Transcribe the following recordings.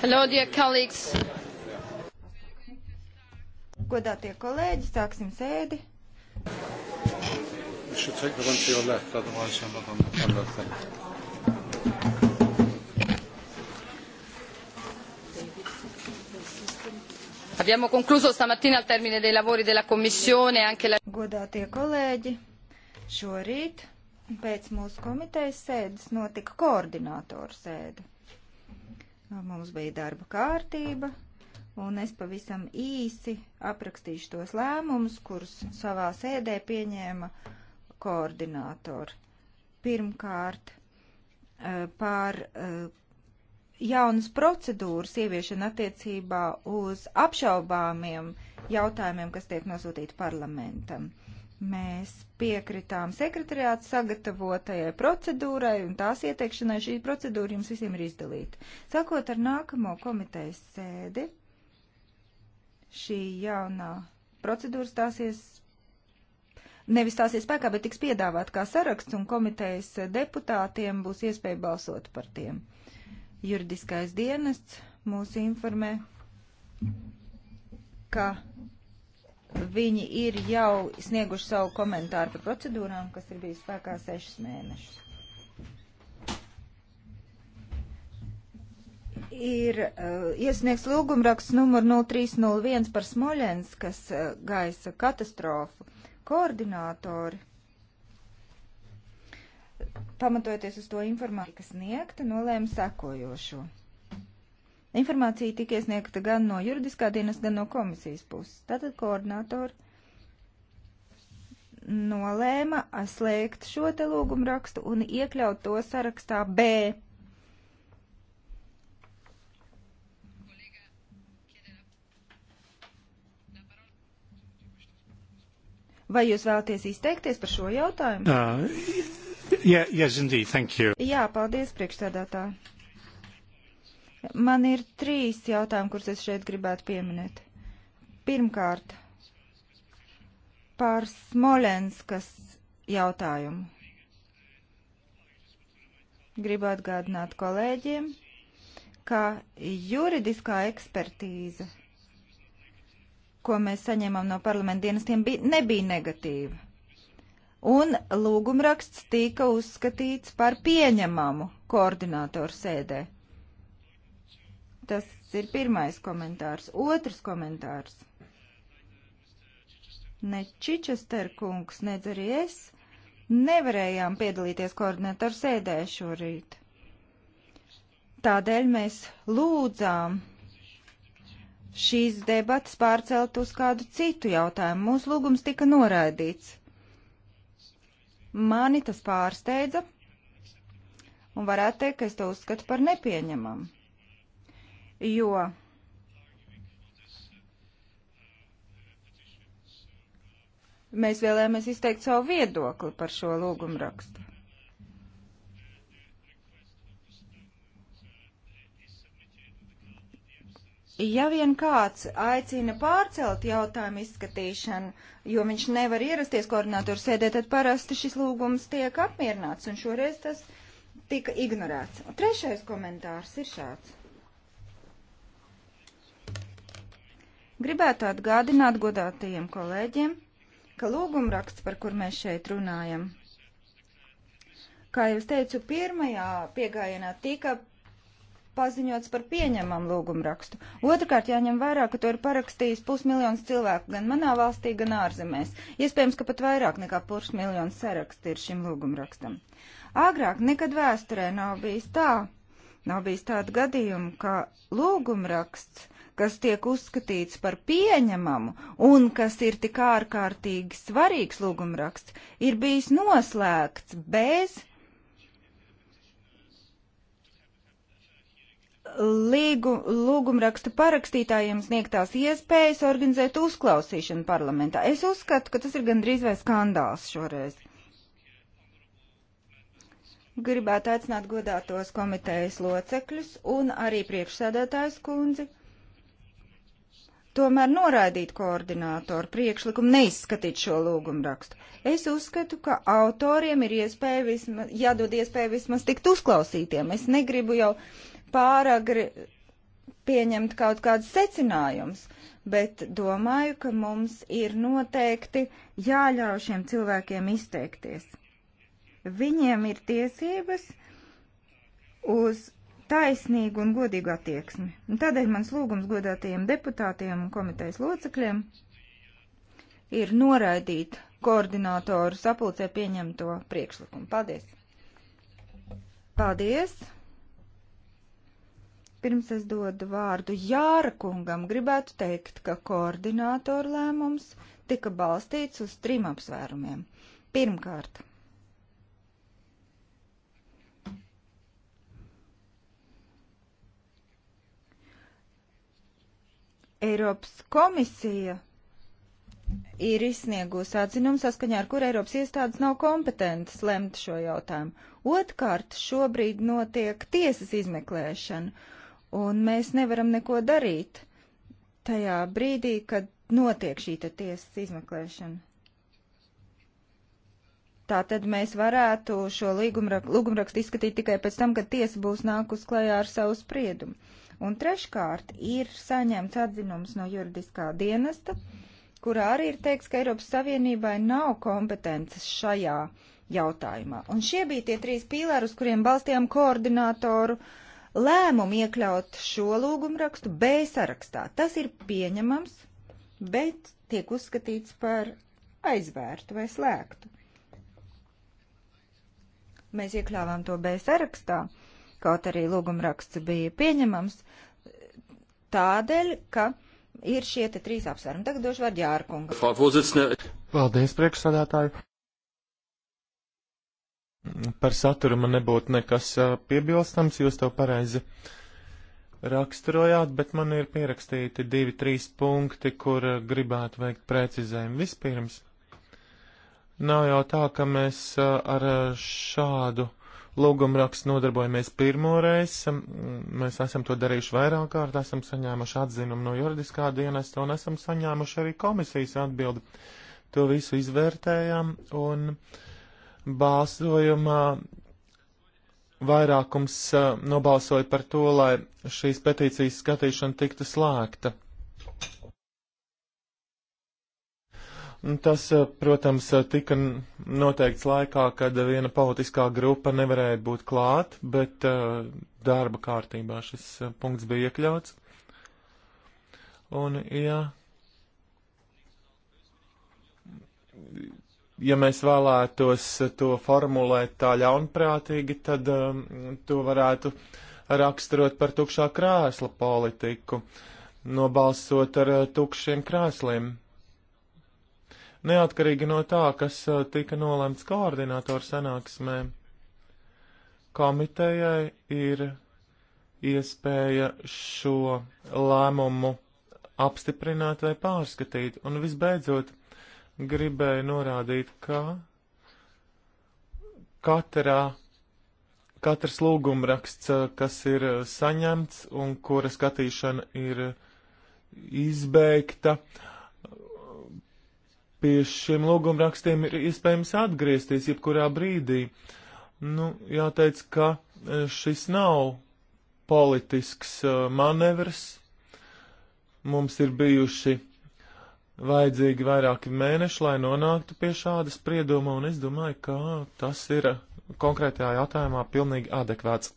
Hello, dear colleagues. Godātie kolēģi, sāksim sēdi. You should take the one to your left, otherwise you're not on the camera thing. Abbiamo concluso stamattina al termine dei lavori della Commissione anche la... Godātie kolēģi, šorīt pēc mūsu komitejas sēdes notika koordinātoru sēde. Nu, mums bija darba kārtība, un es pavisam īsi aprakstīšu tos lēmumus, kurus savā sēdē pieņēma koordinātori. Pirmkārt, eh, par eh, jaunas procedūras ieviešana attiecībā uz apšaubāmiem jautājumiem, kas tiek nosūtīti parlamentam. Uh, Mēs piekritām sekretariāts sagatavotajai procedūrai un tās ieteikšanai. Šī procedūra jums visiem ir izdalīta. Sākot ar nākamo komitejas sēdi, šī jaunā procedūra stāsies, nevis stāsies spēkā, bet tiks piedāvāt kā saraksts un komitejas deputātiem būs iespēja balsot par tiem. Juridiskais dienests mūs informē, ka Viņi ir jau snieguši savu komentāru par procedūrām, kas ir bijis spēkā sešas mēnešus. Ir uh, iesniegts lūgumraksts numur 0301 par Smoļenskas uh, gaisa katastrofu. Koordinātori, pamatojoties uz to informāciju, kas sniegta, nolēma sekojošo. Informācija tika iesniegta gan no juridiskā dienas, gan no komisijas puses. Tātad koordinātori nolēma slēgt šo te lūgumu rakstu un iekļaut to sarakstā B. Vai jūs vēlaties izteikties par šo jautājumu? Uh, yeah, yes, indeed, thank you. Jā, paldies, priekšstādātāji. Man ir trīs jautājumi, kurus es šeit gribētu pieminēt. Pirmkārt, par Smolenskas jautājumu. Gribu atgādināt kolēģiem, ka juridiskā ekspertīze, ko mēs saņēmām no parlamenta dienestiem, bija, nebija negatīva. Un lūgumraksts tika uzskatīts par pieņemamu koordinātoru sēdē. Tas ir pirmais komentārs. Otrs komentārs. Ne Čičester kungs, nedz arī es nevarējām piedalīties koordinatoru sēdē šorīt. Tādēļ mēs lūdzām šīs debatas pārcelt uz kādu citu jautājumu. Mūsu lūgums tika noraidīts. Mani tas pārsteidza, un varētu teikt, ka es to uzskatu par nepieņemamu jo mēs vēlējāmies izteikt savu viedokli par šo lūgumrakstu. Ja vien kāds aicina pārcelt jautājumu izskatīšanu, jo viņš nevar ierasties koordinātoru sēdē, tad parasti šis lūgums tiek apmierināts, un šoreiz tas tika ignorēts. Trešais komentārs ir šāds. Gribētu atgādināt godātajiem kolēģiem, ka lūgumraksts, par kur mēs šeit runājam, kā jau es teicu, pirmajā piegājienā tika paziņots par pieņemam lūgumrakstu. Otrakārt jāņem vērā, ka to ir parakstījis pusmiljons cilvēku gan manā valstī, gan ārzemēs. Iespējams, ka pat vairāk nekā pusmiljons saraksti ir šim lūgumrakstam. Agrāk nekad vēsturē nav bijis tā, nav bijis tāda gadījuma, ka lūgumraksts kas tiek uzskatīts par pieņemamu un kas ir tik ārkārtīgi svarīgs lūgumraksts, ir bijis noslēgts bez līgu, lūgumrakstu parakstītājiem sniegtās iespējas organizēt uzklausīšanu parlamentā. Es uzskatu, ka tas ir gandrīz vai skandāls šoreiz. Gribētu aicināt godātos komitejas locekļus un arī priekšsēdētājs kundzi tomēr noraidīt koordinātoru priekšlikumu, neizskatīt šo lūgumrakstu. Es uzskatu, ka autoriem ir iespēja vismaz, jādod iespēja vismaz tikt uzklausītiem. Es negribu jau pāragri pieņemt kaut kādus secinājumus, bet domāju, ka mums ir noteikti jāļauj šiem cilvēkiem izteikties. Viņiem ir tiesības uz taisnīgu un godīgu attieksmi. Un tādēļ mans lūgums godātajiem deputātiem un komitejas locekļiem ir noraidīt koordinātoru sapulcē pieņemto priekšlikumu. Paldies! Paldies! Pirms es dodu vārdu Jāra kungam, gribētu teikt, ka koordinātoru lēmums tika balstīts uz trim apsvērumiem. Pirmkārt, Eiropas komisija ir izsniegusi atzinumu, saskaņā ar kur Eiropas iestādes nav kompetentas lemt šo jautājumu. Otkārt, šobrīd notiek tiesas izmeklēšana, un mēs nevaram neko darīt tajā brīdī, kad notiek šī tiesas izmeklēšana. Tātad mēs varētu šo lūgumrakstu izskatīt tikai pēc tam, kad tiesa būs nākus klajā ar savu spriedumu. Un treškārt ir saņemts atzinums no juridiskā dienesta, kurā arī ir teikts, ka Eiropas Savienībai nav kompetences šajā jautājumā. Un šie bija tie trīs pīlāri, uz kuriem balstījām koordinātoru lēmumu iekļaut šo lūgumrakstu B sarakstā. Tas ir pieņemams, bet tiek uzskatīts par aizvērtu vai slēgtu. Mēs iekļāvām to B sarakstā, kaut arī lūgumraksts bija pieņemams, tādēļ, ka ir šie te trīs apsvērumi. Tagad došu vārdu Jārkunga. Paldies, priekšsādātāju. Par saturu man nebūtu nekas piebilstams, jūs to pareizi raksturojāt, bet man ir pierakstīti divi, trīs punkti, kur gribētu veikt precizējumu. Vispirms, nav jau tā, ka mēs ar šādu uh, lūgumrakstu nodarbojamies pirmoreiz. Mēs esam to darījuši vairāk kārt, esam saņēmuši atzinumu no juridiskā dienesta un esam saņēmuši arī komisijas atbildi. To visu izvērtējām un balsojumā vairākums eh, nobalsoja par to, lai šīs petīcijas skatīšana tiktu slēgta. Tas, eh, protams, eh, tika noteikts laikā, kad eh, viena politiskā grupa nevarēja būt klāt, bet darba kārtībā šis punkts bija iekļauts. Un, ja, ja mēs vēlētos to formulēt tā ļaunprātīgi, tad um, to varētu raksturot par tukšā krēsla politiku, nobalsot ar tukšiem krēsliem neatkarīgi no tā, kas uh, tika nolemts koordinātoru sanāksmē. Komitejai ir iespēja šo lēmumu apstiprināt vai pārskatīt. Un visbeidzot, gribēju norādīt, ka katrā, katrs lūgumraksts, uh, kas ir uh, saņemts un kura skatīšana ir izbeigta, uh, Pie šiem lūgumrakstiem ir iespējams atgriezties jebkurā brīdī. Nu, jāteic, ka e, šis nav politisks uh, manevrs. Mums ir bijuši vajadzīgi vairāki mēneši, lai nonāktu pie šāda sprieduma, un es domāju, ka tas ir konkrētajā jautājumā pilnīgi adekvāts.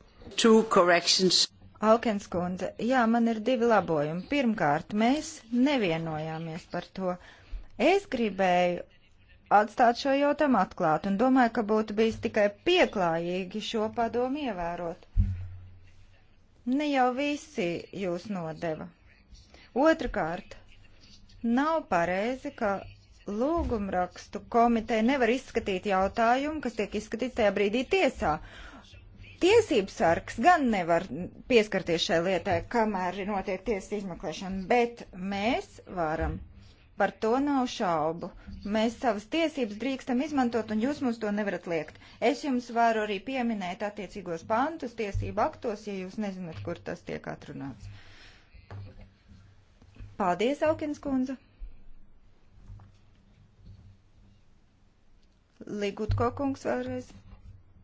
Alkens kundze, jā, man ir divi labojumi. Pirmkārt, mēs nevienojāmies par to. Uh, Es gribēju atstāt šo jautājumu atklātu un domāju, ka būtu bijis tikai pieklājīgi šo padomu ievērot. Ne jau visi jūs nodeva. Otrakārt, nav pareizi, ka lūgumrakstu komiteja nevar izskatīt jautājumu, kas tiek izskatīts tajā brīdī tiesā. Tiesības sargs gan nevar pieskarties šai lietai, kamēr notiek tiesas izmeklēšana, bet mēs varam. Par to nav šaubu. Mēs savas tiesības drīkstam izmantot, un jūs mums to nevarat liekt. Es jums varu arī pieminēt attiecīgos pantus tiesību aktos, ja jūs nezināt, kur tas tiek atrunāts. Paldies, Aukins kundze. Ligutko kungs vēlreiz.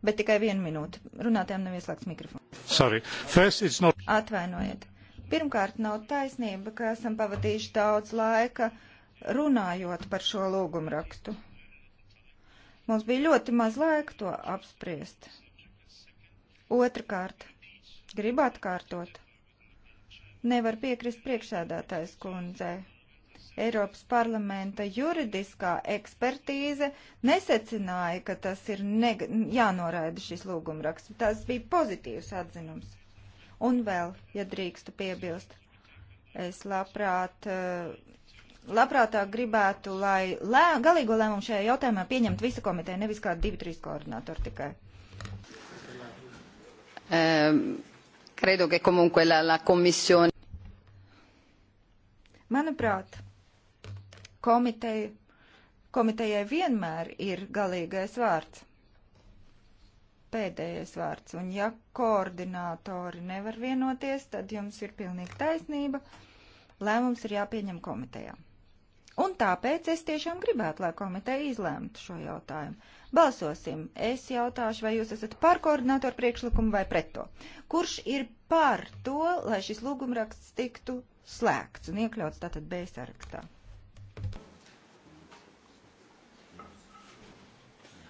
Bet tikai vienu minūti. Runātājiem nav ieslēgts mikrofons. Sorry. First, it's not... Atvainojiet. Pirmkārt, nav taisnība, ka esam pavadījuši daudz laika. Uh, Runājot par šo lūgumrakstu, mums bija ļoti maz laika to apspriest. Otrakārt, gribu atkārtot, nevar piekrist priekšsēdētājs kundzei. Eiropas parlamenta juridiskā ekspertīze nesecināja, ka tas ir neg jānoraida šis lūgumraksts. Tas bija pozitīvs atzinums. Un vēl, ja drīkstu piebilst, es labprāt uh, labprātāk gribētu, lai lē, galīgo lēmumu šajā jautājumā pieņemtu visa komiteja, nevis kā divi, trīs koordinātori tikai. Um, credo che comunque la, la commissione. Manuprāt, komiteja, komitejai vienmēr ir galīgais vārds, pēdējais vārds, un ja koordinātori nevar vienoties, tad jums ir pilnīgi taisnība, lēmums ir jāpieņem komitejām. Un tāpēc es tiešām gribētu, lai komiteja izlēmtu šo jautājumu. Balsosim. Es jautāšu, vai jūs esat par koordinātoru priekšlikumu vai pret to. Kurš ir par to, lai šis lūgumraksts tiktu slēgts un iekļauts tātad B sarakstā?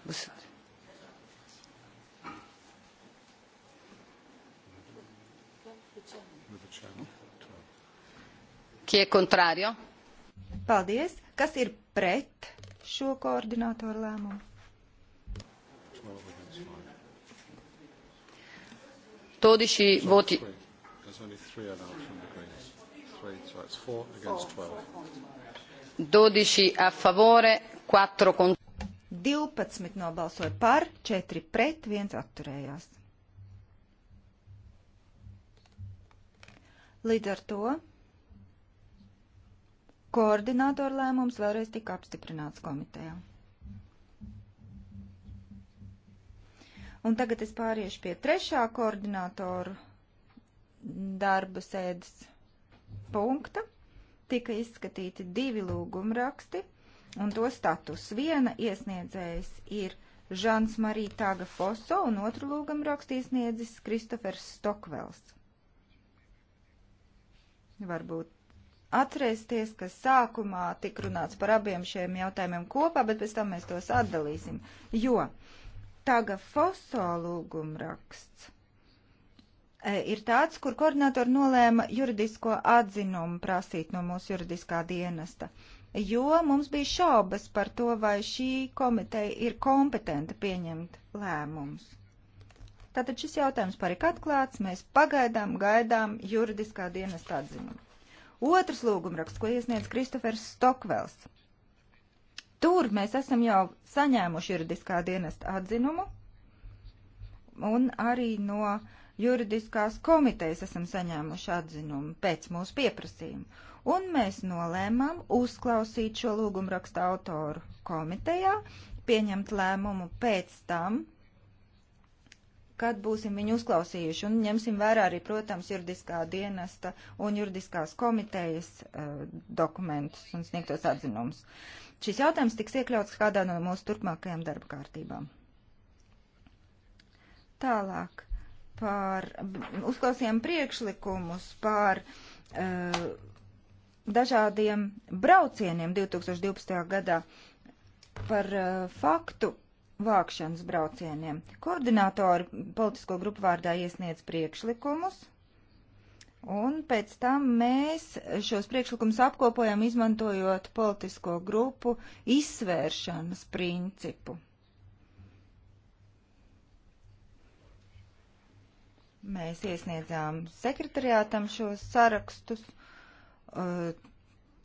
Uzsver. Chi è contrario? Paldies. Kas ir pret šo koordinātoru lēmumu? Todiši voti. Dodiši a favore, 4 contro. 12 nobalsoja par, 4 pret, 1 atturējās. Līdz ar to Koordinātoru lēmums vēlreiz tika apstiprināts komitejā. Un tagad es pāriešu pie trešā koordinātoru darba sēdes punkta. Tika izskatīti divi lūgumraksti un to status. Viena iesniedzējs ir Žans Marī Tāga Foso un otru lūgumrakstu iesniedzis Kristofers Stokvels. Varbūt atcerēsties, ka sākumā tik runāts par abiem šiem jautājumiem kopā, bet pēc tam mēs tos atdalīsim. Jo taga foso lūgumraksts e, ir tāds, kur koordinatori nolēma juridisko atzinumu prasīt no mūsu juridiskā dienesta, jo mums bija šaubas par to, vai šī komiteja ir kompetenta pieņemt lēmumus. Tātad šis jautājums parika atklāts, mēs pagaidām gaidām juridiskā dienesta atzinumu. Otrs lūgumraksts, ko iesniedz Kristofers Stokvels. Tur mēs esam jau saņēmuši juridiskā dienesta atzinumu un arī no juridiskās komitejas esam saņēmuši atzinumu pēc mūsu pieprasījuma. Un mēs nolēmām uzklausīt šo lūgumrakstu autoru komitejā, pieņemt lēmumu pēc tam, kad būsim viņu uzklausījuši un ņemsim vērā arī, protams, juridiskā dienesta un juridiskās komitejas uh, dokumentus un sniegtos atzinumus. Šis jautājums tiks iekļauts kādā no mūsu turpmākajām darba kārtībām. Tālāk par uzklausījām priekšlikumus par uh, dažādiem braucieniem 2012. gadā par uh, faktu, vākšanas braucieniem. Koordinātori politisko grupu vārdā iesniedz priekšlikumus, un pēc tam mēs šos priekšlikumus apkopojam izmantojot politisko grupu izsvēršanas principu. Mēs iesniedzām sekretariātam šos sarakstus, uh,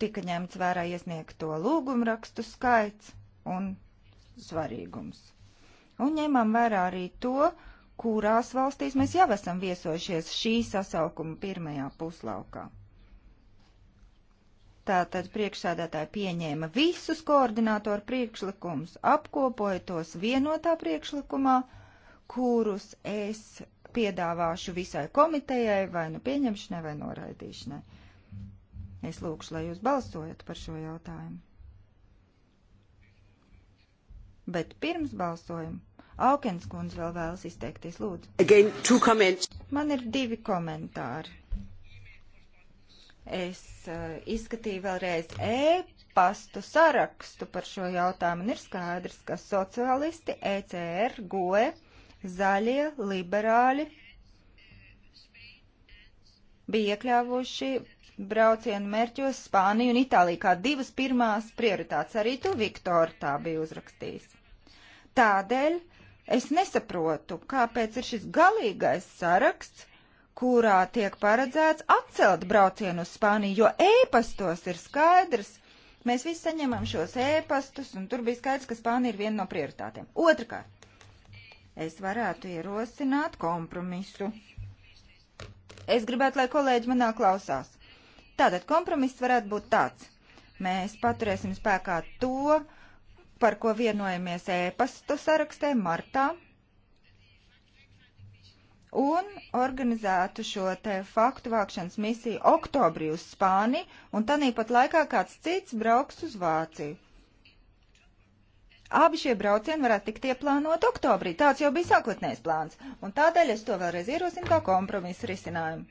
tika ņemts vērā iesniegto lūgumrakstu skaits un svarīgums. Un ņemam vērā arī to, kurās valstīs mēs jau esam viesojušies šī sasaukuma pirmajā puslaukā. Tātad priekšsēdētāji pieņēma visus koordinātoru priekšlikumus, apkopoja tos vienotā priekšlikumā, kurus es piedāvāšu visai komitejai vai nu pieņemšanai vai noraidīšanai. Es lūkšu, lai jūs balsojat par šo jautājumu. Bet pirms balsojuma Aukens kundze vēl vēlas izteikties, lūdzu. Again, two comments. Man ir divi komentāri. Es uh, izskatīju vēlreiz e-pastu sarakstu par šo jautājumu, un ir skaidrs, ka sociālisti, ECR, GOE, zaļie, liberāļi bija iekļāvuši braucienu mērķos Spāniju un Itāliju kā divas pirmās prioritātes. Arī tu, Viktor, tā bija uzrakstījis. Tādēļ es nesaprotu, kāpēc ir šis galīgais saraksts, kurā tiek paredzēts atcelt braucienu uz Spāniju, jo ēpastos ir skaidrs, mēs visi saņemam šos ēpastus, un tur bija skaidrs, ka Spānija ir viena no prioritātēm. Otrakārt, es varētu ierosināt kompromisu. Es gribētu, lai kolēģi manā klausās. Tātad kompromiss varētu būt tāds. Mēs paturēsim spēkā to, uh, par ko vienojamies ēpastu sarakstē martā, un organizētu šo te faktu vākšanas misiju oktobrī uz Spāniju, un tanīpat laikā kāds cits brauks uz Vāciju. Abi šie braucieni varētu tikt ieplānot oktobrī, tāds jau bija sākotnējs plāns, un tādēļ es to vēlreiz ierosinu kā kompromisu risinājumu.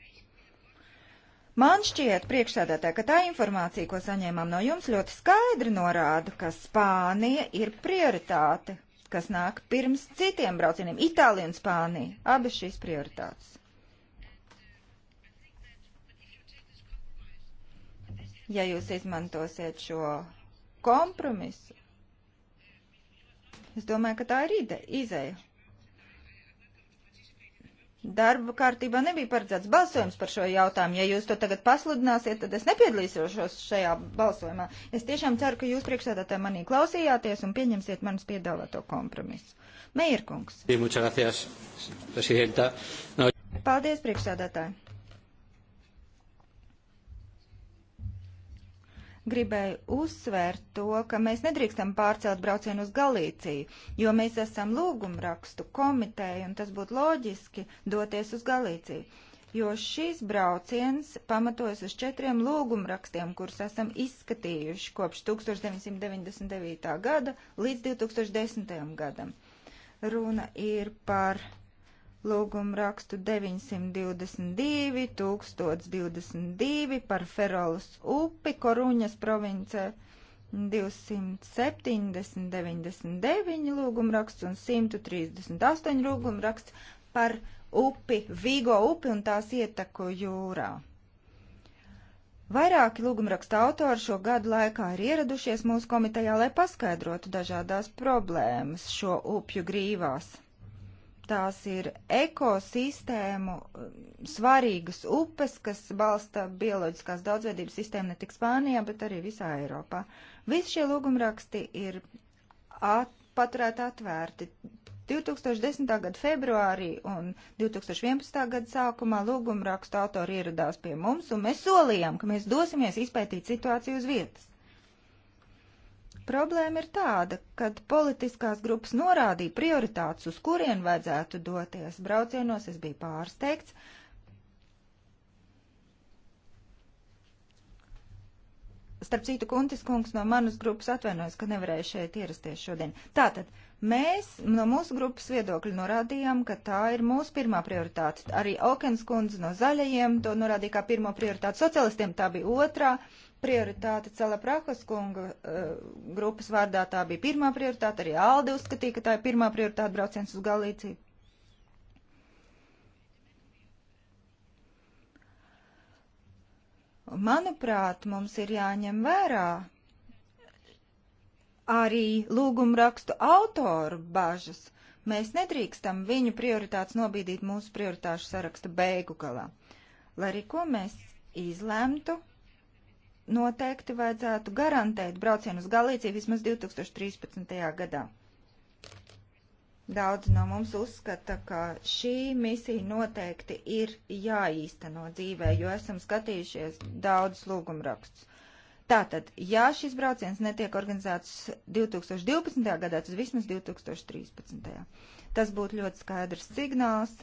Man šķiet, priekšsēdētāji, ka tā informācija, ko saņēmām no jums, ļoti skaidri norāda, ka Spānija ir prioritāte, kas nāk pirms citiem braucieniem. Itālija un Spānija - abas šīs prioritātes. Ja jūs izmantosiet šo kompromisu, es domāju, ka tā ir ide, izeja. Darba kārtībā nebija paredzēts balsojums par šo jautājumu. Ja jūs to tagad pasludināsiet, tad es nepiedalīšos šajā balsojumā. Es tiešām ceru, ka jūs priekšsēdētāji manī klausījāties un pieņemsiet manas piedāvāto kompromisu. Meierkungs. Paldies, priekšsēdētāji. gribēju uzsvērt to, ka mēs nedrīkstam pārcelt braucienu uz Galīciju, jo mēs esam lūgumrakstu komiteja, un tas būtu loģiski doties uz Galīciju. Jo šis brauciens pamatojas uz četriem lūgumrakstiem, kurus esam izskatījuši kopš 1999. gada līdz 2010. gadam. Runa ir par lūgumu rakstu 922, 1022 par Ferolas upi Koruņas provincē, 270, 99 lūgumu raksts un 138 lūgumu raksts par upi, Vigo upi un tās ieteku jūrā. Vairāki lūgumraksta autori šo gadu laikā ir ieradušies mūsu komitejā, lai paskaidrotu dažādās problēmas šo upju grīvās tās ir ekosistēmu um, svarīgas upes, kas balsta bioloģiskās daudzveidības sistēmu ne tik Spānijā, bet arī visā Eiropā. Visi šie lūgumraksti ir at, paturēti atvērti. 2010. gada februārī un 2011. gada sākumā lūgumrakstu autori ieradās pie mums, un mēs solījām, ka mēs dosimies izpētīt situāciju uz vietas. Problēma ir tāda, kad politiskās grupas norādīja prioritātes, uz kurien vajadzētu doties. Braucienos es biju pārsteigts. Starp citu, Kuntis kungs no manas grupas atvainojas, ka nevarēja šeit ierasties šodien. Tātad, mēs no mūsu grupas viedokļa norādījām, ka tā ir mūsu pirmā prioritāte. Arī Okens kundze no zaļajiem to norādīja kā pirmo prioritāti. Socialistiem tā bija otrā, prioritāte Celeprakas kunga uh, grupas vārdā tā bija pirmā prioritāte, arī Alde uzskatīja, ka tā ir pirmā prioritāte brauciens uz Galīciju. Manuprāt, mums ir jāņem vērā arī lūgumrakstu autoru bažas. Mēs nedrīkstam viņu prioritātes nobīdīt mūsu prioritāšu saraksta beigu galā. Lai arī ko mēs izlemtu, noteikti vajadzētu garantēt braucienu uz Galīciju vismaz 2013. gadā. Daudz no mums uzskata, ka šī misija noteikti ir jāīsteno dzīvē, jo esam skatījušies daudz lūgumrakstus. Tātad, ja šis brauciens netiek organizēts 2012. gadā, tad vismaz 2013. Tas būtu ļoti skaidrs signāls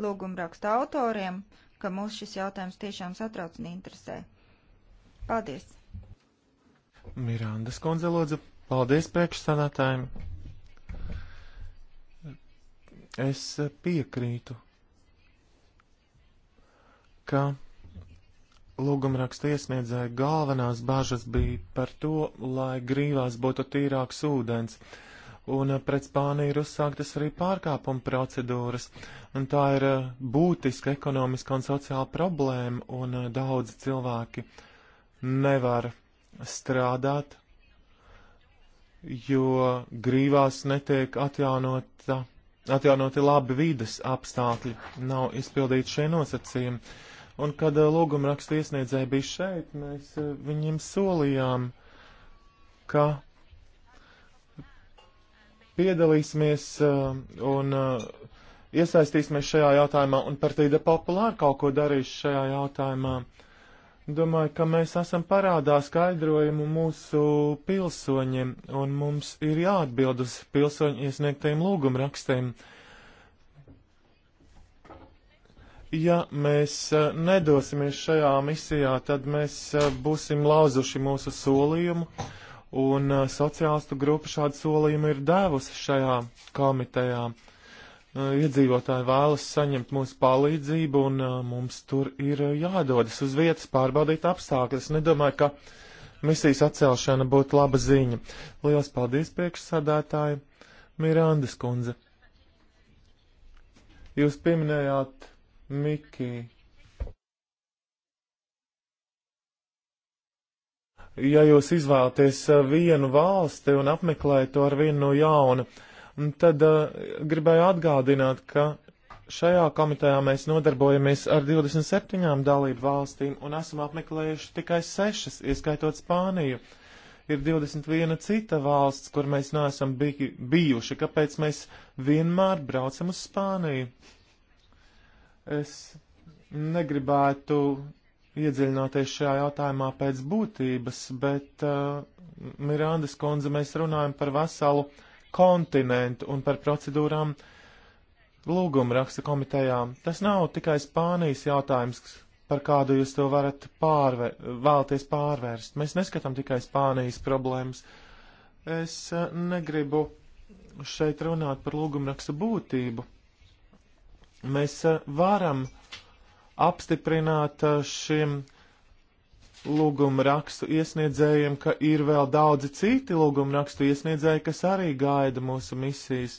lūgumrakstu autoriem, ka mūs šis jautājums tiešām satrauc un interesē. Paldies! Mirandas kundze lūdzu, paldies priekšsanātājiem. Es piekrītu, ka lūgumraksta iesniedzēja galvenās bažas bija par to, lai grīvās būtu tīrāks ūdens, un eh, pret Spāniju ir uzsāktas arī pārkāpuma procedūras, un tā ir eh, būtiska ekonomiska un sociāla problēma, un eh, daudzi cilvēki uh, nevar strādāt, jo grīvās netiek atjaunota, atjaunoti labi vides apstākļi, nav izpildīti šie nosacījumi. Un kad eh, lūgumrakstu iesniedzēji bija šeit, mēs eh, viņiem solījām, ka piedalīsimies uh, un uh, iesaistīsimies šajā jautājumā, un partija populāra kaut ko darīs šajā jautājumā. Uh, Domāju, ka mēs esam parādā skaidrojumu mūsu pilsoņiem, un mums ir jāatbild uz pilsoņu iesniegtajiem lūgumrakstiem. Ja mēs e, nedosimies šajā misijā, tad mēs e, būsim lauzuši mūsu solījumu, un e, sociālistu grupa šādu solījumu ir devusi šajā komitejā. Nu, iedzīvotāji vēlas saņemt mūsu palīdzību, un uh, mums tur ir uh, jādodas uz vietas pārbaudīt apstākļus. Nedomāju, ka misijas atcelšana būtu laba ziņa. Lielas paldies priekšsādātāji Mirandas kundze. Jūs pieminējāt Miki. Ja jūs izvēlaties uh, vienu valsti un apmeklējat to ar vienu no jaunu, Un tad uh, gribēju atgādināt, ka šajā komitejā mēs nodarbojamies ar 27 dalību valstīm un esam apmeklējuši tikai 6, ieskaitot Spāniju. Ir 21 cita valsts, kur mēs neesam biju, bijuši, kāpēc mēs vienmēr braucam uz Spāniju. Es negribētu iedziļināties šajā jautājumā pēc būtības, bet uh, Mirandas kundze mēs runājam par veselu kontinentu un par procedūrām lūguma raksta komitejām. Tas nav tikai Spānijas jautājums, par kādu jūs to varat pārver vēlties pārvērst. Mēs neskatām tikai Spānijas problēmas. Es eh, negribu šeit runāt par lūgumraksta būtību. Mēs eh, varam apstiprināt eh, šiem uh, lūguma rakstu iesniedzējiem, ka ir vēl daudzi citi lūguma rakstu iesniedzēji, kas arī gaida mūsu misijas,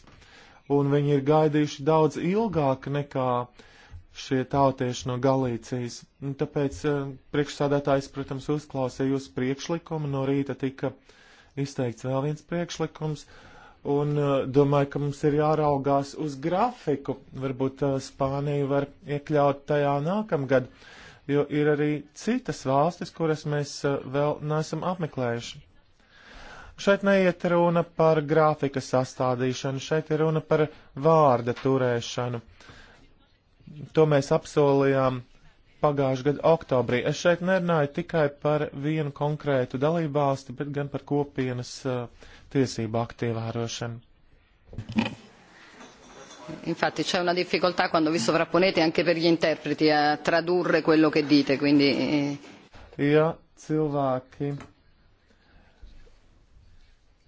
un viņi ir gaidījuši daudz ilgāk nekā šie tautieši no Galīcijas. Un tāpēc eh, priekšsādātājs, protams, uzklausīja jūsu priekšlikumu, no rīta tika izteikts vēl viens priekšlikums, un eh, domāju, ka mums ir jāraugās uz grafiku, varbūt eh, Spāniju var iekļaut tajā nākamgad jo ir arī citas valstis, kuras mēs e, vēl neesam apmeklējuši. Šeit neiet runa par grafika sastādīšanu, šeit ir runa par vārda turēšanu. To mēs apsolījām pagājušā gada oktobrī. Es šeit nerunāju tikai par vienu konkrētu dalībvalsti, bet gan par kopienas uh, tiesību aktīvērošanu. Infatti c'è una difficoltà quando vi sovrapponete anche per gli interpreti a tradurre quello che dite, quindi... Eh. Ja cilvēki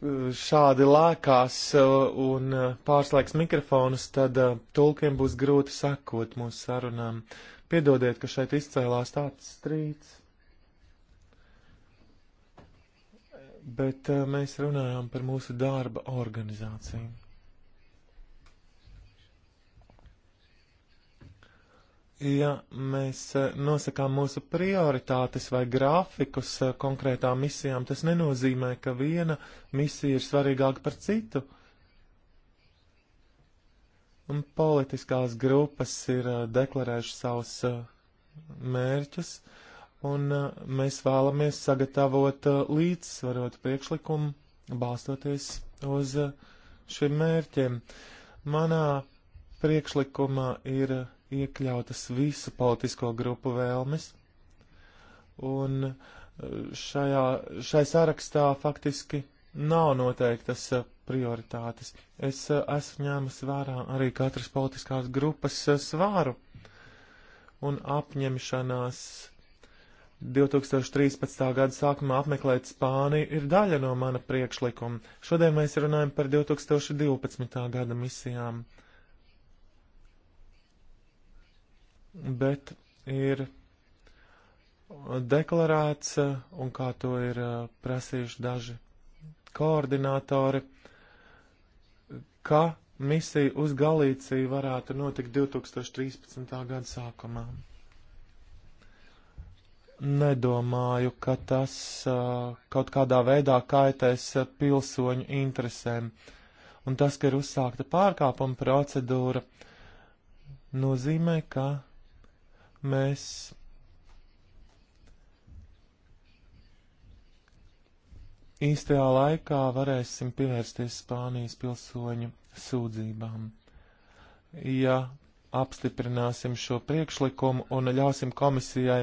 eh, šādi lēkās eh, un pārslēgs mikrofonus, tad tulkiem būs grūti sakot mūsu sarunām. Piedodiet, ka šeit izcēlās tāds strīds. Bet mēs runājām par mūsu darba organizāciju. ja mēs e, nosakām mūsu prioritātes vai grafikus e, konkrētām misijām, tas nenozīmē, ka viena misija ir svarīgāka par citu. Un politiskās grupas ir e, deklarējuši savus mērķus, un mēs vēlamies sagatavot līdzsvarot priekšlikumu balstoties uz šiem mērķiem. Manā priekšlikumā ir iekļautas visu politisko grupu vēlmes. Un e, šajā, šai sarakstā faktiski nav noteiktas e, prioritātes. Es e, esmu ņēmis vērā arī katras politiskās grupas svāru un apņemšanās 2013. gada sākumā apmeklēt Spāniju ir daļa no mana priekšlikuma. Šodien mēs runājam par 2012. gada misijām. Uh, bet ir deklarēts, un kā to ir uh, prasījuši daži koordinātori, ka misija uz Galīciju varētu notikt 2013. gada sākumā. Nedomāju, ka tas uh, kaut kādā veidā kaitēs uh, pilsoņu interesēm, un tas, ka ir uzsākta pārkāpuma procedūra, nozīmē, ka Mēs īstajā laikā varēsim pievērsties Spānijas pilsoņu sūdzībām. Ja apstiprināsim šo priekšlikumu un ļausim komisijai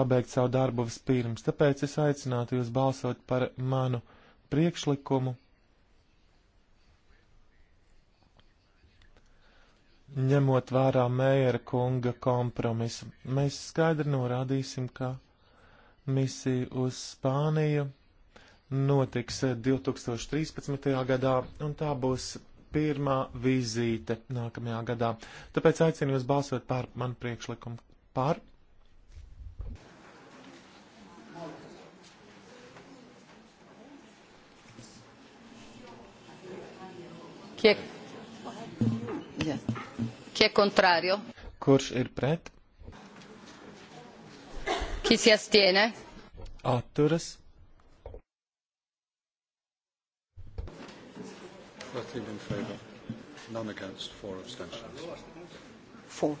pabeigt savu darbu vispirms, tāpēc es aicinātu jūs balsot par manu priekšlikumu ņemot vērā mēra kunga kompromisu. Mēs skaidri norādīsim, ka misija uz Spāniju notiks 2013. gadā, un tā būs pirmā vizīte nākamajā gadā. Tāpēc aicinu jūs balsot par manu priekšlikumu. Par. Kiek? Yes. Chi è contrario? Kurš ir pret? Chi si astiene? Atturas. Thirteen in favour, none against, four abstentions. Four.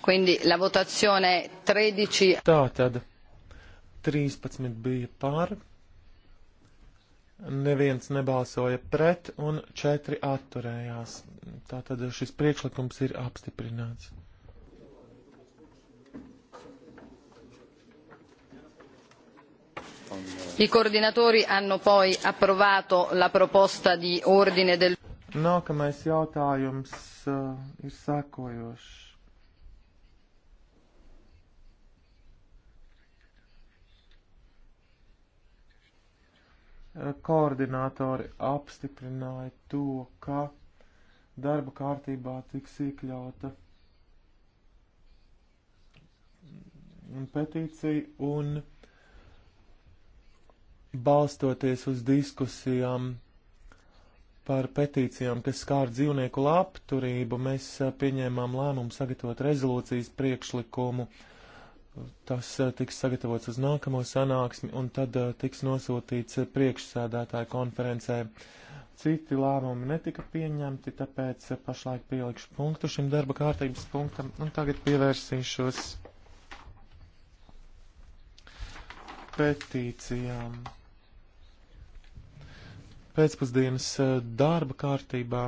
Quindi la votazione 13. Tātad 13 bija pār neviens nebalsoja pret un četri atturējās. Tātad šis priekšlikums ir apstiprināts. I coordinatori hanno poi approvato la proposta di ordine del. Nākamais jautājums uh, ir sekojošs. koordinātori apstiprināja to, ka darba kārtībā tiks iekļauta petīcija un balstoties uz diskusijām par petīcijām, kas skār dzīvnieku labturību, mēs pieņēmām lēmumu sagatavot rezolūcijas priekšlikumu uh, Tas eh, tiks sagatavots uz nākamo sanāksmi un tad eh, tiks nosūtīts eh, priekšsēdētāju konferencē. Citi lēmumi netika pieņemti, tāpēc pašlaik pielikšu punktu šim darba kārtības punktam un tagad pievērsīšos petīcijām. Pēcpusdienas darba kārtībā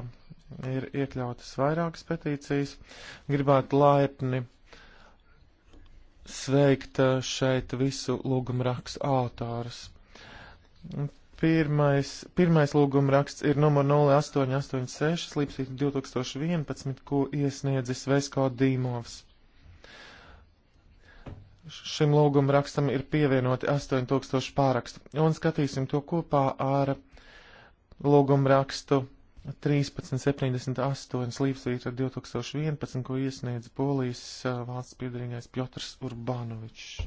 ir iekļautas vairākas petīcijas. Gribētu laipni sveikt eh, šeit visu lūgumu rakstu autors. Pirmais, pirmais lūguma raksts ir numur 0886 līdz 2011, ko iesniedzis Vesko Dīmovs. Šim lūguma rakstam ir pievienoti 8000 pārakstu, un skatīsim to kopā ar lūguma rakstu 0886. 1378 līdzsvītra 2011, ko iesniedz Polijas uh, valsts piedarīgais Piotrs Urbanovičs.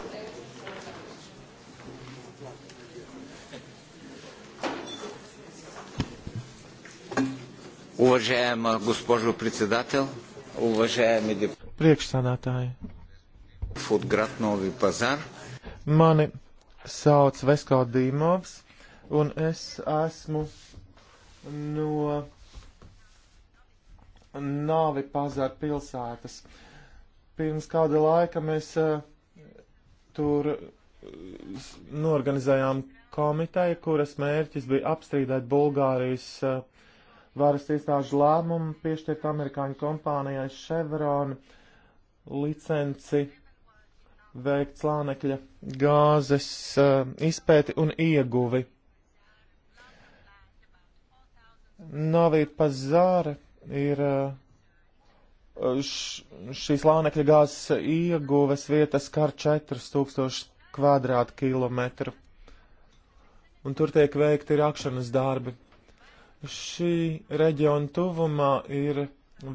Уважаема госпожо председател, уважаеми депутати. Priekšsādātāji. От град Нови пазар. Mani sauc Vesko Dīmovs, un es esmu no nāvi pazar pilsētas. Pirms kāda laika mēs uh, tur eh, norganizējām komiteju, kuras mērķis bija apstrīdēt Bulgārijas uh, varas iestāžu lēmumu piešķirt amerikāņu kompānijai Chevron licenci veikt slānekļa gāzes uh, izpēti un ieguvi Novīt pazāra ir uh, š, šīs launekļa gāzes ieguves vietas kar 4000 kvadrātkilometru. Un tur tiek veikti rakšanas darbi. Šī reģiona tuvumā ir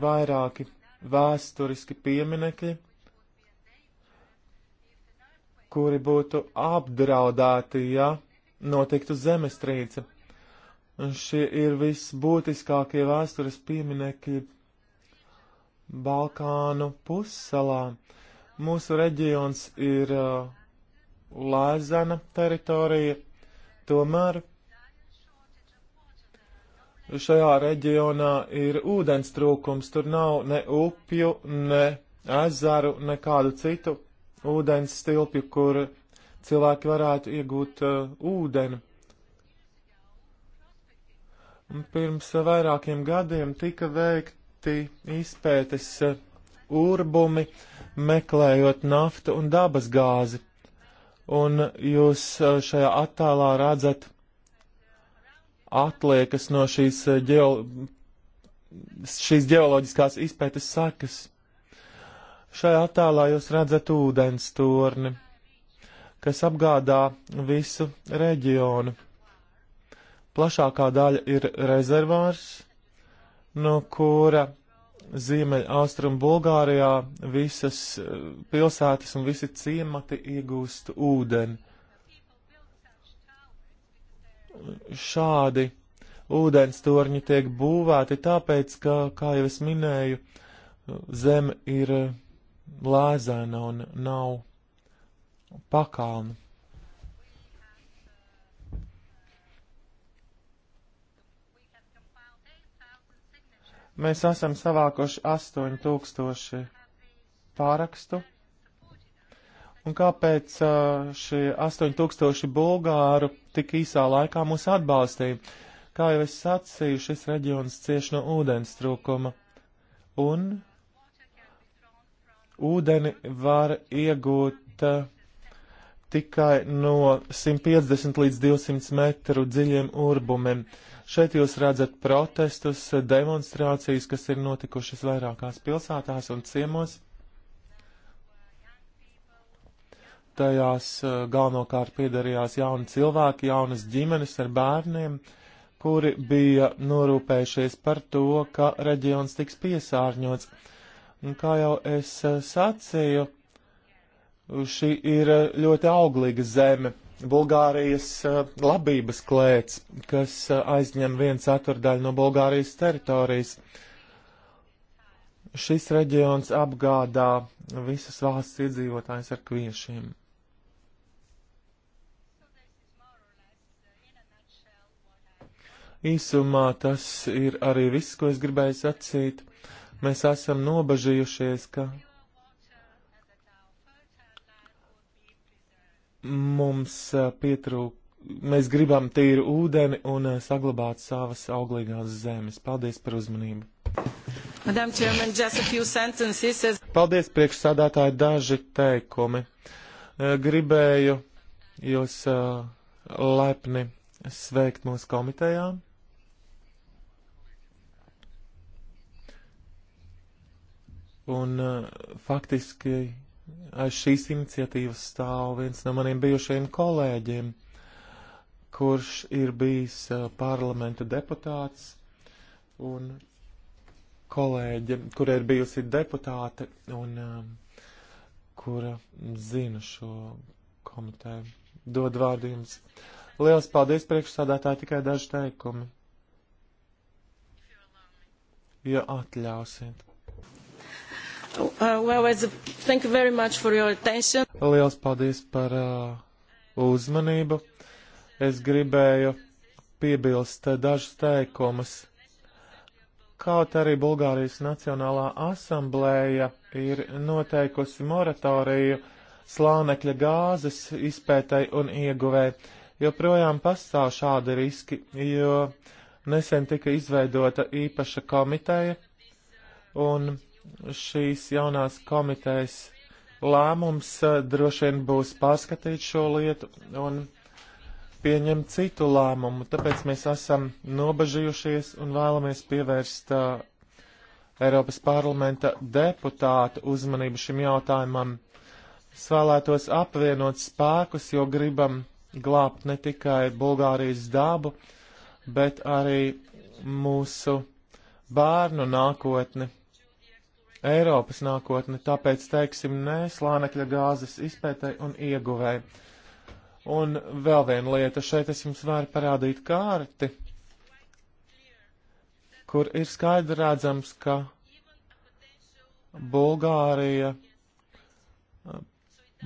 vairāki vēsturiski pieminekļi, kuri būtu apdraudēti, ja notiktu zemestrīce. Šie ir visbūtiskākie vēstures pieminekļi Balkānu pussalā. Mūsu reģions ir uh, lēzana teritorija, tomēr šajā reģionā ir ūdens trūkums, tur nav ne upju, ne ezeru, nekādu citu ūdens stilpju, kur cilvēki varētu iegūt uh, ūdeni. Pirms vairākiem gadiem tika veikti izpētes eh, urbumi, meklējot naftu un dabas gāzi. Un jūs eh, šajā attēlā redzat atliekas no šīs, eh, ģeo, šīs ģeoloģiskās izpētes sakas. Šajā attēlā jūs redzat ūdens torni, kas apgādā visu reģionu. Plašākā daļa ir rezervārs, no kura Ziemeļa Austrum Bulgārijā visas eh, pilsētas un visi ciemati iegūst ūdeni. Šādi ūdens torņi tiek būvēti tāpēc, ka, kā jau es minēju, zeme ir eh, lēzēna un nav pakalna. Mēs esam savākuši 8000 pārakstu. Un kāpēc uh, šie 8000 bulgāru tik īsā laikā mūs atbalstīja? Kā jau es sacīju, šis reģions cieši no ūdens trūkuma. Un ūdeni var iegūt uh, tikai no 150 līdz 200 metru dziļiem urbumiem. Uh, Šeit jūs redzat protestus, demonstrācijas, kas ir notikušas vairākās pilsētās un ciemos. Tajās eh, galvenokārt piedarījās jauni cilvēki, jaunas ģimenes ar bērniem, kuri bija norūpējušies par to, ka reģions tiks piesārņots. Un kā jau es eh, sacīju, šī ir eh, ļoti auglīga zeme Bulgārijas eh, labības klēts, kas eh, aizņem vienu ceturdaļu no Bulgārijas teritorijas. Šis reģions apgādā visas valsts iedzīvotājs ar kviešiem. Īsumā tas ir arī viss, ko es gribēju sacīt. Mēs esam nobažījušies, ka mums pietrūk, mēs gribam tīru ūdeni un saglabāt savas auglīgās zemes. Paldies par uzmanību! Paldies, priekšsādātāji, daži teikumi. Gribēju jūs lepni sveikt mūsu komitejā. Un faktiski aiz šīs iniciatīvas stāv viens no maniem bijušajiem kolēģiem, kurš ir bijis parlamenta deputāts un kolēģe, kura ir bijusi deputāte un kura zina šo komiteju. Dod vārdu jums. Lielas paldies priekšsādātāji, tikai daži teikumi. Ja atļausiet. Uh, well, a, thank you very much for your attention. Liels paldies par uh, uzmanību. Es gribēju piebilst dažus teikumus. Kaut arī Bulgārijas Nacionālā asamblēja ir noteikusi moratoriju slānekļa gāzes izpētai un ieguvēji, joprojām pastāv šādi riski, jo nesen tika izveidota īpaša komiteja, un šīs jaunās komitejas lēmums eh, droši vien būs pārskatīt šo lietu un pieņemt citu lēmumu. Tāpēc mēs esam nobežījušies un vēlamies pievērst uh, Eiropas parlamenta deputātu uzmanību šim jautājumam. Es vēlētos apvienot spēkus, jo gribam glābt ne tikai Bulgārijas dabu, bet arī mūsu bērnu nākotni. Eiropas nākotni, tāpēc teiksim nē slānekļa gāzes izpētei un ieguvēji. Un vēl viena lieta, šeit es jums varu parādīt kārti, kur ir skaidri redzams, ka Bulgārija,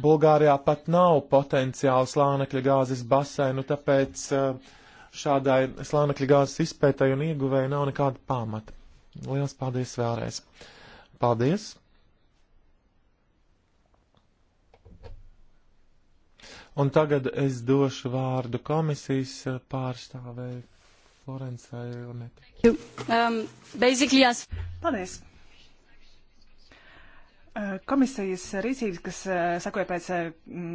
Bulgārijā pat nav potenciāli slānekļa gāzes baseinu, tāpēc eh, šādai slānekļa gāzes izpētai un ieguvēji nav nekāda pamata. Liels paldies vēlreiz! Paldies! Un tagad es došu vārdu komisijas pārstāvēju Florencai Lemetai. Um, yes. Paldies! Komisijas rīcības, kas eh, sakoja pēc eh,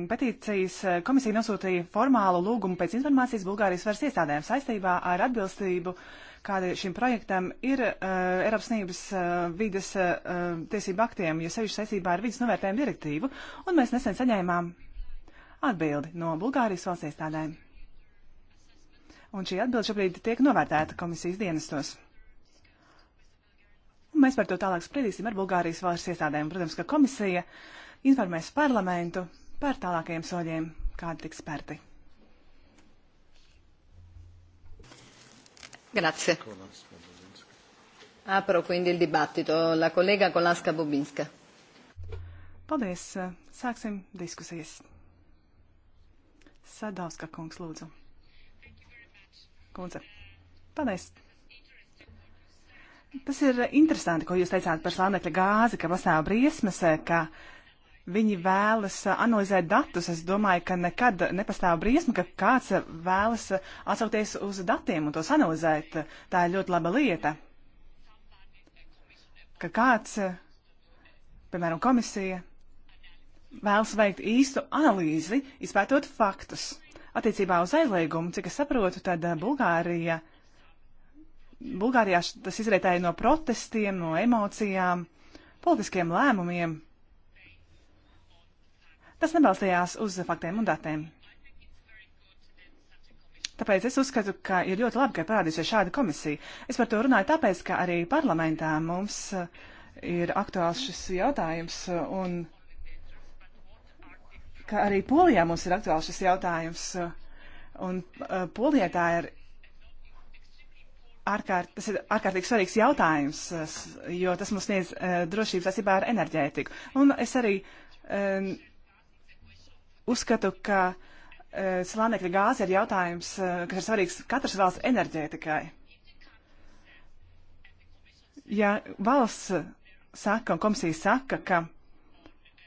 petīcijas, eh, komisija nosūtīja formālu lūgumu pēc informācijas Bulgārijas varas iestādēm saistībā ar atbilstību, kāda šim projektam ir uh, Eiropas Savienības uh, vides uh, tiesību aktiem, jo sevišķi saistībā ar vidas novērtējumu direktīvu, un mēs nesen saņēmām atbildi no Bulgārijas valsts iestādēm. Un šī atbilde šobrīd tiek novērtēta komisijas dienestos. Mēs par to tālāk spriedīsim ar Bulgārijas valsts iestādēm. Protams, ka komisija informēs parlamentu par tālākajiem soļiem, kādi tiks spērti. Grazie. Apro quindi il dibattito. La collega Kolaska Bobinska. Paldies. Sāksim diskusijas. Sadauska kungs, lūdzu. Kundze. Paldies. Tas ir interesanti, ko jūs teicāt par slānekļa gāzi, ka pastāv briesmas, ka viņi vēlas analizēt datus. Es domāju, ka nekad nepastāv briesma, ka kāds vēlas atsaukties uz datiem un tos analizēt. Tā ir ļoti laba lieta. Ka kāds, piemēram, komisija, vēlas veikt īstu analīzi, izpētot faktus. Attiecībā uz aizliegumu, cik es saprotu, tad Bulgārija Bulgārijā tas izrietēja no protestiem, no emocijām, politiskiem lēmumiem. Tas nebalstījās uz faktiem un datiem. Tāpēc es uzskatu, ka ir ļoti labi, ka ir parādījusies šāda komisija. Es par to runāju tāpēc, ka arī parlamentā mums eh, ir aktuāls šis jautājums eh, un ka arī Polijā mums ir aktuāls šis jautājums. Eh, un Polijā tā ir ārkārt, tas ir ārkārtīgi svarīgs jautājums, jo tas mums sniedz uh, drošības saistībā ar enerģētiku. Un es arī um, uzskatu, ka uh, slānekļa gāze ir jautājums, uh, kas ir svarīgs katras valsts enerģētikai. Ja valsts saka un komisija saka, ka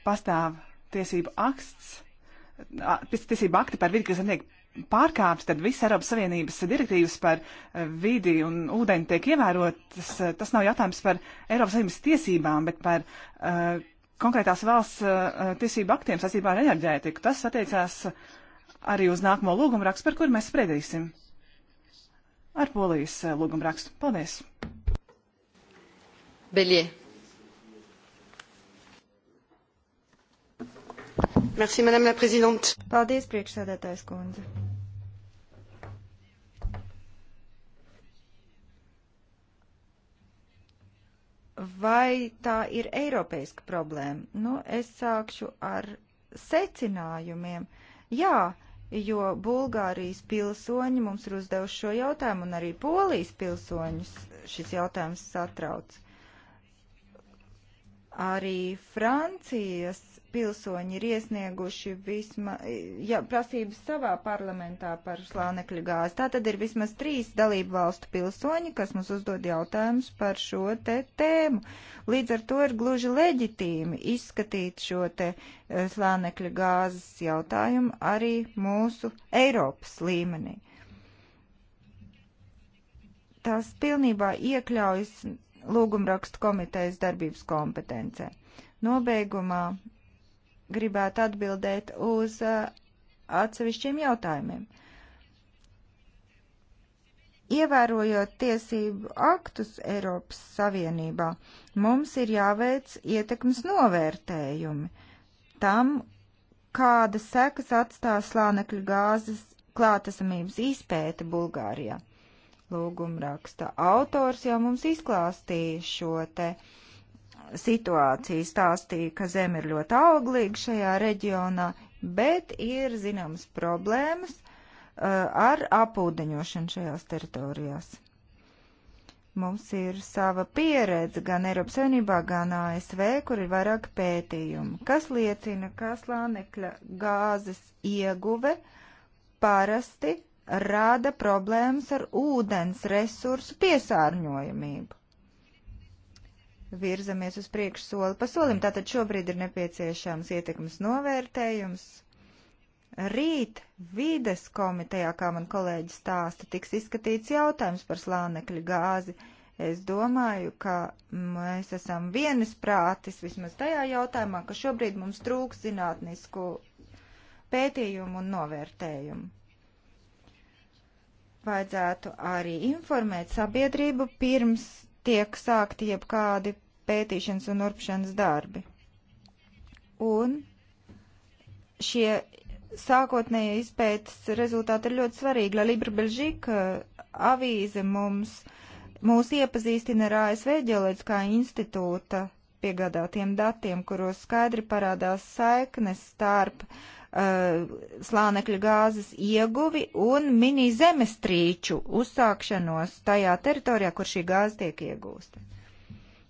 pastāv tiesību akts, tiesību akti par vidi, kas attiek pārkāpts, tad visas Eiropas Savienības direktīvas par eh, vidi un ūdeni tiek ievērotas. Eh, tas nav jautājums par Eiropas Savienības tiesībām, bet par uh, konkrētās valsts uh, tiesību aktiem saistībā ar enerģētiku. Tas attiecās arī uz nākamo lūgumrakstu, par kur mēs spriedīsim. Ar polijas uh, lūgumrakstu. Paldies! Beļie. Merci, Madame la Présidente. Paldies, priekšsēdētājs kundze. vai tā ir eiropeiska problēma? Nu, es sākšu ar secinājumiem. Jā, jo Bulgārijas pilsoņi mums ir uzdevuši šo jautājumu, un arī Polijas pilsoņus šis jautājums satrauc. Arī Francijas pilsoņi ir iesnieguši visma, ja, prasības savā parlamentā par slānekļa gāzi. Tā tad ir vismaz trīs dalību valstu pilsoņi, kas mums uzdod jautājumus par šo te tēmu. Līdz ar to ir gluži leģitīmi izskatīt šo te eh, slānekļa gāzes jautājumu arī mūsu Eiropas līmenī. Tas pilnībā iekļaujas lūgumrakstu komitejas darbības kompetencē. Nobeigumā gribētu atbildēt uz uh, atsevišķiem jautājumiem. Ievērojot tiesību aktus Eiropas Savienībā, mums ir jāveic ietekmes novērtējumi tam, kādas sekas atstās slānekļu gāzes klātesamības izpēte Bulgārijā. Lūgumraksta autors jau mums izklāstīja šo te uh, situāciju stāstīja, ka zeme ir ļoti auglīga šajā reģionā, bet ir zināmas problēmas uh, ar apūdeņošanu šajās teritorijās. Mums ir sava pieredze gan Eiropas Savienībā, gan ASV, kur ir vairāk pētījumu, kas liecina, ka slānekļa gāzes ieguve parasti rada problēmas ar ūdens resursu piesārņojamību virzamies uz priekšu soli pa solim. Tātad šobrīd ir nepieciešams ietekmes novērtējums. Rīt vides komitejā, kā man kolēģi stāsta, tiks izskatīts jautājums par slānekļa gāzi. Es domāju, ka mēs esam vienisprātis vismaz tajā jautājumā, ka šobrīd mums trūks zinātnisku pētījumu un novērtējumu. Vajadzētu arī informēt sabiedrību pirms tiek sākti jebkādi pētīšanas un urpšanas darbi. Un šie sākotnējie izpētes rezultāti ir ļoti svarīgi, lai Libra Belžika eh, avīze mums, mūs iepazīstina ar ASV ģeoloģiskā institūta piegādātiem datiem, kuros skaidri parādās saiknes starp uh, Uh, slānekļa gāzes ieguvi un mini zemestrīču uzsākšanos tajā teritorijā, kur šī gāze tiek iegūsta.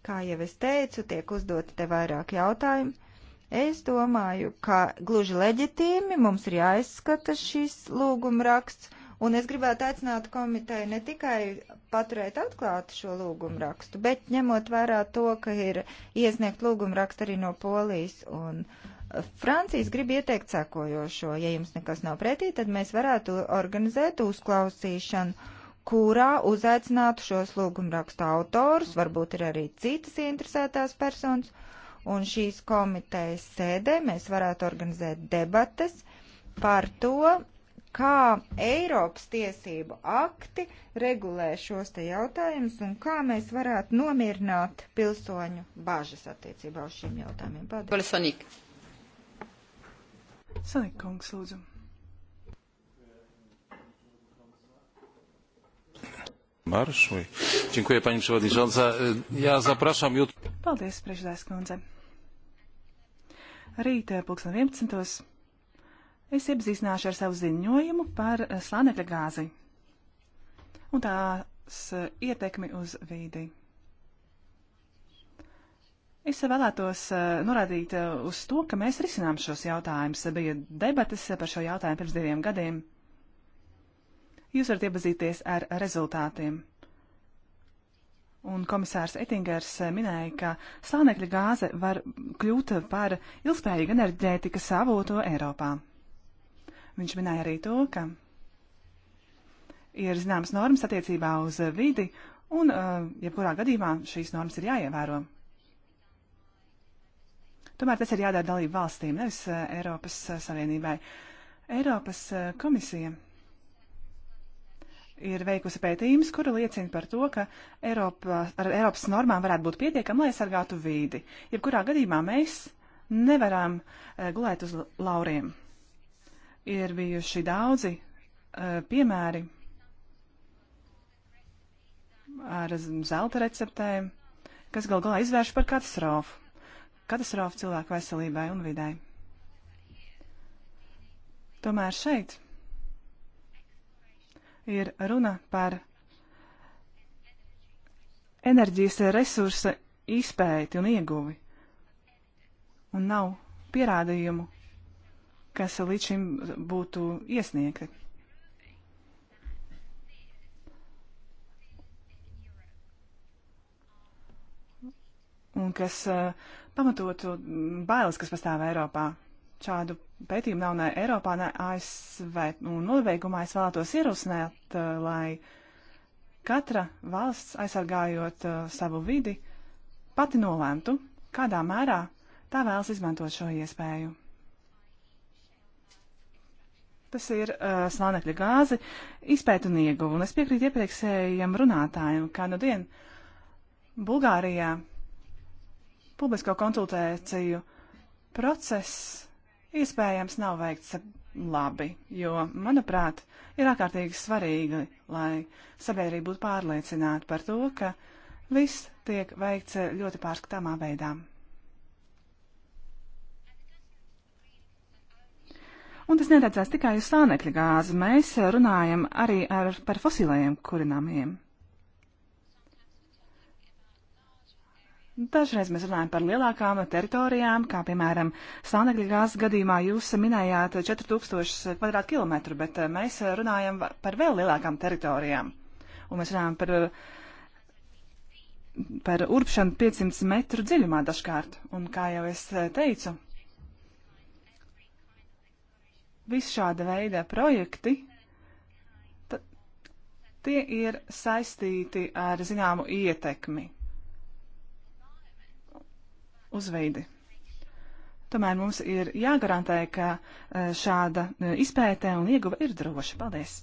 Kā jau es teicu, tiek uzdoti te vairāk jautājumu. Es domāju, ka gluži leģitīmi mums ir jāizskata šis lūguma raksts, un es gribētu aicināt komiteju ne tikai paturēt atklātu šo lūgumu rakstu, bet ņemot vērā to, ka ir iesniegt lūgumu rakstu arī no Polijas un uh, Francijas grib ieteikt sekojošo. Ja jums nekas nav pretī, tad mēs varētu organizēt uzklausīšanu kurā uzaicinātu šos lūgumrakstu autors, varbūt ir arī citas interesētās personas, un šīs komitejas sēdē mēs varētu organizēt debates par to, kā Eiropas tiesību akti regulē šos te jautājumus un kā mēs varētu nomierināt pilsoņu bažas attiecībā uz šiem jautājumiem. Paldies! Sanikungs, lūdzu. Maršuj. Dziękuję pani przewodnicząca. Ja zapraszam jutro. Paldies, priekšsēdājas kundze. Rīt, eh, pulksten 11. es iepazīstināšu ar savu ziņojumu par eh, slānekļa gāzi un tās eh, ietekmi uz vīdi. Es vēlētos eh, norādīt eh, uz to, ka mēs risinām šos jautājumus. Bija debatas par šo jautājumu pirms diviem gadiem. Jūs varat iepazīties ar rezultātiem. Un komisārs Ettingers eh, minēja, ka slānekļa gāze var kļūt par ilgspējīgu enerģētikas avotu Eiropā. Viņš minēja arī to, ka ir zināmas normas attiecībā uz vidi, un jebkurā gadījumā šīs normas ir jāievēro. Tomēr tas ir jādara dalību valstīm, nevis eh, Eiropas eh, Savienībai. Eiropas eh, komisija ir veikusi pētījumus, kuri liecina par to, ka Eiropa, ar Eiropas normām varētu būt pietiekami, lai aizsargātu vīdi. Jebkurā gadījumā mēs nevaram gulēt uz lauriem. Ir bijuši daudzi piemēri ar zelta receptēm, kas gal galā izvērš par katastrofu katastrofa cilvēku veselībai un vidai. Tomēr šeit ir runa par enerģijas resursa izpēti un ieguvi. Un nav pierādījumu, kas līdz šim būtu iesniegti. Un kas uh, pamatotu bailes, kas pastāv Eiropā. Šādu pētījumu nav ne Eiropā, ne ASV. Un nobeigumā es vēlētos ierosināt, eh, lai katra valsts, aizsargājot eh, savu vidi, pati nolēmtu, kādā mērā tā vēlas izmantot šo iespēju. Tas ir uh, slānekļa gāzi, izpēt un ieguvu. Un es piekrītu iepriekšējiem runātājiem, kā nu dien Bulgārijā publisko konsultāciju process iespējams nav veikts labi, jo, manuprāt, ir ārkārtīgi svarīgi, lai sabiedrība būtu pārliecināta par to, ka viss tiek veikts ļoti pārskatāmā veidā. Un tas neatiecās tikai uz sānekļa gāzi, mēs runājam arī ar, par fosilējiem kurināmiem. Dažreiz mēs runājam par lielākām teritorijām, kā piemēram Sānekļa gāzes gadījumā jūs minējāt 4000 km2, bet eh, mēs runājam par vēl lielākām teritorijām. Un mēs runājam par, par urpšanu 500 metru dziļumā dažkārt. Un kā jau es eh, teicu, visu šāda veida projekti, tie ir saistīti ar zināmu ietekmi uz veidi. Tomēr mums ir jāgarantē, ka e, šāda e, izpētē un ieguva ir droša. Paldies!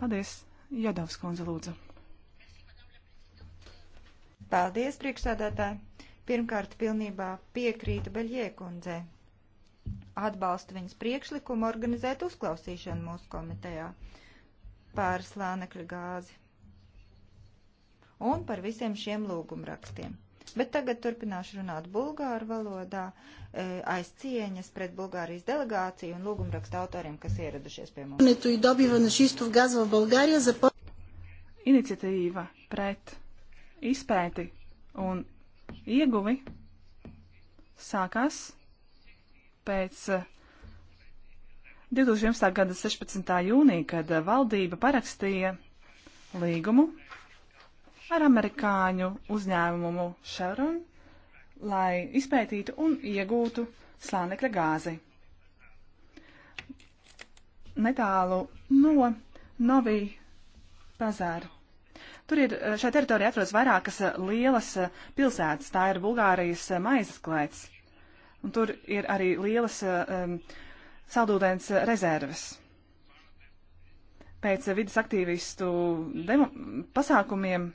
Paldies, Jodovs kundze, lūdzu. Paldies, priekšsādātāji. Pirmkārt, pilnībā piekrītu Beļie kundzei atbalsta viņas priekšlikumu organizēt uzklausīšanu mūsu komitejā par slānekļa gāzi un par visiem šiem lūgumrakstiem. Bet tagad turpināšu runāt bulgāru valodā e, aiz cieņas pret Bulgārijas delegāciju un lūgumrakstu autoriem, kas ieradušies pie mums. Iniciatīva pret izpēti un ieguvi sākās pēc 2011. E, gada 16. jūnija, kad valdība parakstīja līgumu ar amerikāņu uzņēmumu Chevron, lai izpētītu un iegūtu slānekļa gāzi. Netālu no Novi Pazāra. Tur ir šai teritorijai atrodas vairākas lielas pilsētas. Tā ir Bulgārijas maizes klēts. Un tur ir arī lielas um, saldūdens rezerves pēc vidas aktīvistu pasākumiem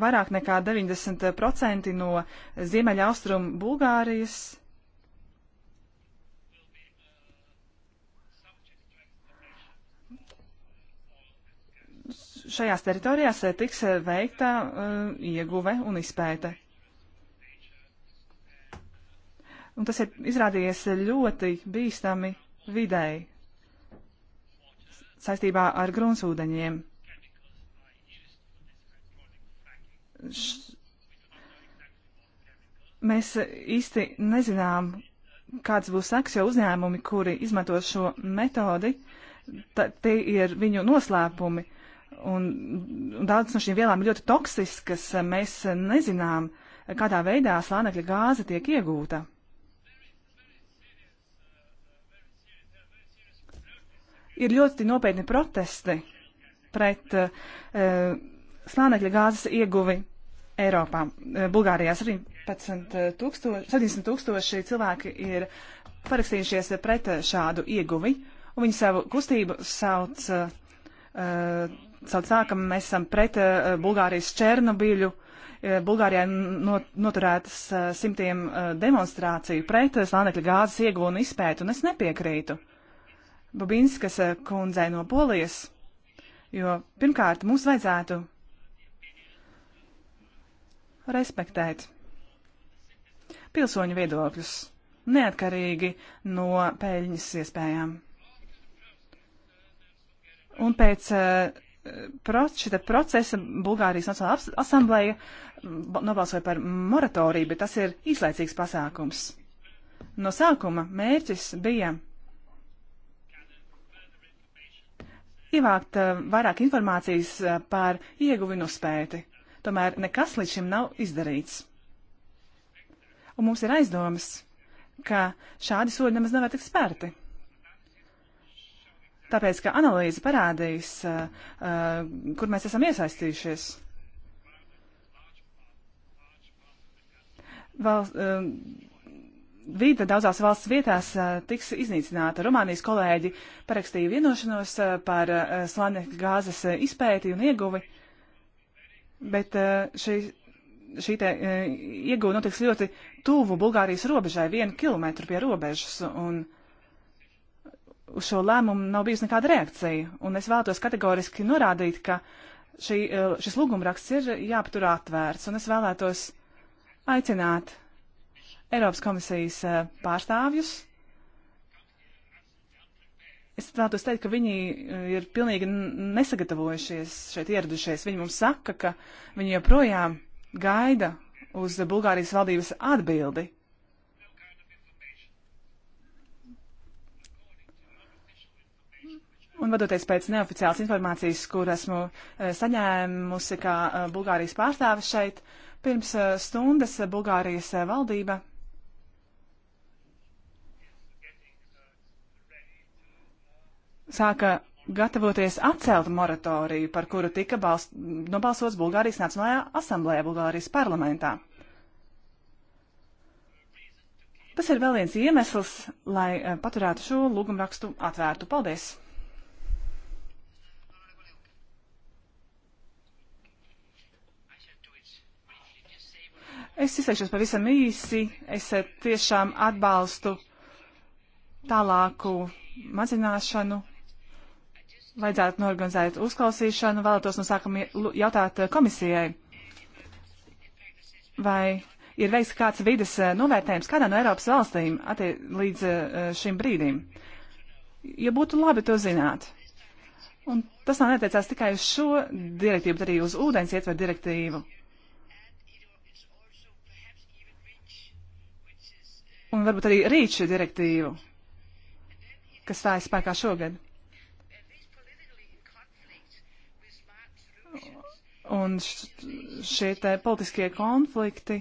Vairāk nekā 90% no ziemeļa austrum Bulgārijas šajās teritorijās tiks veikta uh, ieguve un izpēte. Un tas ir izrādījies ļoti bīstami videi saistībā ar gruntsūdeņiem. š... mēs īsti nezinām, kāds būs saks, jo uzņēmumi, kuri izmanto šo metodi, ta, tie ir viņu noslēpumi. Un, un daudz no šīm vielām ir ļoti toksiskas. Mēs nezinām, kādā veidā slānekļa gāze tiek iegūta. Ir ļoti nopietni protesti pret uh, slānekļa gāzes ieguvi Eiropā. Eh, Bulgārijā 17 tūkstoši, 70 tūkstoši cilvēki ir parakstījušies pret šādu ieguvi, un viņi savu kustību sauc, uh, sauc tā, ka mēs esam pret uh, Bulgārijas Černobiļu. Uh, Bulgārijā not, noturētas uh, simtiem uh, demonstrāciju pret slānekļa gāzes ieguvu un izpētu, un es nepiekrītu Babinskas kundzei no Polijas, jo pirmkārt mums vajadzētu respektēt pilsoņu viedokļus, neatkarīgi no peļņas iespējām. Un pēc eh, šita procesa Bulgārijas Nacionāla asambleja nobalsoja par moratoriju, bet tas ir īslaicīgs pasākums. No sākuma mērķis bija ievākt eh, vairāk informācijas eh, par ieguvi un uzspēti. Tomēr nekas līdz šim nav izdarīts. Un mums ir aizdomas, ka šādi sodi nemaz nevar tikt spērti. Tāpēc, ka analīze parādīs, uh, uh, kur mēs esam iesaistījušies. Val, uh, vīda daudzās valsts vietās uh, tiks iznīcināta. Rumānijas kolēģi parakstīja vienošanos uh, par uh, slānekļa gāzes uh, izpēti un ieguvi. Uh, bet eh, šī, šī te eh, iegūda notiks ļoti tuvu Bulgārijas robežai, vienu kilometru pie robežas, un uz šo lēmumu nav bijusi nekāda reakcija, un es vēlētos kategoriski norādīt, ka šī, eh, šis lūgumraksts ir jāpatur atvērts, un es vēlētos aicināt Eiropas komisijas pārstāvjus Es vēlos teikt, ka viņi eh, ir pilnīgi nesagatavojušies šeit ieradušies. Viņi mums saka, ka viņi joprojām gaida uz Bulgārijas valdības atbildi. Un vadoties pēc neoficiālas informācijas, kur esmu eh, saņēmusi kā eh, Bulgārijas pārstāvis šeit, pirms stundas Bulgārijas valdība sāka gatavoties atcelt moratoriju, par kuru tika balst, nobalsots Bulgārijas Nacionālajā asamblējā Bulgārijas parlamentā. Tas ir vēl viens iemesls, lai eh, paturētu šo lūgumrakstu atvērtu. Paldies! Es izteikšos pavisam īsi. Es eh, tiešām atbalstu tālāku mazināšanu vajadzētu norganizēt uzklausīšanu, vēlētos no sākuma jautāt eh, komisijai, vai ir veikts kāds vides eh, novērtējums kādā no Eiropas valstīm attie, līdz eh, šim brīdim. Ja būtu labi to zināt. Un tas nav neteicās tikai uz šo direktīvu, bet arī uz ūdens ietver direktīvu. Un varbūt arī rīču direktīvu, kas stājas spēkā šogad. un šie te politiskie konflikti.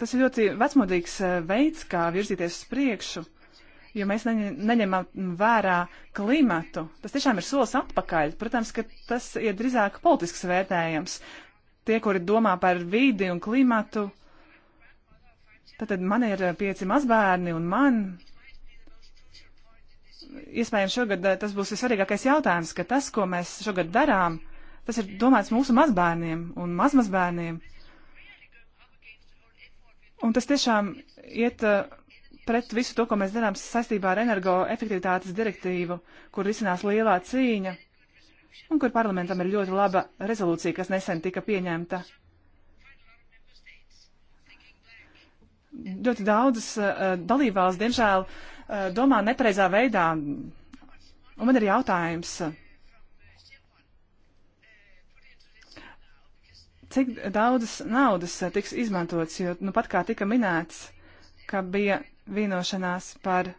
Tas ir ļoti vecmodīgs eh, veids, kā virzīties uz priekšu, jo mēs neņemam vērā klimatu. Tas tiešām ir solis atpakaļ. Protams, ka tas ir drīzāk politisks vērtējums. Tie, kuri domā par vīdi un klimatu, tad man ir pieci mazbērni un man iespējams šogad eh, tas būs visvarīgākais jautājums, ka tas, ko mēs šogad darām, tas ir domāts mūsu mazbērniem un mazmazbērniem. Un tas tiešām iet eh, pret visu to, ko mēs darām saistībā ar energoefektivitātes direktīvu, kur risinās lielā cīņa un kur parlamentam ir ļoti laba rezolūcija, kas nesen tika pieņemta. Ļoti daudzas uh, dalībvalsts, diemžēl, uh, Eh, domā nepareizā veidā. Un man ir jautājums, cik daudzas naudas tiks izmantots, jo nu pat kā tika minēts, ka bija vienošanās par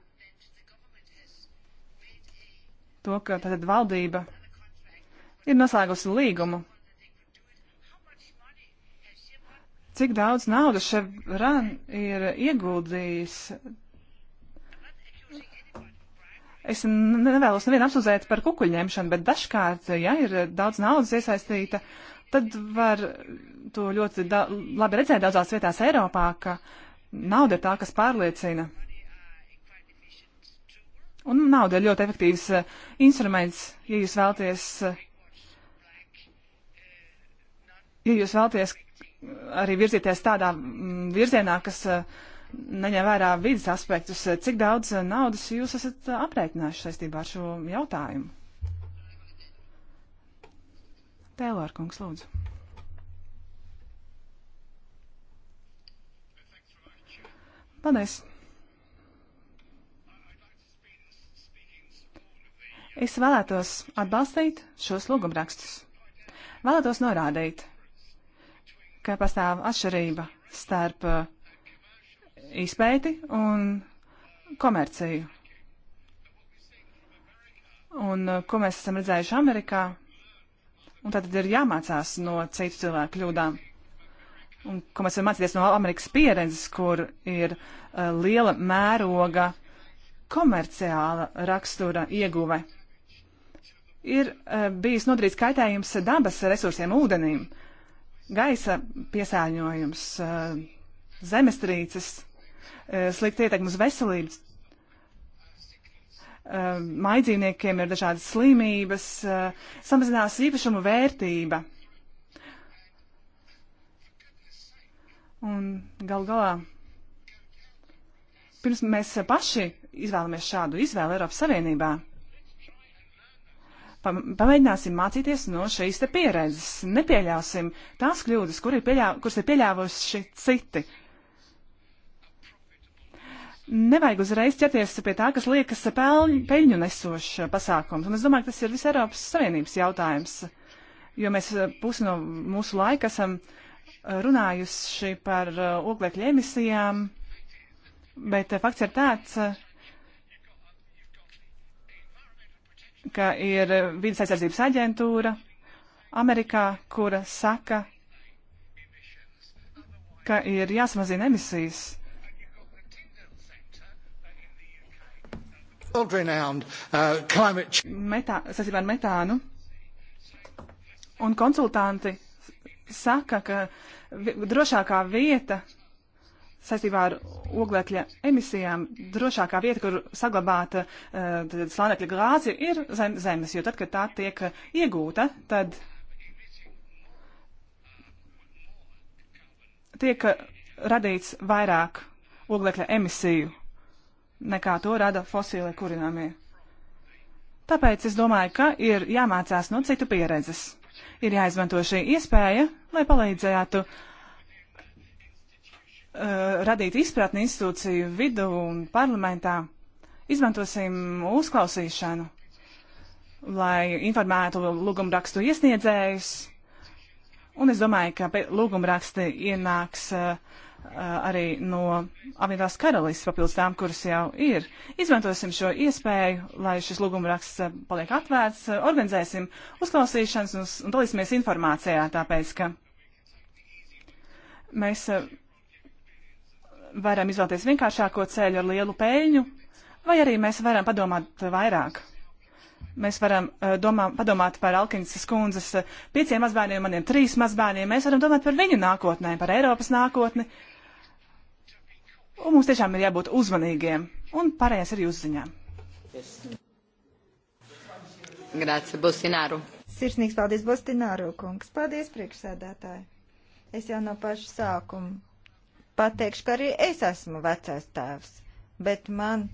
to, ka tātad valdība ir noslēgusi līgumu. Cik daudz naudas Ševran ir ieguldījis Es nevēlos nevienu apsūdzēt par kukuļņemšanu, bet dažkārt, ja ir daudz naudas iesaistīta, tad var to ļoti labi redzēt daudzās vietās Eiropā, ka nauda ir tā, kas pārliecina. Un nauda ir ļoti efektīvs uh, instruments, ja jūs vēlties, uh, ja jūs vēlties eh, arī virzīties tādā mm, virzienā, kas uh, neņem vērā vidas aspektus. Cik daudz naudas jūs esat aprēķinājuši saistībā ar šo jautājumu? Tēlār kungs, lūdzu. Paldies. Es vēlētos atbalstīt šos lūgumrakstus. Vēlētos norādīt, ka pastāv atšķirība starp uh, izpēti un komerciju. Un uh, ko mēs esam redzējuši Amerikā? Un tad ir jāmācās no citu cilvēku kļūdām. Un ko mēs varam mācīties no Amerikas pieredzes, kur ir uh, liela mēroga komerciāla rakstura ieguve. Ir uh, bijis nodarīts kaitējums dabas resursiem, ūdenim, gaisa piesārņojums, uh, zemestrīces Eh, slikta ietekme uz veselības. Eh, maidzīvniekiem ir dažādas slimības, eh, samazinās īpašuma vērtība. Un gal galā, pirms mēs paši izvēlamies šādu izvēli Eiropas Savienībā, pamēģināsim mācīties no šīs te pieredzes. Nepieļausim tās kļūdas, kur ir pieļā, kuras ir pieļāvuši citi. Uh, nevajag uzreiz ķerties pie tā, kas liekas peļņu nesošs pasākums. Un es domāju, ka tas ir visai Eiropas Savienības jautājums, jo mēs eh, pusi no mūsu laika esam eh, runājuši par eh, oglekļa emisijām, bet fakts ir tāds, ka ir vidas aizsardzības aģentūra Amerikā, kura saka, ka ir jāsamazina emisijas Uh, Metā, sasībā ar metānu. Un konsultanti saka, ka drošākā vieta saistībā ar oglekļa emisijām drošākā vieta, kur saglabāt uh, slānekļa glāzi, ir zem, zemes, jo tad, kad tā tiek iegūta, tad tiek radīts vairāk oglekļa emisiju nekā to rada fosīlie kurināmie. Tāpēc es domāju, ka ir jāmācās no citu pieredzes. Ir jāizmanto šī iespēja, lai palīdzētu uh, radīt izpratni institūciju vidū un parlamentā. Izmantosim uzklausīšanu, lai informētu lūgumrakstu iesniedzējus. Un es domāju, ka lūgumraksti ienāks uh, Eh, arī no apvienotās karalists papildus tām, kuras jau ir. Izmantosim šo iespēju, lai šis lūgumraksts eh, paliek atvērts, eh, organizēsim uzklausīšanas un, un dalīsimies informācijā, tāpēc, ka mēs varam izvēlēties vienkāršāko ceļu ar lielu peļņu, vai arī mēs varam padomāt vairāk. Mēs varam domā, padomāt par Alkinsas kundzes pieciem mazbērniem, maniem trīs mazbērniem. Mēs varam domāt par viņu nākotnē, par Eiropas nākotni, uh, Un mums tiešām ir jābūt uzmanīgiem. Un pārējais ir jūsu ziņā. Grāci, Bostināru. Sirsnīgs paldies, Bostināru kungs. Paldies, priekšsēdētāji. Es jau no paša sākuma pateikšu, ka arī es esmu vecais tēvs, bet man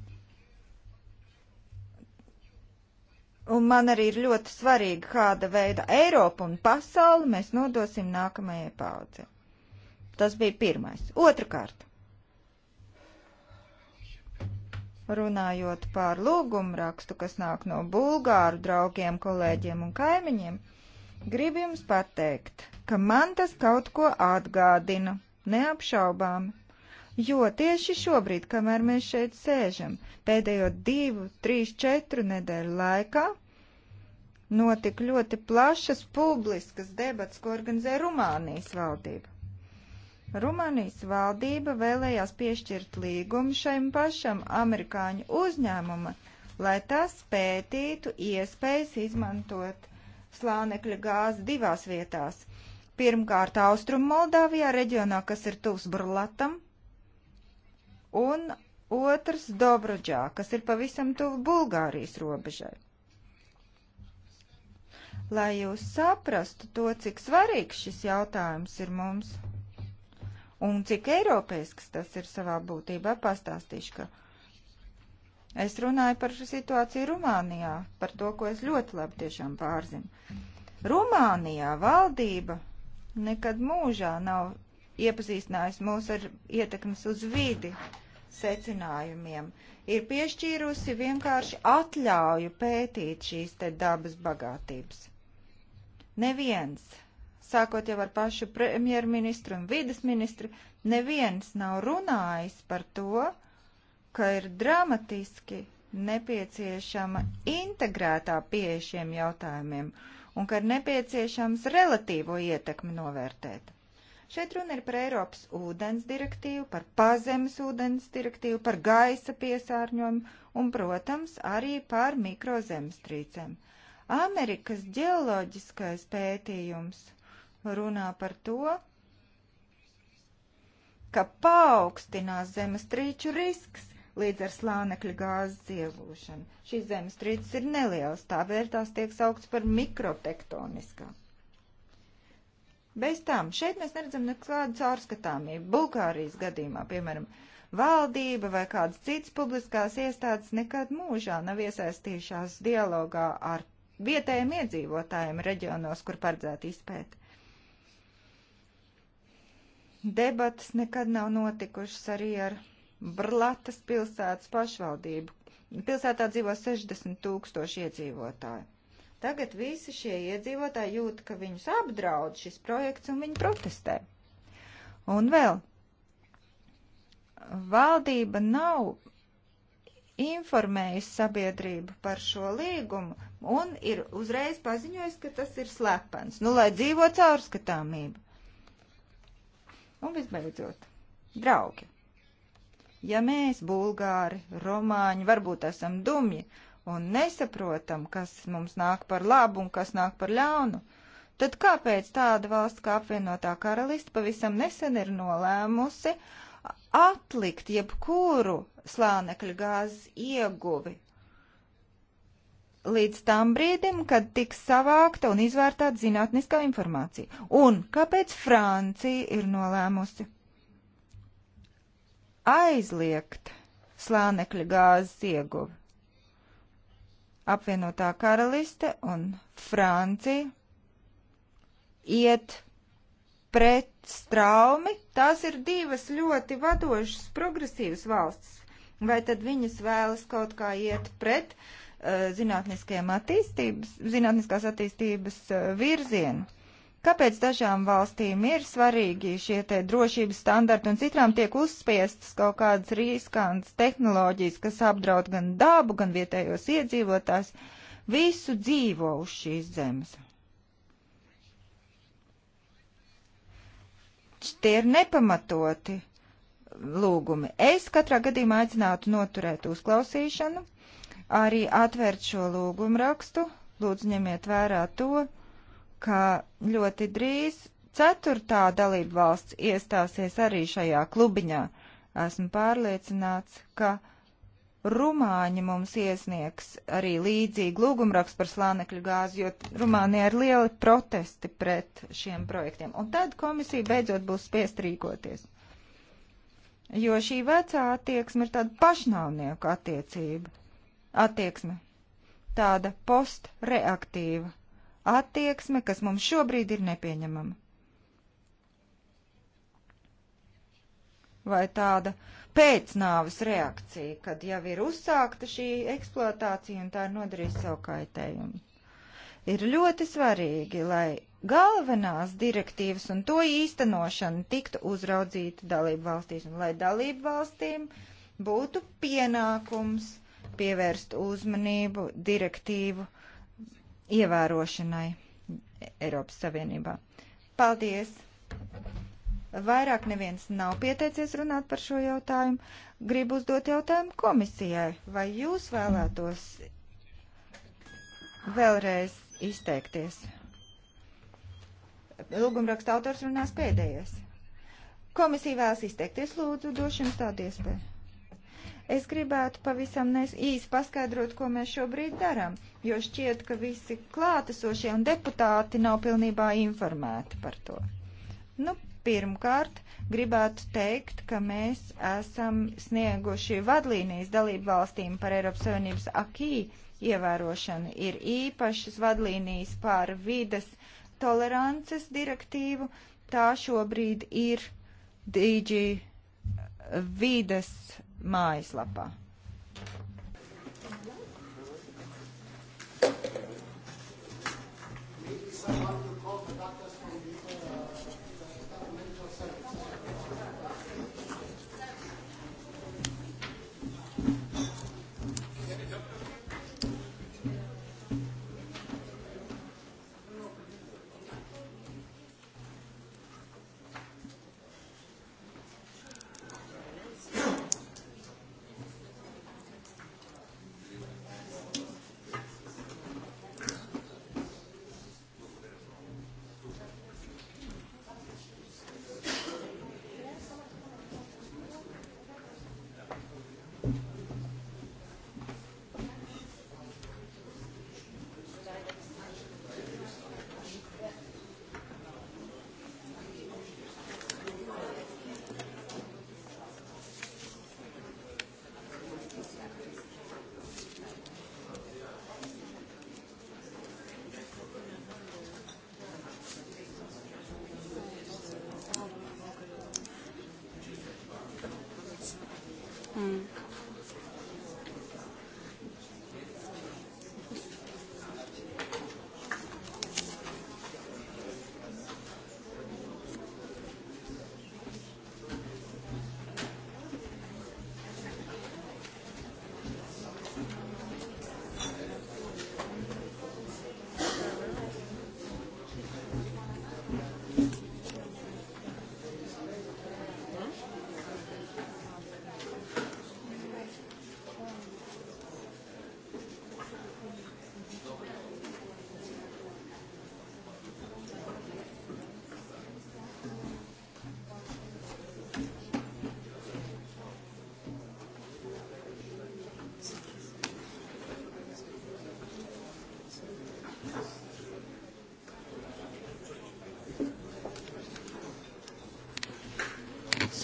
Un man arī ir ļoti svarīgi, kāda veida Eiropu un pasauli mēs nodosim nākamajai paudzei. Tas bija pirmais. Otrakārt, runājot par lūgumu rakstu, kas nāk no bulgāru draugiem, kolēģiem un kaimiņiem, gribu jums pateikt, ka man tas kaut ko atgādina, neapšaubām. Jo tieši šobrīd, kamēr mēs šeit sēžam, pēdējo divu, trīs, četru nedēļu laikā, notika ļoti plašas publiskas debats, ko organizē Rumānijas valdība. Rumānijas valdība vēlējās piešķirt līgumu šiem pašam amerikāņu uzņēmumam, lai tas pētītu iespējas izmantot slānekļa gāzi divās vietās. Pirmkārt, Austrum Moldāvijā reģionā, kas ir tuvs Burlatam, un otrs Dobrodžā, kas ir pavisam tuvu Bulgārijas robežai. Lai jūs saprastu to, cik svarīgs šis jautājums ir mums, un cik eiropeisks tas ir savā būtībā, pastāstīšu, ka es runāju par situāciju Rumānijā, par to, ko es ļoti labi tiešām pārzinu. Rumānijā valdība nekad mūžā nav iepazīstinājusi mūs ar ietekmes uz vidi secinājumiem, ir piešķīrusi vienkārši atļauju pētīt šīs te dabas bagātības. Neviens sākot jau ar pašu premjerministru un vides ministru, neviens nav runājis par to, ka ir dramatiski nepieciešama integrētā pieeja šiem jautājumiem un ka ir nepieciešams relatīvo ietekmi novērtēt. Šeit runa ir par Eiropas ūdens direktīvu, par pazemes ūdens direktīvu, par gaisa piesārņojumu un, protams, arī par mikrozemestrīcēm. Amerikas ģeoloģiskais pētījums – runā par to, ka paaugstinās zemestrīču risks līdz ar slānekļa gāzes iegūšanu. Šīs zemestrīces ir nelielas, tādēļ tās tiek saukts par mikrotektoniskām. Bez tām šeit mēs neredzam nekādu caurskatāmību. Bulgārijas gadījumā, piemēram, valdība vai kādas citas publiskās iestādes nekad mūžā nav iesaistījušās dialogā ar vietējiem iedzīvotājiem reģionos, kur paredzēta izpēta. Debatas nekad nav notikušas arī ar Brlatas pilsētas pašvaldību. Pilsētā dzīvo 60 tūkstoši iedzīvotāju. Tagad visi šie iedzīvotāji jūt, ka viņus apdraud šis projekts un viņi protestē. Un vēl, valdība nav informējusi sabiedrību par šo līgumu un ir uzreiz paziņojusi, ka tas ir slepens, nu, lai dzīvo caurskatāmība. Un visbeidzot, draugi, ja mēs, bulgāri, romāņi, varbūt esam dumji un nesaprotam, kas mums nāk par labu un kas nāk par ļaunu, tad kāpēc tāda valsts kā apvienotā karalista pavisam nesen ir nolēmusi atlikt jebkuru slānekļa gāzes ieguvi līdz tam brīdim, kad tiks savākta un izvērtāta zinātniskā informācija. Un kāpēc Francija ir nolēmusi aizliegt slānekļa gāzes ieguvi? Apvienotā karaliste un Francija iet pret straumi. Tās ir divas ļoti vadošas progresīvas valstis. Vai tad viņas vēlas kaut kā iet pret uh, Eh, zinātniskajiem attīstības, zinātniskās attīstības eh, virzienu. Kāpēc dažām valstīm ir svarīgi šie te drošības standarti un citām tiek uzspiestas kaut kādas riskantas tehnoloģijas, kas apdraud gan dabu, gan vietējos iedzīvotājs, visu dzīvo uz šīs zemes? Tie ir nepamatoti lūgumi. Es katrā gadījumā aicinātu noturēt uzklausīšanu arī atvērt šo lūgumu rakstu. Lūdzu, ņemiet vērā to, ka ļoti drīz ceturtā dalība valsts iestāsies arī šajā klubiņā. Esmu pārliecināts, ka Rumāņi mums iesniegs arī līdzīgu lūgumrakstu par slānekļu gāzi, jo Rumānija ir lieli protesti pret šiem projektiem. Un tad komisija beidzot būs spiest rīkoties. Jo šī vecā attieksme ir tāda pašnāvnieku attiecība attieksme, tāda postreaktīva attieksme, kas mums šobrīd ir nepieņemama. Vai tāda pēcnāvas reakcija, kad jau ir uzsākta šī eksploatācija un tā ir nodarījusi savu kaitējumu. Ir ļoti svarīgi, lai galvenās direktīvas un to īstenošana tiktu uzraudzīta dalību valstīs un lai dalību valstīm būtu pienākums pievērst uzmanību direktīvu ievērošanai Eiropas Savienībā. Paldies! Vairāk neviens nav pieteicies runāt par šo jautājumu. Gribu uzdot jautājumu komisijai. Vai jūs vēlētos vēlreiz izteikties? Lūgumraksta autors runās pēdējais. Komisija vēlas izteikties, lūdzu, došu jums tādu iespēju. Es gribētu pavisam īsi paskaidrot, ko mēs šobrīd darām, jo šķiet, ka visi klātesošie un deputāti nav pilnībā informēti par to. Nu, pirmkārt, gribētu teikt, ka mēs esam snieguši vadlīnijas dalību valstīm par Eiropas Savienības akī ievērošanu. Ir īpašas vadlīnijas pār vides tolerances direktīvu. Tā šobrīd ir DG vides mājaslapā. Thank you.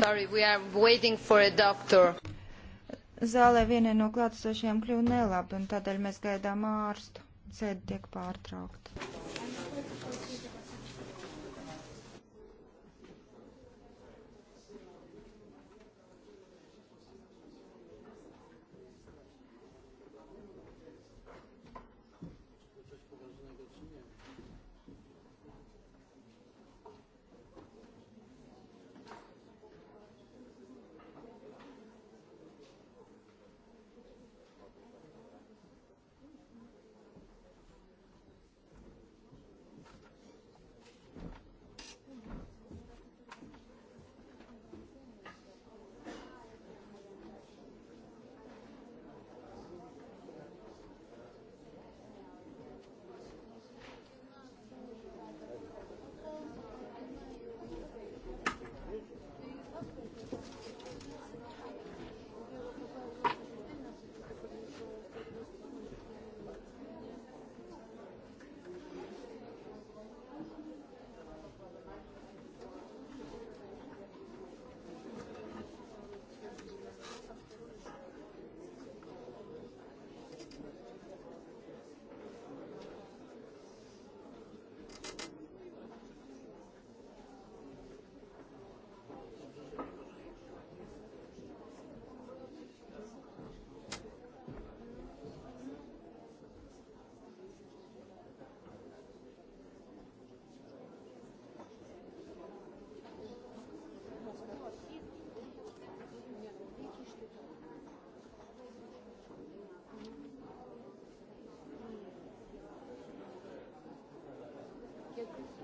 Sorry, we are waiting for a doctor. Zālē vienai no klātesošajām kļuva nelaba, un tādēļ mēs gaidām ārstu. Sēde tiek pārtraukta. quelques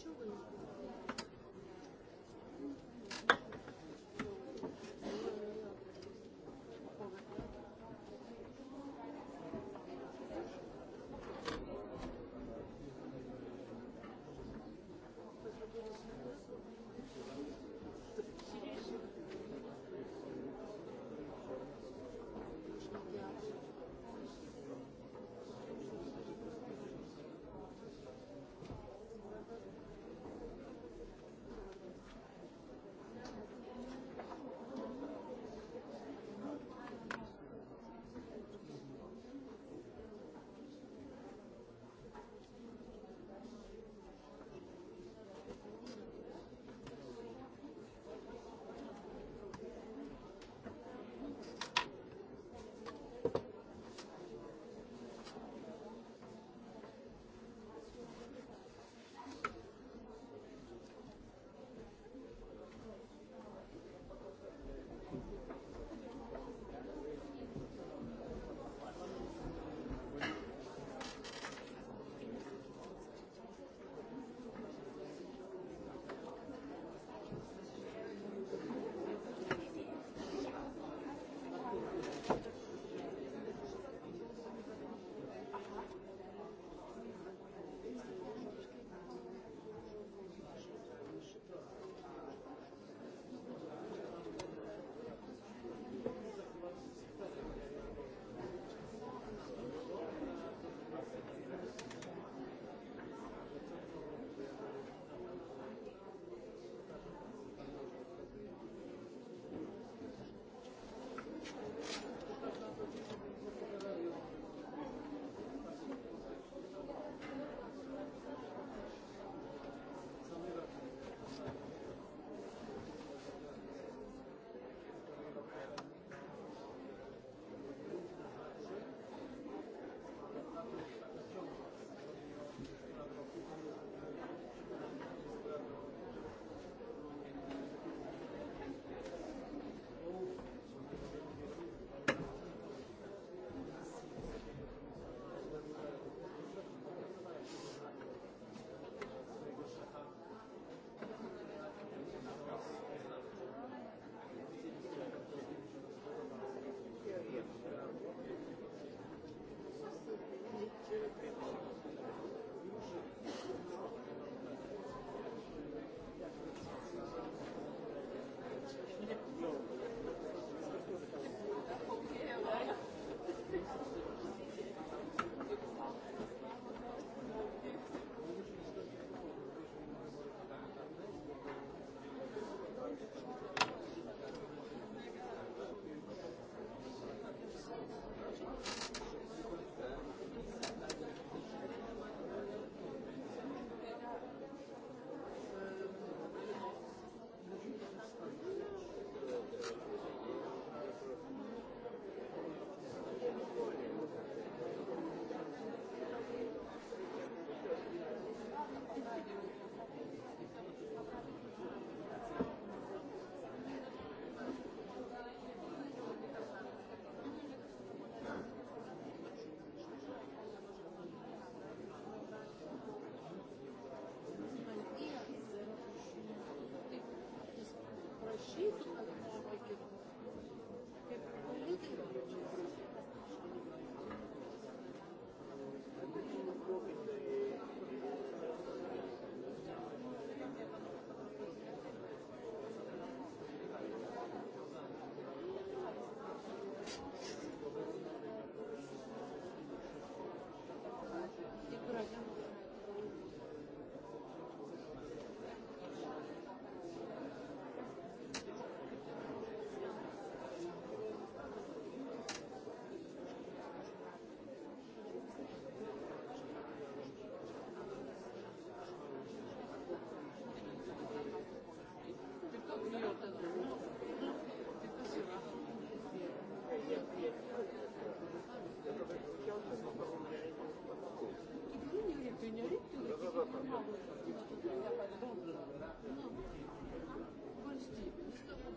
ключевые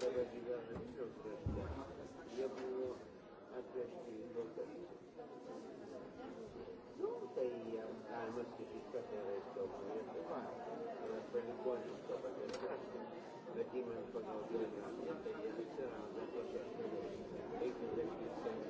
dogodziła, że nie są zgodne. Nie było atrakcyjnych No, tej almości historyjskiej, nie była. Ale pelikony, to będzie straszne. Lecimy po nowej, a nie tej jeszcze raz, to się Thank you.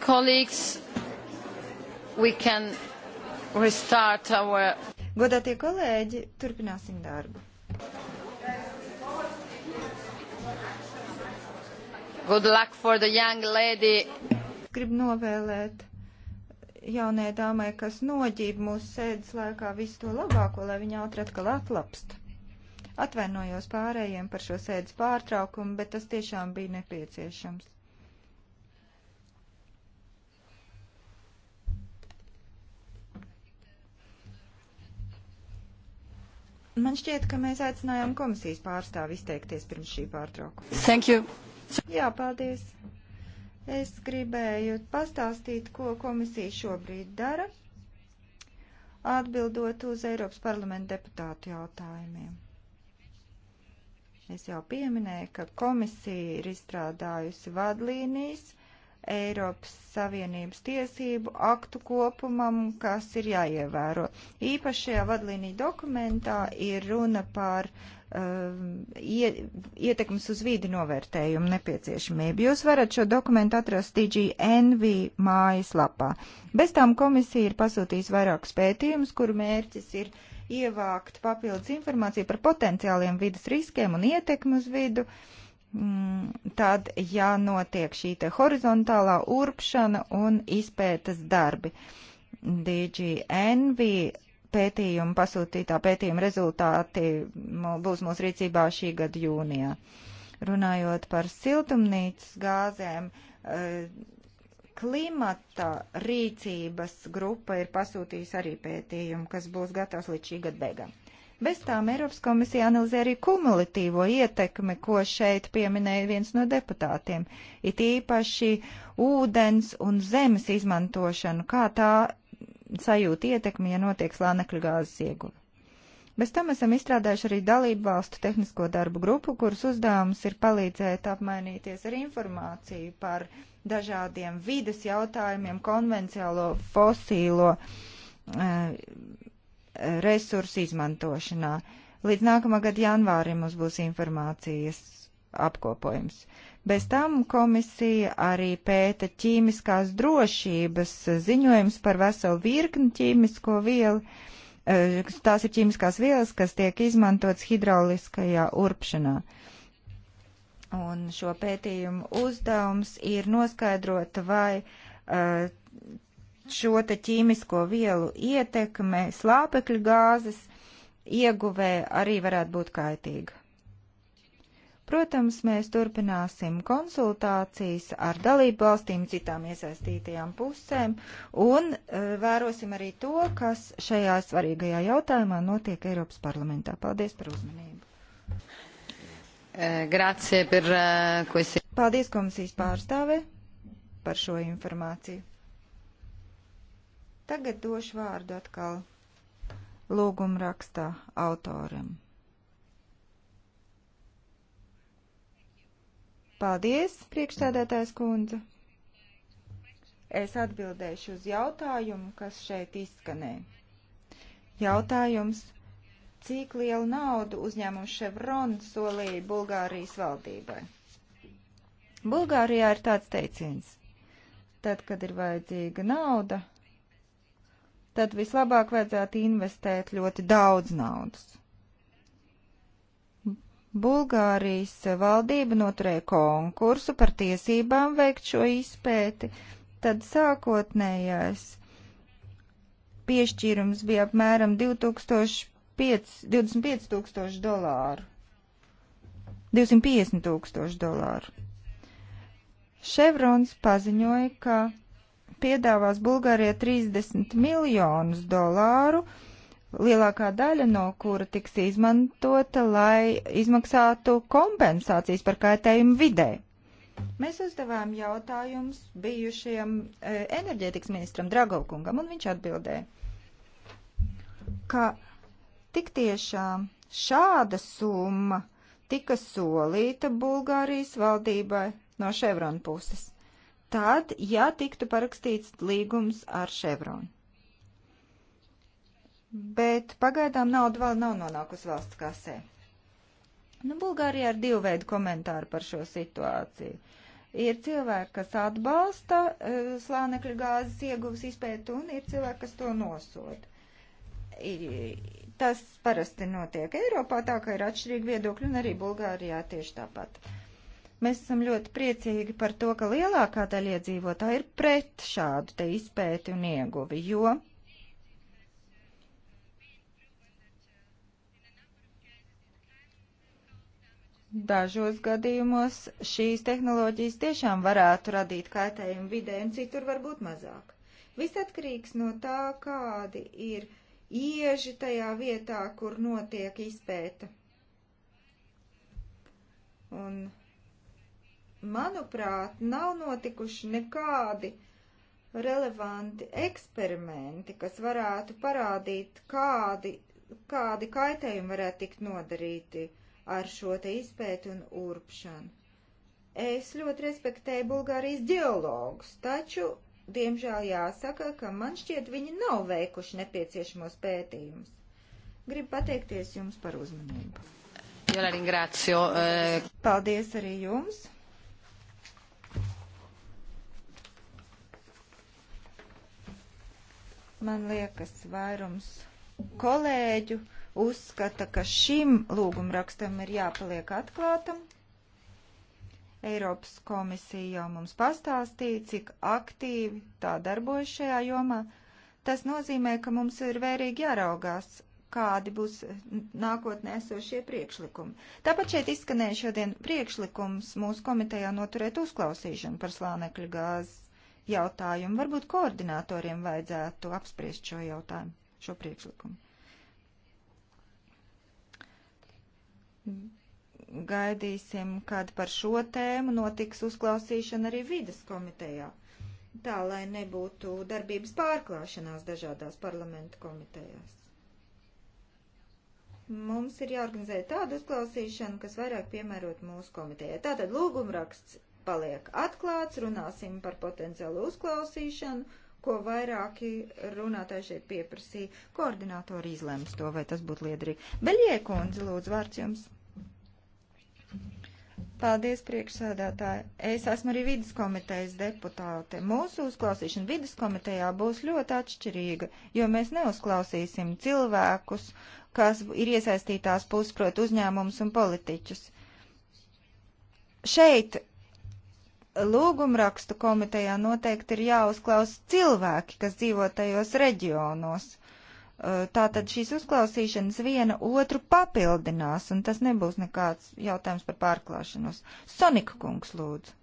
Colleagues, we can restart our. Godātie kolēģi, turpināsim darbu. Good luck for the young lady. Gribu novēlēt jaunajai dāmai, kas noģība mūsu sēdes laikā visu to labāko, lai viņa ātri atkal atlapst. Atvainojos pārējiem par šo sēdes pārtraukumu, bet tas tiešām bija nepieciešams. Man šķiet, ka mēs aicinājām komisijas pārstāvi izteikties pirms šī pārtraukuma. Thank you. Jā, paldies. Es gribēju pastāstīt, ko komisija šobrīd dara, atbildot uz Eiropas parlamenta deputātu jautājumiem. Es jau pieminēju, ka komisija ir izstrādājusi vadlīnijas Eiropas Savienības tiesību aktu kopumam, kas ir jāievēro. Īpaši šajā vadlīnija dokumentā ir runa par um, ie, ietekmes uz vīdi novērtējumu nepieciešamību. Jūs varat šo dokumentu atrast DGNV mājaslapā. Bez tām komisija ir pasūtījusi vairākus pētījumus, kuru mērķis ir ievākt papildus informāciju par potenciāliem vidas riskiem un ietekmu uz vidu. Uh, Mm, tad jānotiek šī te horizontālā urpšana un izpētas darbi. DGNV pētījuma pasūtītā pētījuma rezultāti būs mūsu rīcībā šī gada jūnijā. Runājot par siltumnīcas gāzēm, eh, klimata rīcības grupa ir pasūtījusi arī pētījumu, kas būs gatavs līdz šī gada beigām. Bez tām Eiropas komisija analizē arī kumulatīvo ietekmi, ko šeit pieminēja viens no deputātiem. It īpaši ūdens un zemes izmantošanu, kā tā sajūta ietekmi, ja notiek slānekļu gāzes ieguve. Bez tam esam izstrādājuši arī dalību valstu tehnisko darbu grupu, kuras uzdevums ir palīdzēt apmainīties ar informāciju par dažādiem vides jautājumiem, konvenciālo fosīlo e, resursu izmantošanā. Līdz nākamā gada janvārim mums būs informācijas apkopojums. Bez tam komisija arī pēta ķīmiskās drošības ziņojums par veselu virkni ķīmisko vielu. E, tās ir ķīmiskās vielas, kas tiek izmantotas hidrauliskajā urpšanā. Un šo pētījumu uzdevums ir noskaidrot, vai uh, šo te ķīmisko vielu ietekme slāpekļu gāzes ieguvē arī varētu būt kaitīga. Protams, mēs turpināsim konsultācijas ar dalību valstīm, citām iesaistītajām pusēm un e, vērosim arī to, kas šajā svarīgajā jautājumā notiek Eiropas parlamentā. Paldies par uzmanību. E, Grācie par, ko e, es. Paldies komisijas pārstāvē par šo informāciju. Tagad došu vārdu atkal lūguma rakstā autoram. Paldies, priekšsēdētājs kundze. Es atbildēšu uz jautājumu, kas šeit izskanēja. Jautājums cik lielu naudu uzņēmums Chevron solīja Bulgārijas valdībai. Bulgārijā ir tāds teiciens. Tad, kad ir vajadzīga nauda, tad vislabāk vajadzētu investēt ļoti daudz naudas. Bulgārijas valdība noturēja konkursu par tiesībām veikt šo izpēti, tad sākotnējais piešķīrums bija apmēram 25 tūkstoši dolāru. 250 tūkstoši dolāru. Ševrons paziņoja, ka piedāvās Bulgārijai 30 miljonus dolāru, lielākā daļa no kura tiks izmantota, lai izmaksātu kompensācijas par kaitējumu vidē. Mēs uzdevām jautājumus bijušajam e, enerģētikas ministram Dragovkungam, un viņš atbildēja, ka tik tiešām šāda summa tika solīta Bulgārijas valdībai no Ševrona puses tad, ja tiktu parakstīts līgums ar Chevron. Bet pagaidām nauda vēl nav nonākusi valsts kasē. Nu, Bulgārijā ir divi veidi komentāri par šo situāciju. Ir cilvēki, kas atbalsta uh, slānekļa gāzes ieguvas izpētu, un ir cilvēki, kas to nosoda. I, tas parasti notiek Eiropā, tā ka ir atšķirīgi viedokļi, un arī Bulgārijā tieši tāpat. Uh, Mēs esam ļoti priecīgi par to, ka lielākā daļa iedzīvotāji ir pret šādu te izpēti un ieguvi, jo Dažos gadījumos šīs tehnoloģijas tiešām varētu radīt kaitējumu vidē, un citur varbūt mazāk. Viss atkarīgs no tā, kādi ir ieži tajā vietā, kur notiek izpēta. Un manuprāt, nav notikuši nekādi relevanti eksperimenti, kas varētu parādīt, kādi, kādi kaitējumi varētu tikt nodarīti ar šo te izpēti un urpšanu. Es ļoti respektēju Bulgārijas ģeologus, taču, diemžēl jāsaka, ka man šķiet viņi nav veikuši nepieciešamos pētījumus. Gribu pateikties jums par uzmanību. Eh. Paldies arī jums! Man liekas, vairums kolēģu uzskata, ka šim lūgumrakstam ir jāpaliek atklātam. Eiropas komisija jau mums pastāstīja, cik aktīvi tā darbojas šajā jomā. Tas nozīmē, ka mums ir vērīgi jāraugās, kādi būs nākotnē esošie priekšlikumi. Tāpat šeit izskanēja šodien priekšlikums mūsu komitejā noturēt uzklausīšanu par slānekļa gāzes jautājumu. Varbūt koordinatoriem vajadzētu apspriest šo jautājumu, šo priekšlikumu. Gaidīsim, kad par šo tēmu notiks uzklausīšana arī vides komitejā, tā lai nebūtu darbības pārklāšanās dažādās parlamenta komitejās. Mums ir jāorganizē tāda uzklausīšana, kas vairāk piemērot mūsu komitejai. Tātad lūgumraksts paliek atklāts, runāsim par potenciālu uzklausīšanu, ko vairāki runātāji šeit pieprasīja. Koordinātori izlems to, vai tas būtu liederīgi. Beļie kundze, lūdzu, vārds jums. Paldies, priekšsēdētāji. Es esmu arī vidas komitejas deputāte. Mūsu uzklausīšana vidas komitejā būs ļoti atšķirīga, jo mēs neuzklausīsim cilvēkus, kas ir iesaistītās puses, proti uzņēmumus un politiķus. Šeit lūgumrakstu komitejā noteikti ir jāuzklaus cilvēki, kas dzīvo tajos reģionos. Tātad mm. šīs uzklausīšanas viena otru papildinās, un tas nebūs nekāds jautājums par pārklāšanos. Sonika kungs, lūdzu.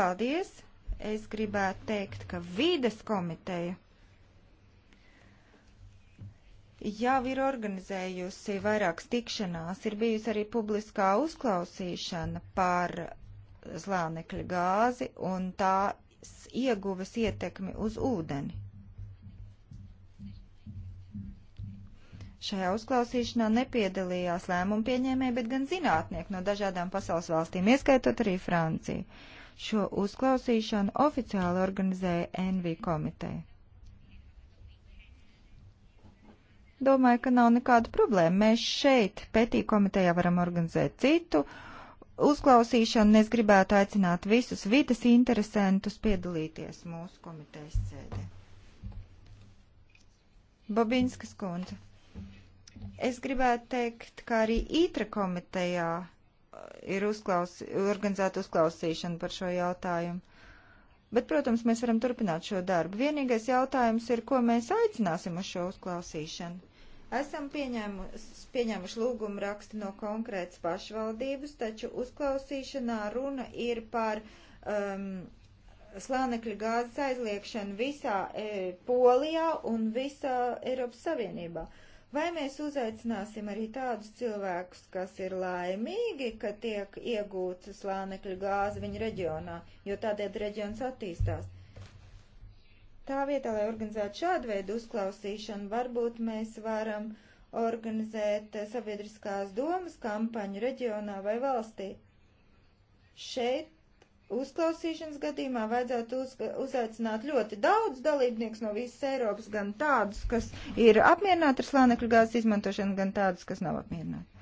Paldies! Es gribētu teikt, ka vides komiteja jau ir organizējusi vairākas tikšanās, ir bijusi arī publiskā uzklausīšana par slānekļa gāzi un tās ieguves ietekmi uz ūdeni. Šajā uzklausīšanā nepiedalījās lēmumu pieņēmēji, bet gan zinātnieki no dažādām pasaules valstīm, ieskaitot arī Franciju. Šo uzklausīšanu oficiāli organizēja NV komiteja. Domāju, ka nav nekāda problēma. Mēs šeit, pētī komitejā, varam organizēt citu uzklausīšanu. Es gribētu aicināt visus vides interesantus piedalīties mūsu komitejas sēdē. Babinskas kundze. Es gribētu teikt, ka arī ītra komitejā uh, ir uzklaus, organizēta uzklausīšana par šo jautājumu. Bet, protams, mēs varam turpināt šo darbu. Vienīgais jautājums ir, ko mēs aicināsim uz šo uzklausīšanu. Esam pieņēmuši lūgumu rakstu no konkrētas pašvaldības, taču uzklausīšanā runa ir par um, slānekļa gāzes aizliekšanu visā e, Polijā un visā Eiropas Savienībā. Vai mēs uzaicināsim arī tādus cilvēkus, kas ir laimīgi, ka tiek iegūta slānekļa gāze viņa reģionā, jo tādēļ reģions attīstās? Tā vietā, lai organizētu šādu veidu uzklausīšanu, varbūt mēs varam organizēt eh, sabiedriskās domas kampaņu reģionā vai valstī. Šeit uzklausīšanas gadījumā vajadzētu uz, uzaicināt ļoti daudz dalībniekus no visas Eiropas, gan tādus, kas ir apmierināti ar slānekļu gāzes izmantošanu, gan tādus, kas nav apmierināti.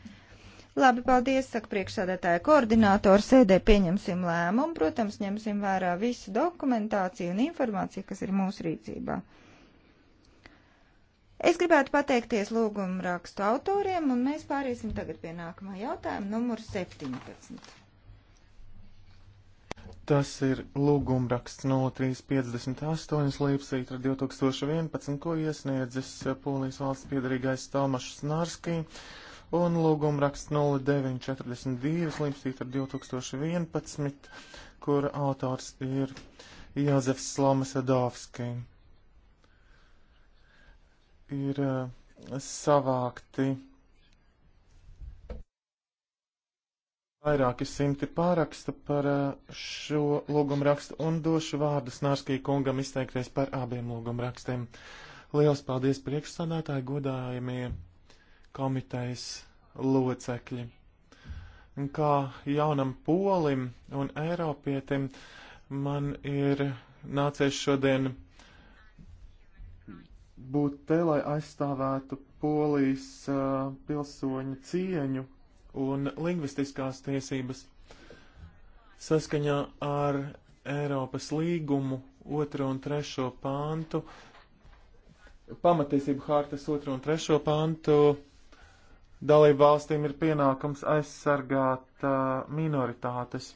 Labi, paldies, saka priekšsādātāja koordinātora sēdē pieņemsim lēmumu. Protams, ņemsim vērā visu dokumentāciju un informāciju, kas ir mūsu rīcībā. Es gribētu pateikties lūgumu rakstu autoriem, un mēs pāriesim tagad pie nākamā jautājuma, numur 17. Tas ir lūgumraksts 0358 līpsītra 2011, ko iesniedzis Polijas valsts piedarīgais Tomašs Nārskī un lūguma raksts 0942 slimstīt ar 2011, kura autors ir Jāzefs Slomas Adovski. Ir uh, savākti vairāki simti pārakstu par eh, šo lūgumu rakstu un došu vārdu Snārskī kungam izteikties par abiem lūgumu rakstiem. Liels paldies priekšsādātāji, godājamie komitejas locekļi. Un kā jaunam polim un eiropietim man ir nācies šodien būt te, lai aizstāvētu polijas uh, pilsoņu cieņu un lingvistiskās tiesības. Saskaņā ar Eiropas līgumu otro un trešo pāntu, pamatiesību hārtas otro un trešo pāntu, dalību valstīm ir pienākums aizsargāt uh, minoritātes.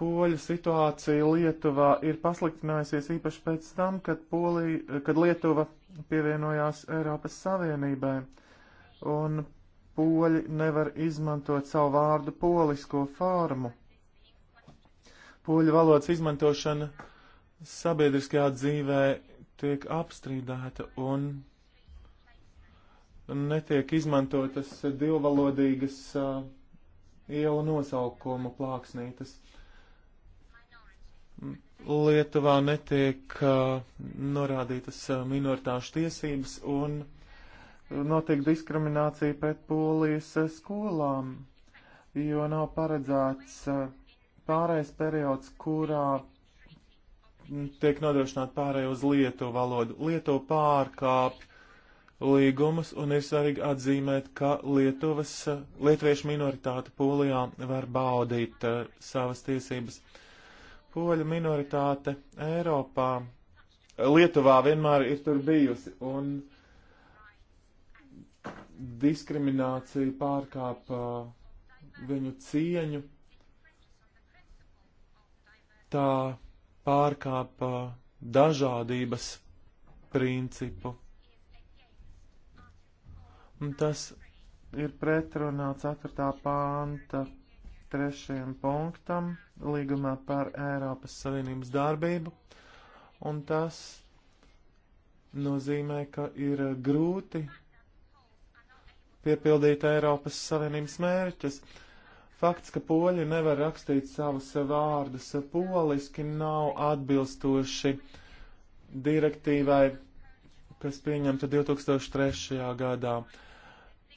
Poļu situācija Lietuvā ir pasliktinājusies īpaši pēc tam, kad, Polī, kad Lietuva pievienojās Eiropas Savienībai, un poļi nevar izmantot savu vārdu polisko formu. Poļu valodas izmantošana sabiedriskajā dzīvē tiek apstrīdēta, un netiek izmantotas divvalodīgas uh, ielu nosaukumu plāksnītes. Lietuvā netiek uh, norādītas uh, minoritāšu tiesības un notiek diskriminācija pret polijas uh, skolām, jo nav paredzēts uh, pārējais periods, kurā tiek nodrošināta pārēja uz lietu valodu. Lietu pārkāpj līgumus, un ir svarīgi atzīmēt, ka Lietuvas, eh, lietuviešu minoritāte Polijā var baudīt uh, savas tiesības. Poļu minoritāte Eiropā, Lietuvā vienmēr ir tur bijusi, un diskriminācija pārkāpa eh, viņu cieņu, tā pārkāpa dažādības principu. Un tas ir pretrunā 4. pānta trešajam punktam līgumā par Eiropas Savienības darbību, un tas nozīmē, ka ir grūti piepildīt Eiropas Savienības mērķus. Fakts, ka poļi nevar rakstīt savus vārdus poliski, nav atbilstoši direktīvai, kas pieņemta 2003. gadā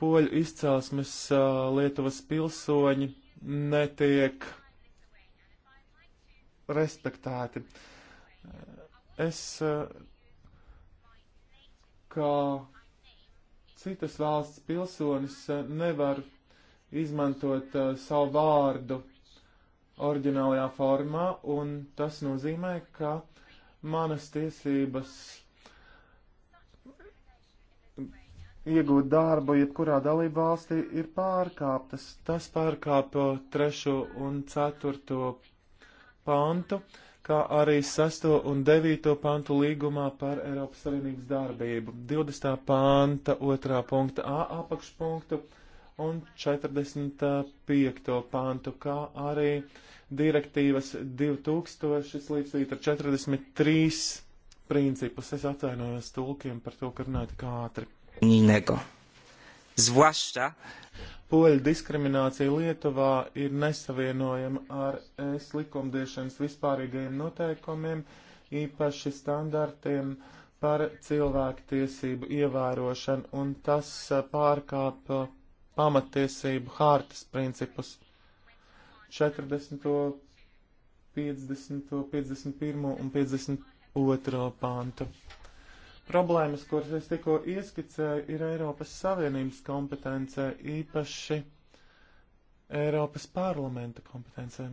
poļu izcelsmes uh, Lietuvas pilsoņi netiek respektēti. Es uh, kā citas valsts pilsonis uh, nevaru izmantot uh, savu vārdu oriģinālajā formā, un tas nozīmē, ka manas tiesības iegūt darbu jebkurā dalību valstī ir pārkāptas. Tas pārkāpa trešo un ceturto pantu, kā arī sesto un devīto pantu līgumā par Eiropas Savienības darbību, 20. panta otrā punkta A apakšpunktu un 45. pantu, kā arī direktīvas 2000 līdz 43 principus. Es atvainojos tulkiem par to, ka runāju tik ātri unijnego. Zwłaszcza Poļu diskriminācija Lietuvā ir nesavienojama ar es likumdiešanas vispārīgajiem noteikumiem, īpaši standartiem par cilvēktiesību ievērošanu, un tas eh, pārkāp eh, pamatiesību hārtas principus. 40., 50., 51. un 52. pāntu. Problēmas, kuras es tikko ieskicēju, ir Eiropas Savienības kompetencē, īpaši Eiropas parlamenta kompetencē.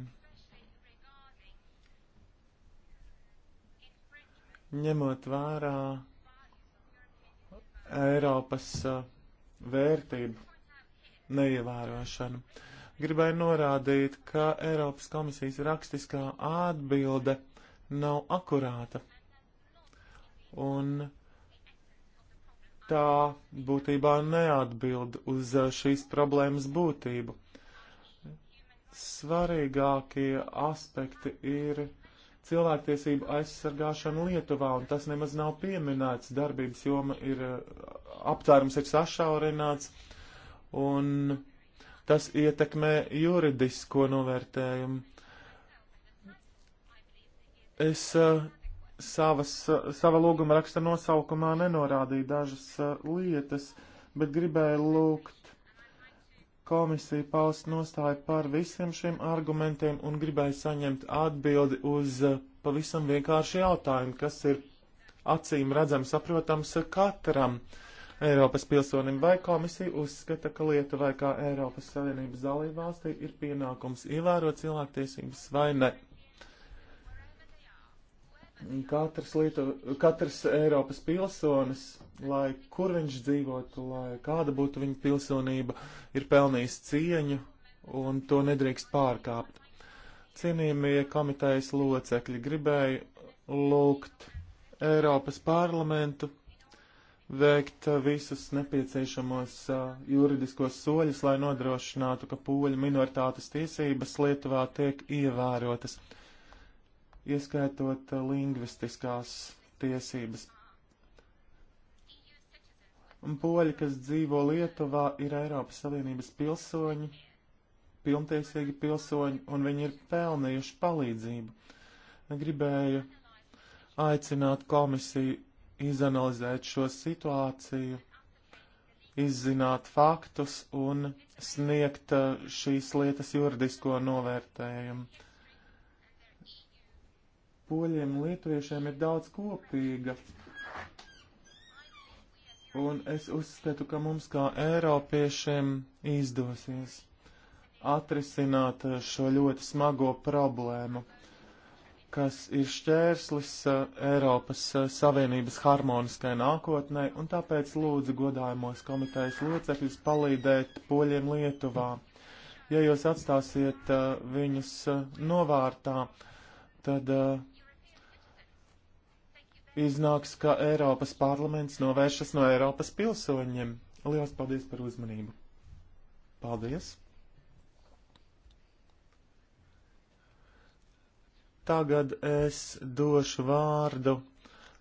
Ņemot vērā Eiropas uh, vērtību neievērošanu. Gribēju norādīt, ka Eiropas komisijas rakstiskā atbilde nav akurāta. Un tā būtībā neatbild uz šīs problēmas būtību. Svarīgākie aspekti ir cilvēktiesību aizsargāšana Lietuvā, un tas nemaz nav pieminēts. Darbības joma ir, aptvērums ir sašaurināts, un tas ietekmē juridisko novērtējumu. Es uh, savas, sava lūguma raksta nosaukumā nenorādīja dažas lietas, bet gribēju lūgt komisiju paust nostāju par visiem šiem argumentiem un gribēju saņemt atbildi uz pavisam vienkārši jautājumu, kas ir acīm redzam saprotams katram Eiropas pilsonim. Vai komisija uzskata, ka Lietuvai kā Eiropas Savienības dalībvalstī ir pienākums ievērot cilvēktiesības vai ne? katrs, lietu, katrs Eiropas pilsonis, lai kur viņš dzīvotu, lai kāda būtu viņa pilsonība, ir pelnījis cieņu un to nedrīkst pārkāpt. Cienījamie komitejas locekļi gribēju lūgt Eiropas parlamentu veikt visus nepieciešamos uh, juridiskos soļus, lai nodrošinātu, ka pūļu minoritātes tiesības Lietuvā tiek ievērotas ieskaitot eh, lingvistiskās tiesības. Un poļi, kas dzīvo Lietuvā, ir Eiropas Savienības pilsoņi, pilntiesīgi pilsoņi, un viņi ir pelnījuši palīdzību. Gribēju aicināt komisiju izanalizēt šo situāciju, izzināt faktus un sniegt eh, šīs lietas juridisko novērtējumu poļiem un lietuviešiem ir daudz kopīga. Un es uzskatu, ka mums kā Eiropiešiem izdosies atrisināt eh, šo ļoti smago problēmu, kas ir šķērslis eh, Eiropas eh, Savienības harmoniskai nākotnē, un tāpēc lūdzu godājumos komitejas locekļus palīdēt poļiem Lietuvā. Ja jūs atstāsiet viņus novārtā, tad uh, iznāks, ka Eiropas parlaments novēršas no Eiropas pilsoņiem. Lielas paldies par uzmanību! Paldies! Tagad es došu vārdu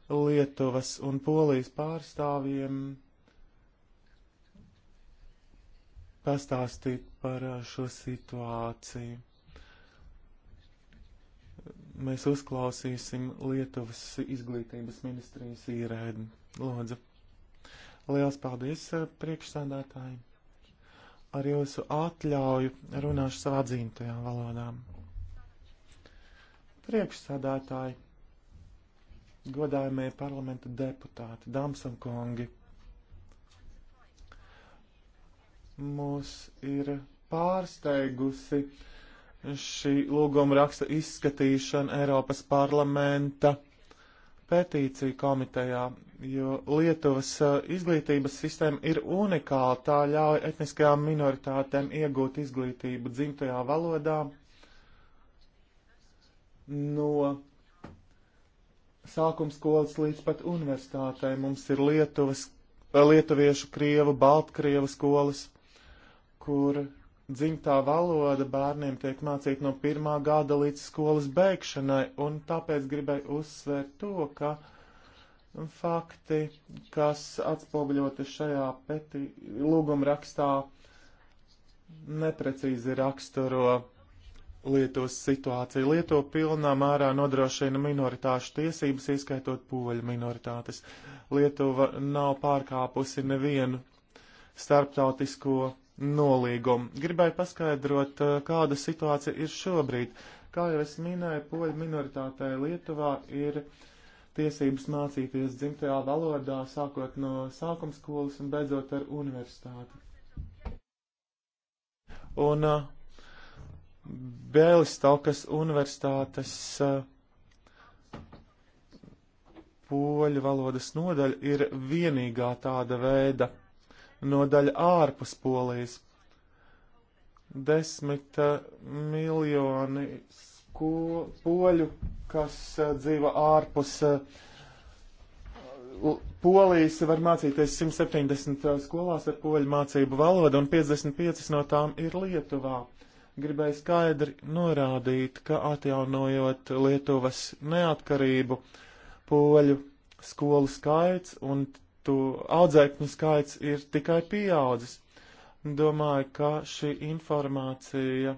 Lietuvas un Polijas pārstāvjiem pastāstīt par uh, šo situāciju mēs uzklausīsim Lietuvas izglītības ministrijas īrēdi. Lūdzu. Liels paldies eh, priekšsādātājiem. Ar jūsu atļauju runāšu savā dzimtajā valodā. Priekšsādātāji, godājumie parlamenta deputāti, dāmas un kungi, mūs ir pārsteigusi uh, šī lūguma raksta izskatīšana Eiropas parlamenta pētīciju komitejā, jo Lietuvas uh, izglītības sistēma ir unikāla. Tā ļauj etniskajām minoritātēm iegūt izglītību dzimtajā valodā no sākums skolas līdz pat universitātei. Mums ir Lietuvas, uh, lietuviešu, krievu, baltkrievu skolas, kur dzimtā valoda bērniem tiek mācīta no pirmā gada līdz skolas beigšanai, un tāpēc gribēju uzsvērt to, ka fakti, kas atspoguļoti šajā peti lūguma rakstā, neprecīzi raksturo Lietuvas situāciju. Lietuva pilnā mērā nodrošina minoritāšu tiesības, ieskaitot poļu minoritātes. Lietuva nav pārkāpusi nevienu starptautisko nolīgumu. Gribēju paskaidrot, eh, kāda situācija ir šobrīd. Kā jau es minēju, poļu minoritātei Lietuvā ir tiesības mācīties dzimtajā valodā, sākot no sākuma skolas un beidzot ar universitāti. Un uh, eh, Bēlistaukas universitātes uh, poļu valodas nodaļa ir vienīgā tāda veida nodaļa ārpus polijas. Desmit eh, miljoni sko, poļu, kas eh, dzīvo ārpus eh, polijas, var mācīties 170 skolās ar poļu mācību valodu, un 55 no tām ir Lietuvā gribēju skaidri norādīt, ka atjaunojot Lietuvas neatkarību, poļu skolu skaits un audzēto, audzēkņu skaits ir tikai pieaudzis. Domāju, ka šī informācija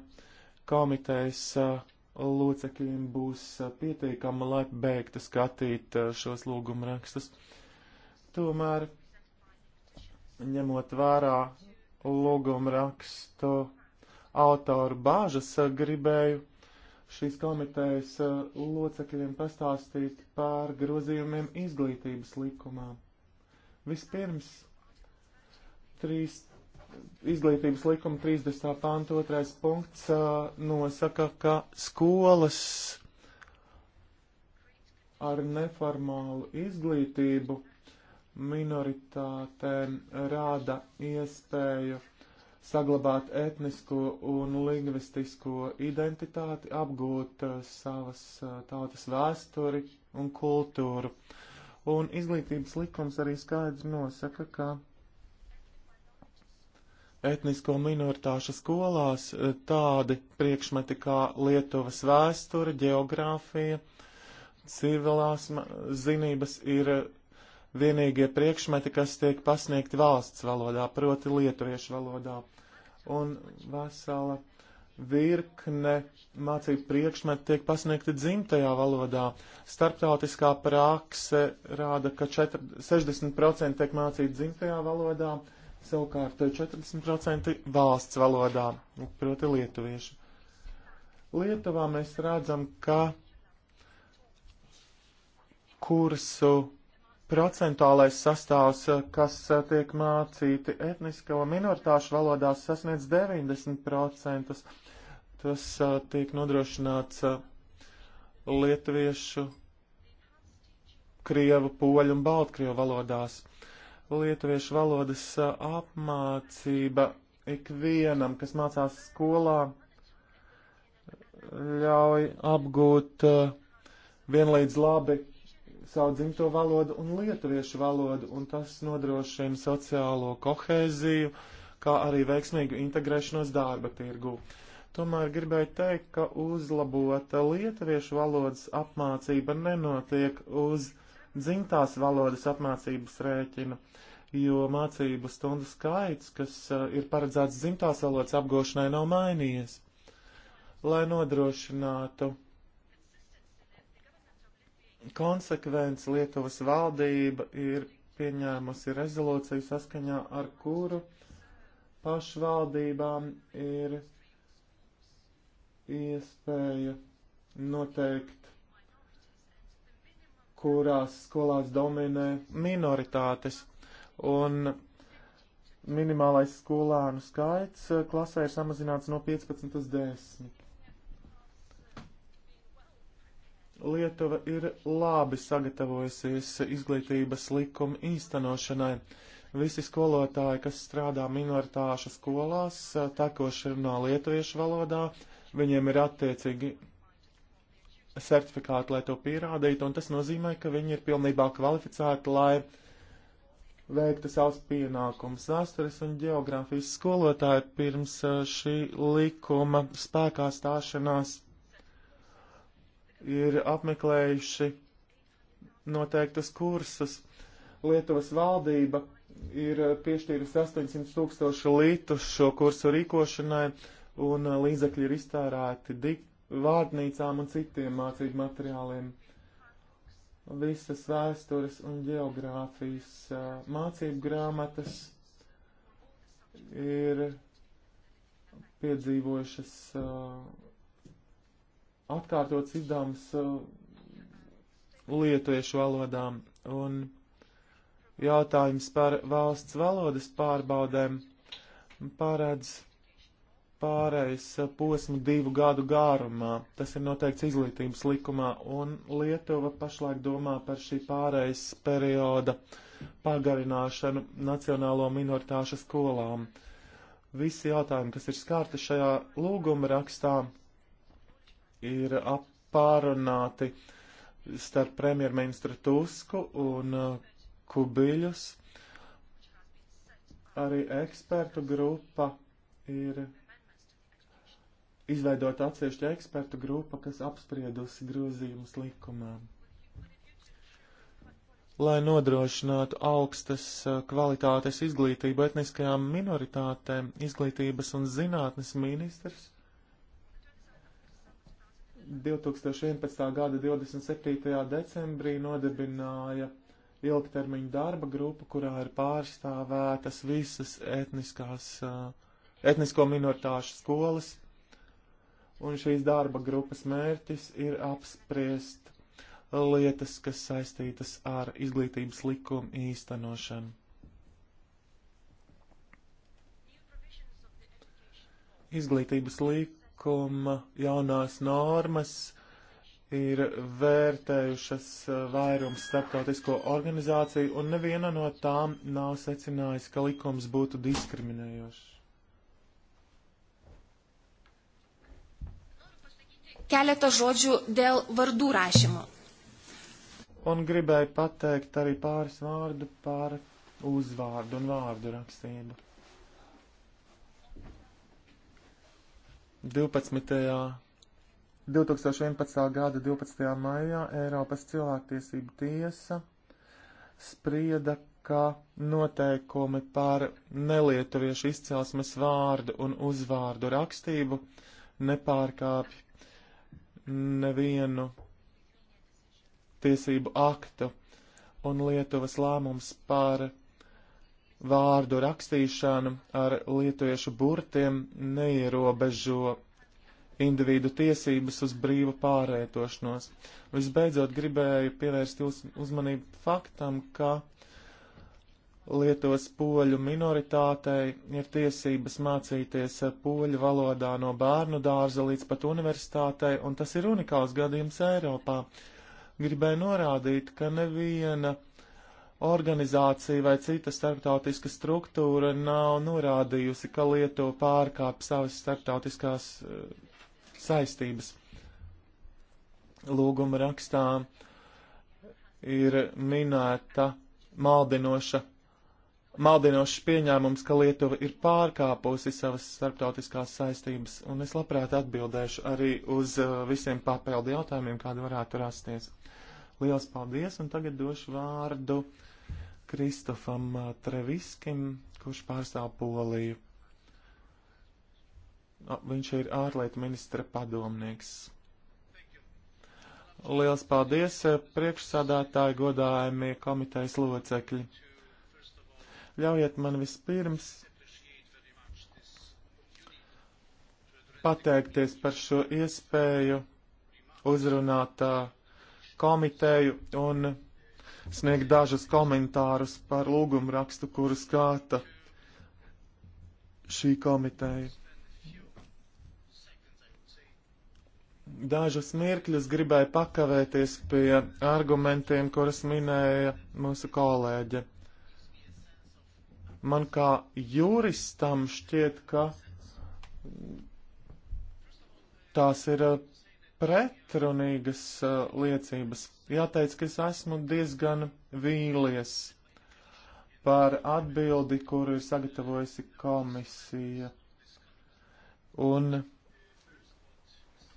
komitejas uh, locekļiem būs uh, pietiekama, lai beigtu skatīt uh, šos lūguma rakstus. Tomēr, ņemot vērā lūguma rakstu autoru bāžas, gribēju šīs komitejas locekļiem pastāstīt par grozījumiem izglītības likumā. Vispirms trīs, izglītības likuma 30. pānta otrais punkts nosaka, ka skolas ar neformālu izglītību minoritātēm rāda iespēju saglabāt etnisko un lingvistisko identitāti, apgūt savas tautas vēsturi un kultūru. Uh, Un izglītības likums arī skaidri nosaka, ka etnisko minoritāšu skolās e, tādi priekšmeti kā Lietuvas vēsture, geogrāfija, civilās zinības ir e, vienīgie priekšmeti, kas tiek pasniegti valsts valodā, proti lietuviešu valodā. Un vesela virkne mācību priekšmetu tiek pasniegti dzimtajā valodā. Starptautiskā prakse rāda, ka 4, 60% tiek mācīti dzimtajā valodā, savukārt 40% valsts valodā, nu, proti lietuviešu. Lietuvā mēs redzam, ka kursu procentuālais sastāvs, kas eh, tiek mācīti etnisko minoritāšu valodās, sasniedz 90%. Tas eh, tiek nodrošināts eh, lietuviešu, krievu, poļu un baltkrievu valodās. Lietuviešu valodas apmācība ikvienam, kas mācās skolā, ļauj apgūt vienlīdz labi savu dzimto valodu un lietuviešu valodu, un tas nodrošina sociālo kohēziju, kā arī veiksmīgu integrēšanos darba tirgu. Tomēr gribēju teikt, ka uzlabota lietuviešu valodas apmācība nenotiek uz dzimtās valodas apmācības rēķina, jo mācību stundu skaits, kas eh, ir paredzēts dzimtās valodas apgūšanai, nav mainījies. Lai nodrošinātu konsekvenci Lietuvas valdība ir pieņēmusi rezolūciju saskaņā ar kuru pašvaldībām ir iespēja noteikt, kurās skolās dominē minoritātes. Un minimālais skolānu skaits klasē ir samazināts no 15 uz 10. Lietuva ir labi sagatavojusies izglītības likuma īstenošanai. Visi skolotāji, kas strādā minoritāšu skolās, tekoši runā lietuviešu valodā, viņiem ir attiecīgi certifikāti, lai to pierādītu, un tas nozīmē, ka viņi ir pilnībā kvalificēti, lai veiktu savus pienākumus. Vēstures un geogrāfijas skolotāji pirms eh, šī likuma spēkā stāšanās ir apmeklējuši noteiktus kursus. Lietuvas valdība ir piešķīrusi 800 tūkstoši lītu šo kursu rīkošanai, un līdzekļi ir iztērēti vārnīcām un citiem mācību materiāliem. Visas vēstures un geogrāfijas mācību grāmatas ir piedzīvojušas uh, atkārtots izdāmas uh, lietuviešu valodām. Un jautājums par valsts valodas pārbaudēm pārēdz pārējais uh, posmu divu gadu gārumā. Tas ir noteikts izglītības likumā, un Lietuva pašlaik domā par šī pārējais perioda pagarināšanu nacionālo minoritāšu skolām. Visi jautājumi, kas ir skārti šajā lūguma rakstā, ir pārunāti starp premjerministru Tusku un uh, Kubiļus. Arī ekspertu grupa ir izveidota atsevišķa ekspertu grupa, kas apspriedusi grozījumus likumā. Lai nodrošinātu augstas uh, kvalitātes izglītību etniskajām minoritātēm, izglītības un zinātnes ministrs 2011. gada 27. decembrī nodibināja ilgtermiņu darba grupu, kurā ir pārstāvētas visas etniskās, etnisko minoritāšu skolas, un šīs darba grupas mērķis ir apspriest lietas, kas saistītas ar izglītības likumu īstenošanu. Izglītības lik priekšlikuma jaunās normas ir vērtējušas eh, vairums starptautisko organizāciju, un neviena no tām nav secinājusi, ka likums būtu diskriminējošs. Keletą žodžių dėl vardų rašymo. Un gribēju pateikt arī pāris vārdu par uzvārdu un vārdu rakstību. 12. 2011. gada 12. maijā Eiropas cilvēktiesību tiesa sprieda, ka noteikumi par nelietuviešu izcelsmes vārdu un uzvārdu rakstību nepārkāpj nevienu tiesību aktu, un Lietuvas lēmums par vārdu rakstīšana ar lietuviešu burtiem neierobežo individu tiesības uz brīvu pārētošanos. Visbeidzot, gribēju pievērst jūs uzmanību faktam, ka Lietuvas poļu minoritātei ir tiesības mācīties poļu valodā no bērnu dārza līdz pat universitātei, un tas ir unikāls gadījums Eiropā. Gribēju norādīt, ka neviena organizācija vai cita starptautiska struktūra nav norādījusi, ka Lietuva pārkāp savas starptautiskās uh, saistības. Lūguma rakstā ir minēta maldinoša, maldinošs pieņēmums, ka Lietuva ir pārkāpusi savas starptautiskās saistības, un es labprāt atbildēšu arī uz uh, visiem papildu jautājumiem, kādi varētu rasties. Liels paldies, un tagad došu vārdu uh, Kristofam uh, Treviskim, kurš pārstāv Poliju. Viņš ir ārlietu ministra padomnieks. Liels paldies, uh, priekšsādātāji, godājumie komitejas locekļi. Ļaujiet man vispirms pateikties par šo iespēju uzrunāt uh, komiteju un sniegt dažus komentārus par lūgumu rakstu, kuru skata šī komiteja. Dažas mirkļus gribēju pakavēties pie argumentiem, kuras minēja mūsu kolēģe. Man kā juristam šķiet, ka tās ir pretrunīgas uh, liecības. Jāteic, ka es esmu diezgan vīlies par atbildi, kuru ir sagatavojusi komisija. Un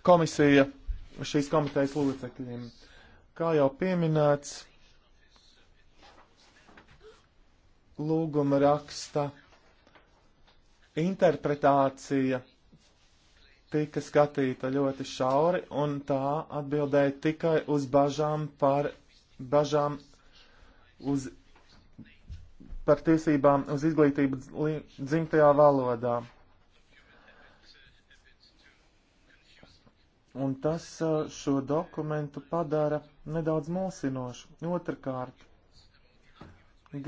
komisija šīs komitejas locekļiem. Kā jau pieminēts, lūguma raksta interpretācija tika skatīta ļoti šauri, un tā atbildēja tikai uz bažām par bažām uz, par tiesībām uz izglītību dzimtajā valodā. Un tas šo dokumentu padara nedaudz mulsinošu. Otrakārt,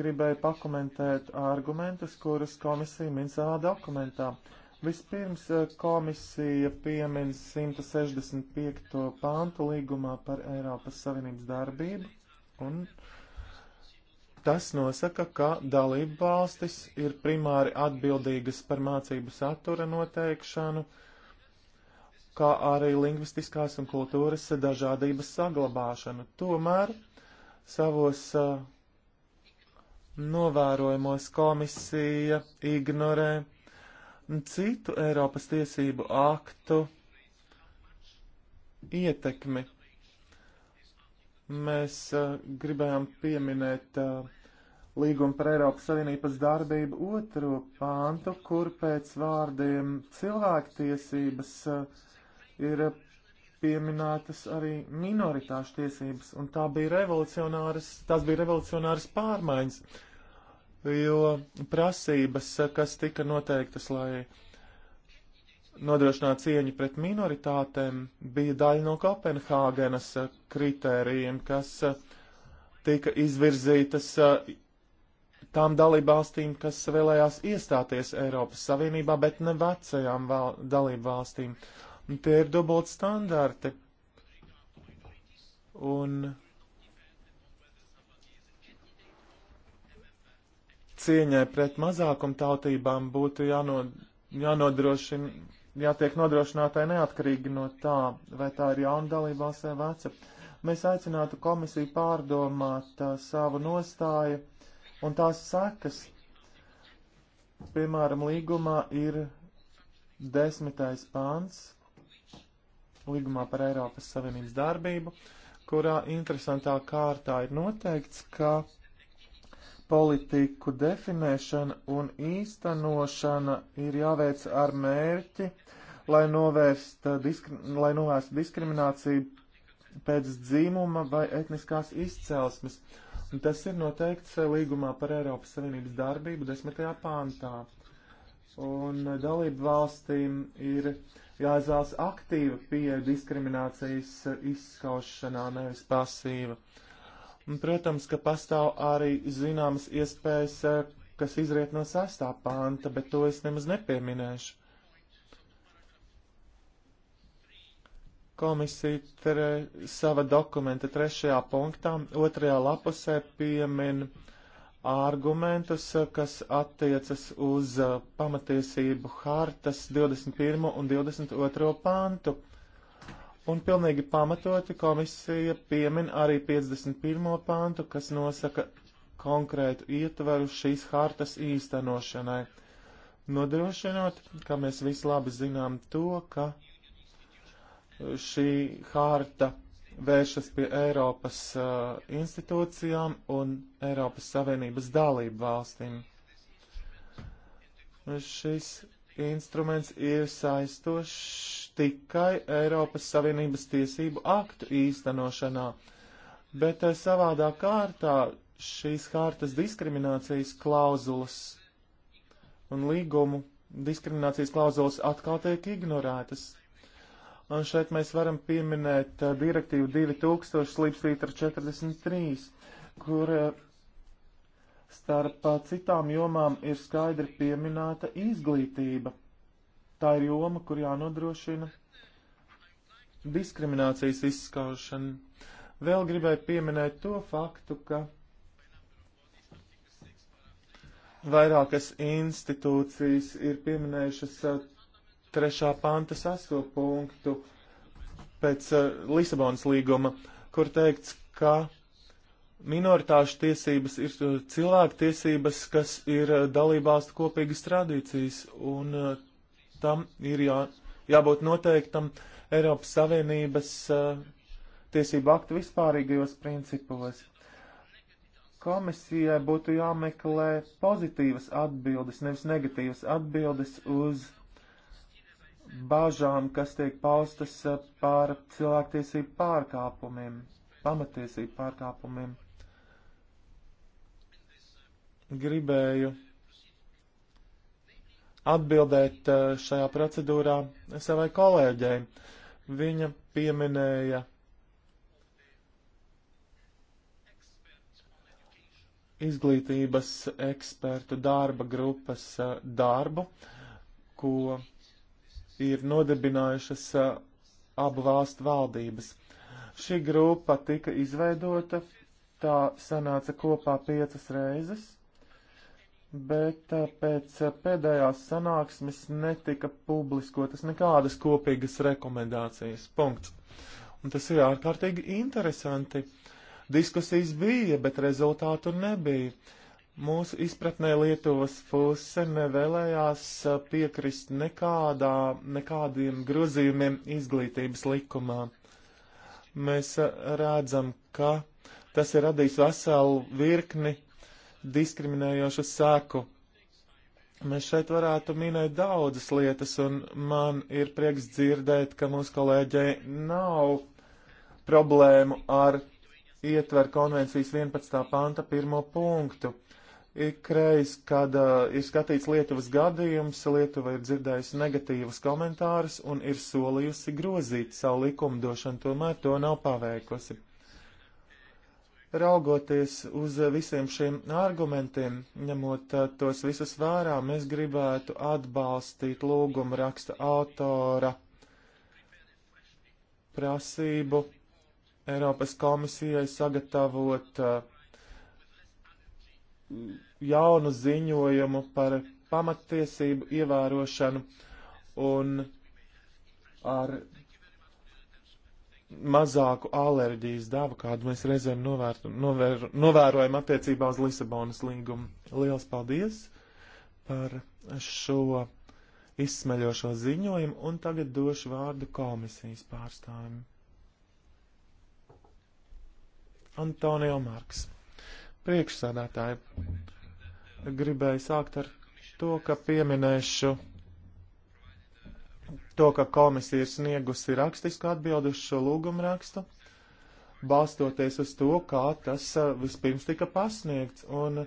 gribēju pakomentēt argumentus, kurus komisija min savā dokumentā. Uh, Vispirms eh, komisija piemin 165. pāntu līgumā par Eiropas Savienības darbību, un tas nosaka, ka dalību valstis ir primāri atbildīgas par mācību satura noteikšanu, kā arī lingvistiskās un kultūras dažādības saglabāšanu. Tomēr savos eh, novērojumos komisija ignorē citu Eiropas tiesību aktu ietekmi. Mēs uh, gribējām pieminēt uh, eh, līgumu par Eiropas Savienības darbību otro pāntu, kur pēc vārdiem cilvēktiesības uh, ir pieminētas arī minoritāšu tiesības, un tā bija revolucionāras, tās bija revolucionāras pārmaiņas. Uh, jo prasības, kas tika noteiktas, lai nodrošinātu cieņu pret minoritātēm, bija daļa no Kopenhāgenas kritērijiem, kas eh, tika izvirzītas eh, tām dalībvalstīm, kas vēlējās iestāties Eiropas Savienībā, bet ne vecajām val dalībvalstīm. Tie ir dubult standarti. Un cīņai pret mazākumtautībām būtu jānod, jānodrošina, jātiek nodrošinātai neatkarīgi no tā, vai tā ir jauna dalībās vai veca. Mēs aicinātu komisiju pārdomāt uh, savu nostāju un tās sekas. Piemēram, līgumā ir desmitais pāns, līgumā par Eiropas Savienības darbību, kurā interesantā kārtā ir noteikts, ka politiku definēšana un īstenošana ir jāveic ar mērķi, lai novērstu eh, diskri lai novērst diskrimināciju pēc dzīmuma vai etniskās izcelsmes. Un tas ir noteikts eh, līgumā par Eiropas Savienības darbību desmitajā pāntā. Un eh, dalību valstīm ir jāizvēlas aktīva pieeja diskriminācijas izskaušanā, nevis pasīva. Uh, Un, protams, ka pastāv arī zināmas iespējas, eh, kas izriet no sastā panta, bet to es nemaz nepieminēšu. Komisija tre, sava dokumenta trešajā punktā, otrajā lapusē piemin argumentus, eh, kas attiecas uz eh, pamatiesību hartas 21. un 22. pantu Un pilnīgi pamatoti komisija piemin arī 51. pantu, kas nosaka konkrētu ietveru šīs hartas īstenošanai, nodrošinot, ka mēs visi labi zinām to, ka šī harta vēršas pie Eiropas uh, institūcijām un Eiropas Savienības dalību valstīm. Šis instruments ir saistošs tikai Eiropas Savienības tiesību aktu īstenošanā, bet eh, savādā kārtā šīs kārtas diskriminācijas klauzulas un līgumu diskriminācijas klauzulas atkal tiek ignorētas. Un šeit mēs varam pieminēt eh, direktīvu 2000 līdz 43, kur eh, Starp uh, citām jomām ir skaidri pieminēta izglītība. Tā ir joma, kur jānodrošina diskriminācijas izskaušana. Vēl gribēju pieminēt to faktu, ka vairākas institūcijas ir pieminējušas uh, trešā panta sesto punktu pēc uh, Lisabonas līguma, kur teikts, ka minoritāšu tiesības ir uh, cilvēku tiesības, kas ir uh, dalībvalstu kopīgas tradīcijas, un uh, tam ir jā, jābūt noteiktam Eiropas Savienības uh, tiesību aktu vispārīgajos principos. Komisijai būtu jāmeklē pozitīvas atbildes, nevis negatīvas atbildes uz bāžām, kas tiek paustas par cilvēktiesību pārkāpumiem, pamatiesību pārkāpumiem gribēju atbildēt eh, šajā procedūrā savai kolēģei. Viņa pieminēja izglītības ekspertu darba grupas eh, darbu, ko ir nodibinājušas eh, abu valstu valdības. Šī grupa tika izveidota, tā sanāca kopā piecas reizes, bet eh, pēc eh, pēdējās sanāksmes netika publiskotas nekādas kopīgas rekomendācijas. Punkts. Un tas ir ārkārtīgi interesanti. Diskusijas bija, bet rezultātu nebija. Mūsu izpratnē Lietuvas puse nevēlējās eh, piekrist nekādā, nekādiem grozījumiem izglītības likumā. Mēs redzam, ka tas ir radījis veselu virkni diskriminējošu seku. Mēs šeit varētu minēt daudzas lietas, un man ir prieks dzirdēt, ka mūsu kolēģei nav problēmu ar ietver konvencijas 11. panta pirmo punktu. Ikreiz, kad uh, ir skatīts Lietuvas gadījums, Lietuva ir dzirdējusi negatīvas komentārus un ir solījusi grozīt savu likumdošanu, tomēr to nav paveikusi. Raugoties uz visiem šiem argumentiem, ņemot eh, tos visus vērā, mēs gribētu atbalstīt lūguma raksta autora prasību Eiropas komisijai sagatavot eh, jaunu ziņojumu par pamatiesību ievērošanu un ar mazāku alerģijas dāvu, kādu mēs reizēm novērtu, novēr, novērojam attiecībā uz Lisabonas līgumu. Liels paldies par šo izsmeļošo ziņojumu, un tagad došu vārdu komisijas pārstāvim. Antonio Marks. Priekšsādātāji, gribēju sākt ar to, ka pieminēšu to, ka komisija ir sniegusi rakstisku atbildu uz šo lūgumu rakstu, balstoties uz to, kā tas uh, vispirms tika pasniegts, un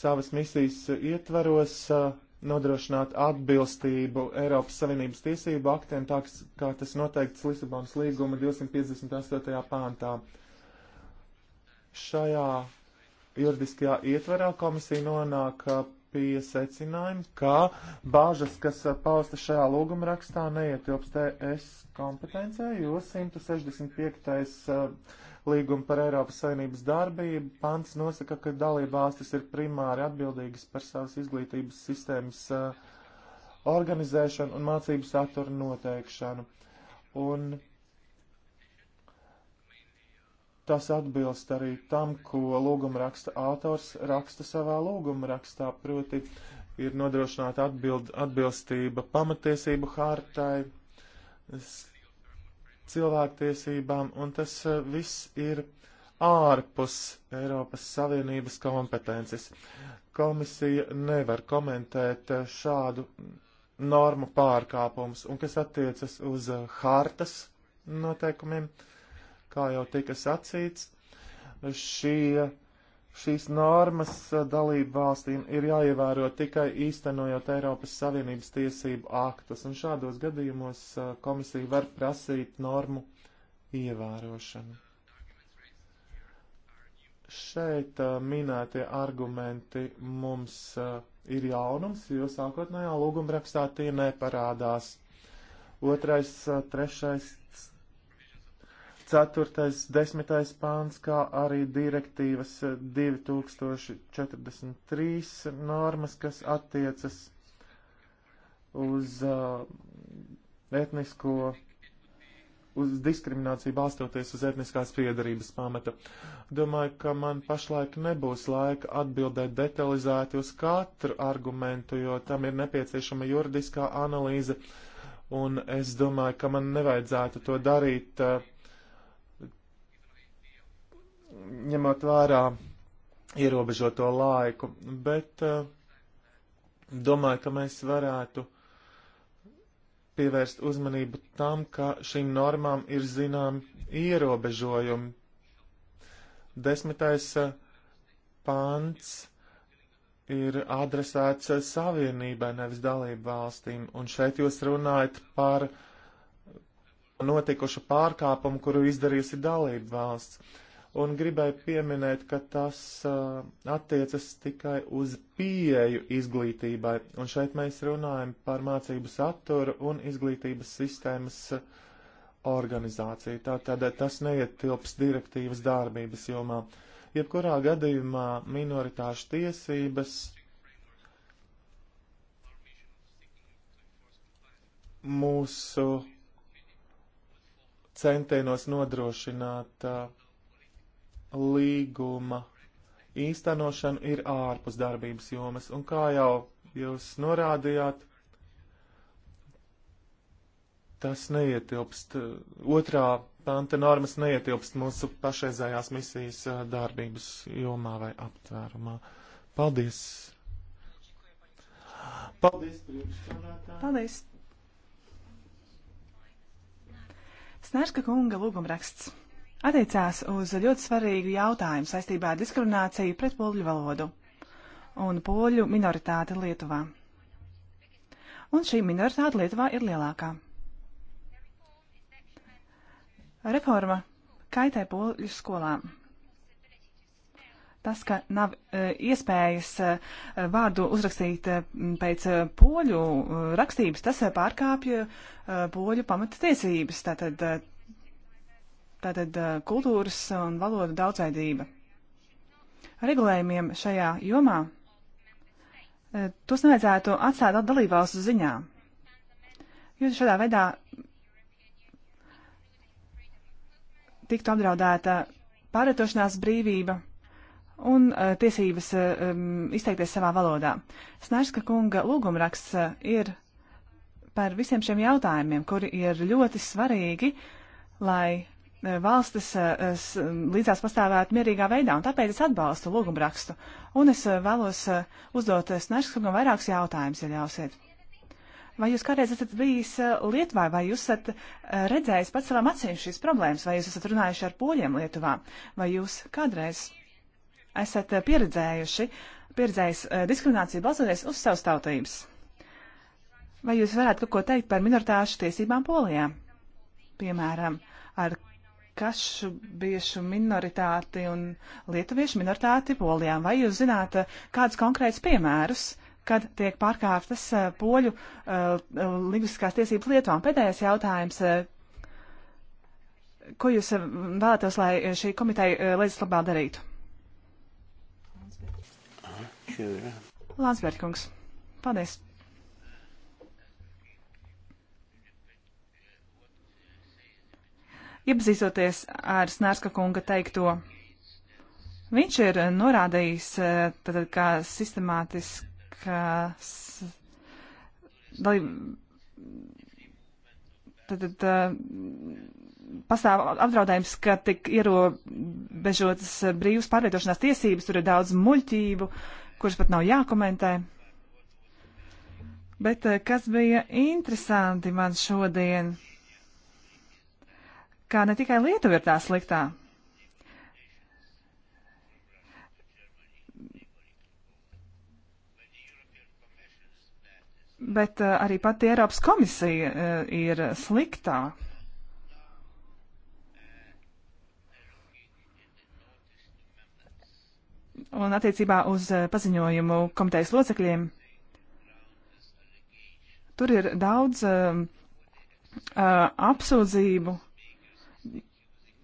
savas misijas ietvaros uh, nodrošināt atbilstību Eiropas Savienības tiesību aktiem, tā kā tas noteikts Lisabonas līguma 258. pāntā. Šajā juridiskajā ietvarā komisija nonāk uh, pie secinājuma, ka bāžas, kas uh, pausta šajā lūgumrakstā, neietilpst ES kompetencē, jo 165. Uh, līguma par Eiropas Savienības darbību pants nosaka, ka dalībvalstis ir primāri atbildīgas par savas izglītības sistēmas uh, organizēšanu un mācību satura noteikšanu. Un tas atbilst arī tam, ko lūgumraksta autors raksta savā lūgumrakstā, proti ir nodrošināta atbild, atbilstība pamatiesību hārtai, cilvēktiesībām, un tas eh, viss ir ārpus Eiropas Savienības kompetences. Komisija nevar komentēt eh, šādu normu pārkāpumus, un kas attiecas uz eh, hārtas noteikumiem. Uh, Kā jau tika sacīts, šie, šīs normas dalību valstīm ir jāievēro tikai īstenojot Eiropas Savienības tiesību aktus, un šādos gadījumos uh, komisija var prasīt normu ievērošanu. Šeit uh, minētie argumenti mums uh, ir jaunums, jo sākotnējā lūguma rakstā tie neparādās. Otrais, trešais, 4. 10. pāns, kā arī direktīvas 2043 eh, normas, kas attiecas uz uh, etnisko, uz diskrimināciju balstoties uz etniskās piedarības pamata. Domāju, ka man pašlaik nebūs laika atbildēt detalizēti uz katru argumentu, jo tam ir nepieciešama juridiskā analīze, un es domāju, ka man nevajadzētu to darīt. Uh, ņemot vērā ierobežoto laiku, bet uh, domāju, ka mēs varētu pievērst uzmanību tam, ka šīm normām ir zinām ierobežojumi. Desmitais uh, pants ir adresēts savienībai, nevis dalību valstīm, un šeit jūs runājat par notikušu pārkāpumu, kuru izdarījusi dalību valsts un gribēju pieminēt, ka tas uh, attiecas tikai uz pieeju izglītībai, un šeit mēs runājam par mācību saturu un izglītības sistēmas organizāciju. Tātad tas neietilps direktīvas darbības jomā. Jebkurā gadījumā minoritāšu tiesības mūsu centienos nodrošināt uh, līguma īstenošana ir ārpus darbības jomas, un kā jau jūs norādījāt, tas neietilpst, otrā panta normas neietilpst mūsu pašreizējās misijas eh, darbības jomā vai aptvērumā. Paldies! Paldies, priekšsādātāji! Paldies! Snērska kunga lūgumraksts attiecās uz ļoti svarīgu jautājumu saistībā ar diskrimināciju pret poļu valodu un poļu minoritāti Lietuvā. Un šī minoritāte Lietuvā ir lielākā. Reforma kaitē poļu skolām. Tas, ka nav e, iespējas e, vārdu uzrakstīt e, pēc e, poļu e, rakstības, tas e, pārkāpja e, poļu pamata tiesības. Tātad e, Tātad kultūras un valodu daudzveidība. Regulējumiem šajā jomā tos nevajadzētu atstāt dalībvalstu ziņā, jo šādā veidā tiktu apdraudēta pārvietošanās brīvība un uh, tiesības uh, um, izteikties savā valodā. Snažska kunga lūgumraksts uh, ir par visiem šiem jautājumiem, kuri ir ļoti svarīgi, lai Eh, valstis eh, līdzās pastāvētu mierīgā veidā, un tāpēc es atbalstu lūgumrakstu. Un es eh, vēlos uzdot Sneškungam vairākus jautājumus, ja ļausiet. Vai jūs kādreiz esat bijis Lietuvā, vai jūs esat redzējis pats savām acīm šīs problēmas, vai jūs esat runājuši ar poļiem Lietuvā, vai jūs kādreiz esat pieredzējuši, pieredzējis diskrimināciju balstoties uz savas tautības? Vai jūs varētu kaut ko teikt par minoritāšu tiesībām Polijā? Piemēram, ar kašubiešu minoritāti un lietuviešu minoritāti Polijā. Vai jūs zināt eh, kādus konkrētus piemērus, kad tiek pārkāptas eh, poļu uh, lingvistiskās tiesības Lietuvām? Pēdējais jautājums. Ko jūs vēlētos, lai šī komiteja leģislabā darītu? Lansbergs. Paldies! Iepazīstoties ar Snērska kunga teikto, viņš ir norādījis eh, tad, kā sistemātiskas tad, tad, eh, pastāv apdraudējums, ka tik ierobežotas brīvas pārvietošanās tiesības, tur ir daudz muļķību, kuras pat nav jākomentē. Bet eh, kas bija interesanti man šodien? ka ne tikai Lietuva ir tā sliktā. Bet eh, arī pati Eiropas komisija eh, ir sliktā. Un attiecībā uz eh, paziņojumu komitejas locekļiem, tur ir daudz uh, apsūdzību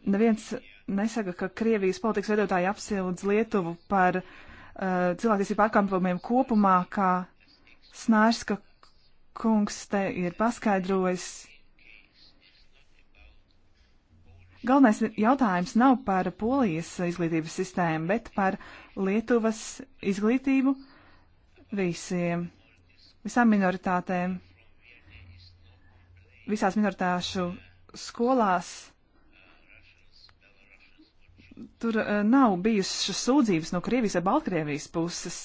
neviens nesaka, ka Krievijas politikas veidotāji apsilds Lietuvu par uh, cilvēktiesību pārkāpumiem kopumā, kā Snārska kungs te ir paskaidrojis. Galvenais jautājums nav par polijas izglītības sistēmu, bet par Lietuvas izglītību visiem, visām minoritātēm, visās minoritāšu skolās tur e, nav bijušas sūdzības no Krievijas vai Baltkrievijas puses.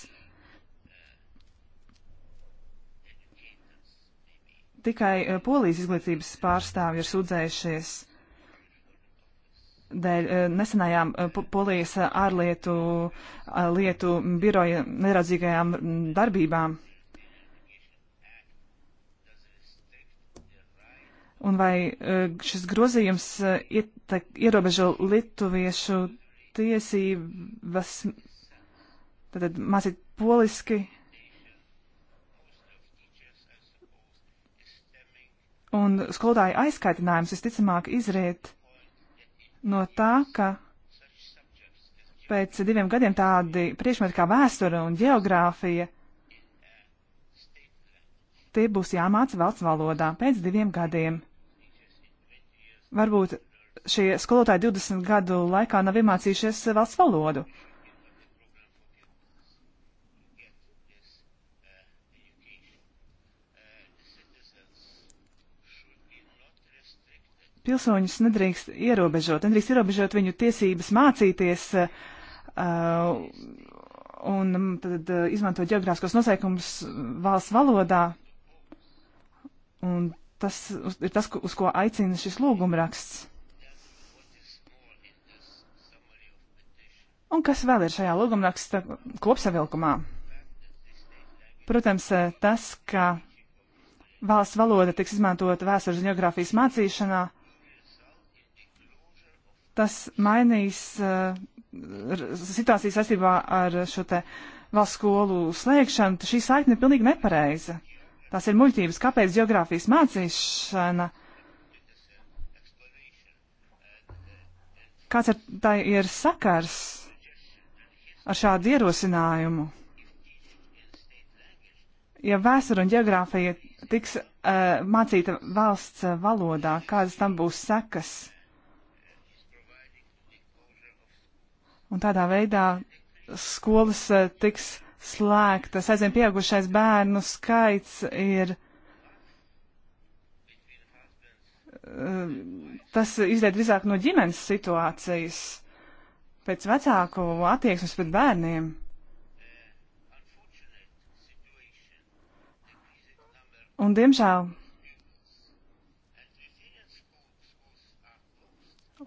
Tikai e, polijas izglītības pārstāvji ir sūdzējušies dēļ e, nesenajām polijas ārlietu lietu biroja neradzīgajām darbībām. un vai e, šis grozījums e, ietek, ierobežo lietuviešu tiesības tātad mācīt poliski. Un skolotāju aizkaitinājums visticamāk izriet no tā, ka pēc diviem gadiem tādi priekšmeti kā vēsture un geogrāfija tie būs jāmāca valsts valodā pēc diviem gadiem varbūt šie skolotāji 20 gadu laikā nav iemācījušies valsts valodu. Pilsoņus nedrīkst ierobežot, nedrīkst ierobežot viņu tiesības mācīties uh, un tad uh, izmantot geogrāfiskos noteikumus valsts valodā. Un tas ir tas, uz ko aicina šis lūgumraksts. Un kas vēl ir šajā lūgumraksta kopsavilkumā? Protams, eh, tas, ka valsts valoda tiks izmantota vēstures un geogrāfijas mācīšanā, tas mainīs uh, situāciju saistībā ar šo te valsts skolu slēgšanu. Šī saikne ir pilnīgi nepareiza. Tās ir muļķības, kāpēc geogrāfijas mācīšana. Kāds ar tai ir sakars ar šādu ierosinājumu? Ja vēsture un geogrāfija tiks uh, mācīta valsts eh, valodā, kādas tam būs sekas? Un tādā veidā skolas uh, tiks slēgtas. Aizvien pieaugušais bērnu skaits ir. Eh, tas izriet drīzāk no ģimenes situācijas, pēc vecāku attieksmes pret bērniem. Un, diemžēl,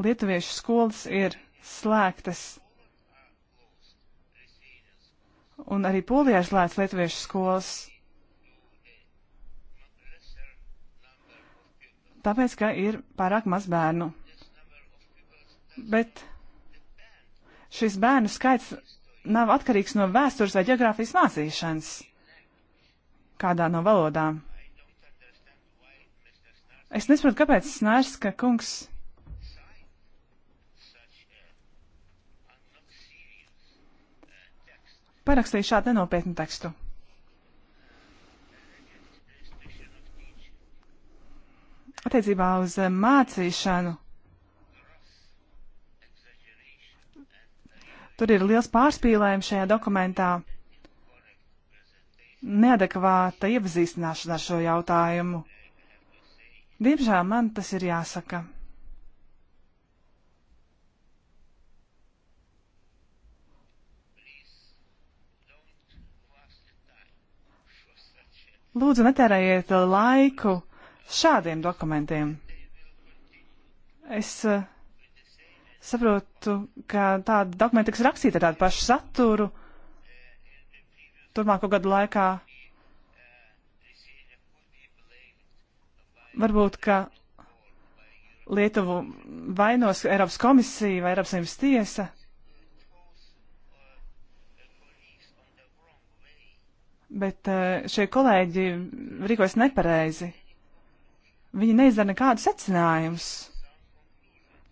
lietuviešu skolas ir slēgtas un arī Polijā slēdz lietuviešu skolas. Tāpēc, ka ir pārāk maz bērnu. Bet šis bērnu skaits nav atkarīgs no vēstures vai geogrāfijas mācīšanas kādā no valodām. Es nesaprotu, kāpēc Snārska kungs parakstīju šādu nenopietnu tekstu. Attiecībā uz mācīšanu. Tur ir liels pārspīlējums šajā dokumentā. Neadekvāta iepazīstināšana ar šo jautājumu. Diemžēl man tas ir jāsaka. Lūdzu, netērējiet laiku šādiem dokumentiem. Es uh, saprotu, ka tādi dokumenti tiks rakstīti ar tādu pašu saturu turmāko gadu laikā. Varbūt, ka Lietuvu vainos Eiropas komisija vai Eiropas Savienības tiesa. Bet eh, šie kolēģi rīkojas nepareizi. Viņi neizdara nekādu secinājumus.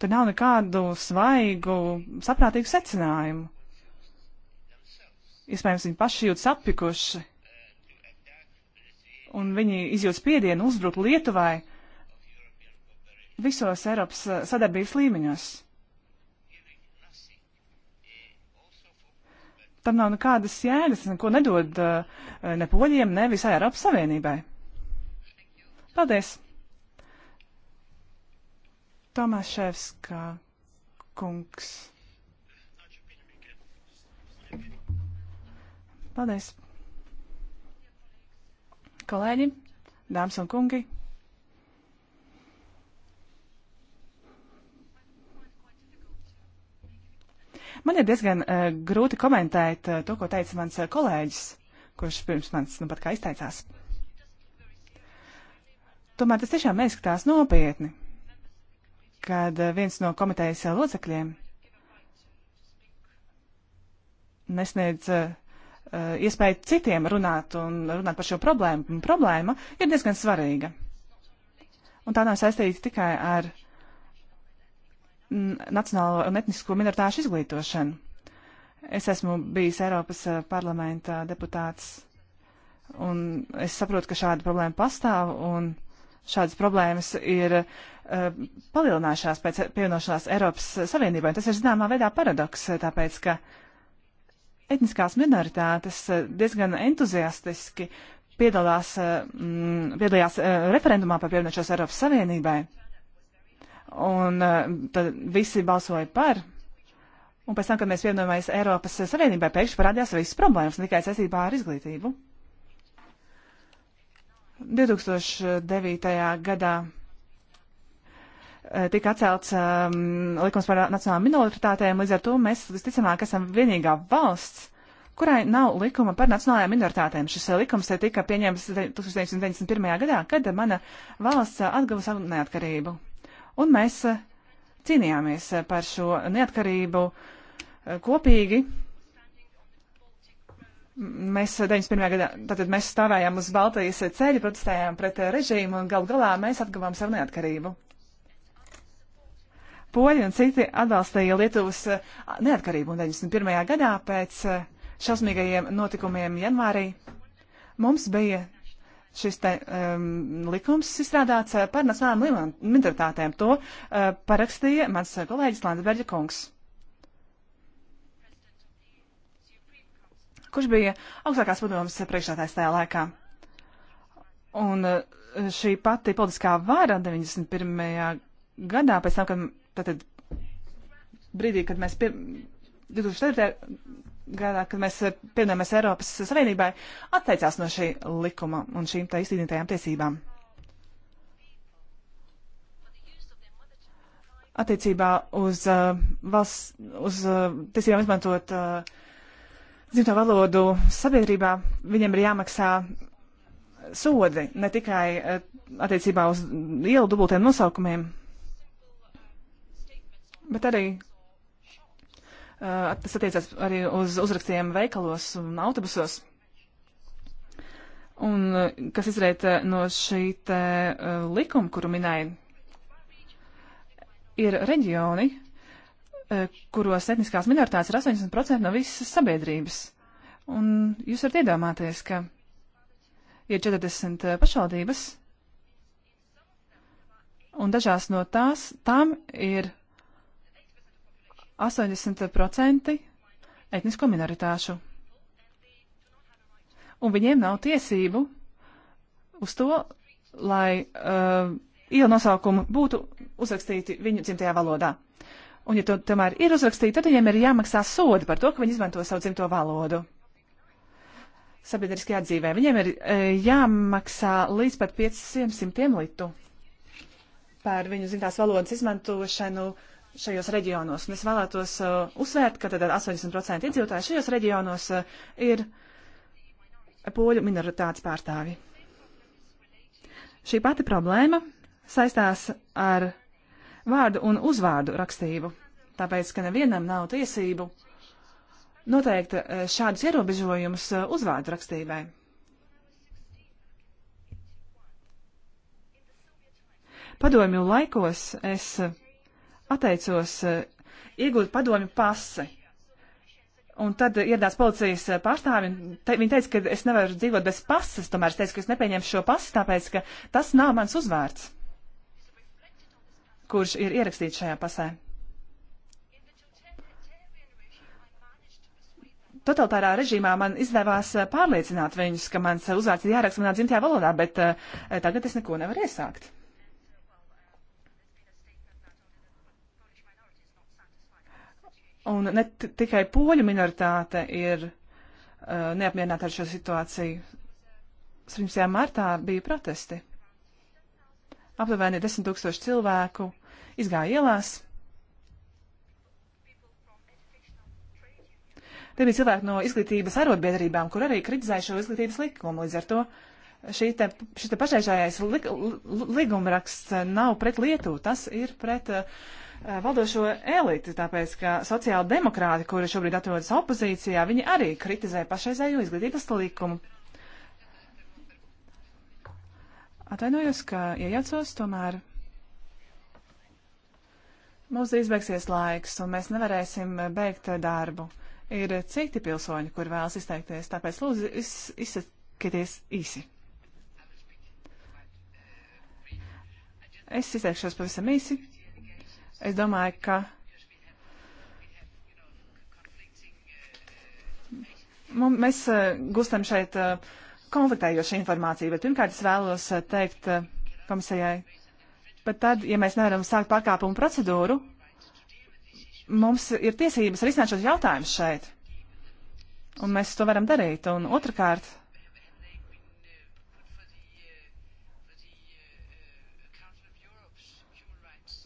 Tur nav nekādu svaigu, saprātīgu secinājumu. Iespējams, viņi paši jūtas apjukuši. Un viņi izjūt spiedienu uzbrukt Lietuvai visos Eiropas eh, sadarbības līmeņos. tam nav nekādas jēgas, neko nedod eh, ne poļiem, ne visai Eiropas Savienībai. Paldies! Tomaševska kungs. Paldies! Kolēģi, dāmas un kungi! Man ir diezgan uh, grūti komentēt uh, to, ko teica mans uh, kolēģis, kurš pirms manis nu pat kā izteicās. Tomēr tas tiešām izskatās nopietni, kad uh, viens no komitejas uh, locekļiem nesniedz uh, iespēju citiem runāt un runāt par šo problēmu. Problēma ir diezgan svarīga. Un tā nav saistīta tikai ar uh, Mm, nacionālo un etnisko minoritāšu izglītošanu. Es esmu bijis Eiropas eh, parlamenta deputāts, un es saprotu, ka šāda problēma pastāv, un šādas problēmas ir uh, palielinājušās pēc pievienošanās Eiropas Savienībai. Tas ir zināmā veidā paradoks, eh, tāpēc, ka etniskās minoritātes diezgan entuziastiski piedalās, mm, piedalījās uh, referendumā par pievienošanos Eiropas Savienībai. Un eh, tad visi balsoja par. Un pēc tam, kad mēs pievienojāmies Eiropas Savienībai, pēkšņi parādījās visas problēmas, ne tikai saistībā ar izglītību. 2009. gadā eh, tika atcelts um, likums par nacionālām minoritātēm, līdz ar to mēs visticamāk esam vienīgā valsts, kurai nav likuma par nacionālajām minoritātēm. Šis eh, likums tika pieņemts 1991. gadā, kad mana valsts atguva savu neatkarību un mēs eh, cīnījāmies eh, par šo neatkarību eh, kopīgi. Mēs 91. gadā, tātad mēs stāvējām uz Baltijas ceļa, protestējām pret režīmu un gal galā mēs atgavām savu neatkarību. Poļi un citi atbalstīja Lietuvas neatkarību un 91. gadā pēc šausmīgajiem notikumiem janvārī mums bija šis te, um, likums izstrādāts uh, par nacionālām minoritātēm. To uh, parakstīja mans uh, kolēģis Landsberģa kungs. Kurš bija augstākās padomas priekšsētājs tajā laikā? Un uh, šī pati politiskā vara 91. gadā, pēc tam, kad tātad brīdī, kad mēs pie, 2004 gadā, kad mēs eh, pievienojamies Eiropas Savienībai, atteicās no šī likuma un šīm tā izcīnītajām tiesībām. Attiecībā uz uh, valsts, uz uh, tiesībām izmantot uh, dzimto valodu sabiedrībā, viņiem ir jāmaksā sodi ne tikai uh, attiecībā uz ielu dubultiem nosaukumiem, bet arī Tas attiecās arī uz uzrakstiem veikalos un autobusos. Un kas izriet no šī te likuma, kuru minēja, ir reģioni, kuros etniskās minoritātes ir 80% no visas sabiedrības. Un jūs varat iedomāties, ka ir 40 pašvaldības, un dažās no tās, tām ir 80% etnisko minoritāšu. Un viņiem nav tiesību uz to, lai uh, ielu nosaukumi būtu uzrakstīti viņu dzimtajā valodā. Un, ja to tomēr ir uzrakstīti, tad viņiem ir jāmaksā sodi par to, ka viņi izmanto savu dzimto valodu. Sabiedriskajā dzīvē viņiem ir e, jāmaksā līdz pat 500 litu par viņu zinātās valodas izmantošanu uh, šajos reģionos. Un es vēlētos uh, uzsvērt, ka tad 80% iedzīvotāju šajos reģionos uh, ir poļu minoritātes pārstāvi. Šī pati problēma saistās ar vārdu un uzvārdu rakstību, tāpēc, ka nevienam nav tiesību noteikt uh, šādus ierobežojumus uh, uzvārdu rakstībai. Padomju laikos es uh, atteicos eh, iegūt padomju pasi. Un tad ieradās policijas eh, pārstāvi, un te, viņi teica, ka es nevaru dzīvot bez pasas, tomēr es teicu, ka es nepieņemšu šo pasu, tāpēc, ka tas nav mans uzvārds, kurš ir ierakstīts šajā pasē. Totalitārā režīmā man izdevās eh, pārliecināt viņus, ka mans uzvārds ir jāraksta manā dzimtajā valodā, bet uh, tagad es neko nevaru iesākt. Un ne tikai poļu minoritāte ir uh, neapmierināta ar šo situāciju. 17. martā bija protesti. Aptuveni 10 tūkstoši cilvēku izgāja ielās. Te bija cilvēki no izglītības arotbiedrībām, kur arī kritizēja šo izglītības likumu. Līdz ar to šī te, šī te pašreizējais lik, li, li, ligumraksts nav pret Lietuvu, tas ir pret uh, Eh, valdošo eliti, tāpēc ka sociāla demokrāti, kuri šobrīd atrodas opozīcijā, viņi arī kritizē pašreizējo izglītības likumu. Atvainojos, ka iejaucos tomēr. Mums izbeigsies laiks, un mēs nevarēsim beigt darbu. Ir citi pilsoņi, kur vēlas izteikties, tāpēc lūdzu iz, izsakieties īsi. Es izteikšos pavisam īsi. Es domāju, ka mums, mēs eh, gustam šeit eh, konfliktējošu informāciju, bet pirmkārt es vēlos eh, teikt komisijai, pat tad, ja mēs nevaram sākt pārkāpumu procedūru, mums ir tiesības risināt šos jautājumus šeit. Un mēs to varam darīt. Un otrkārt,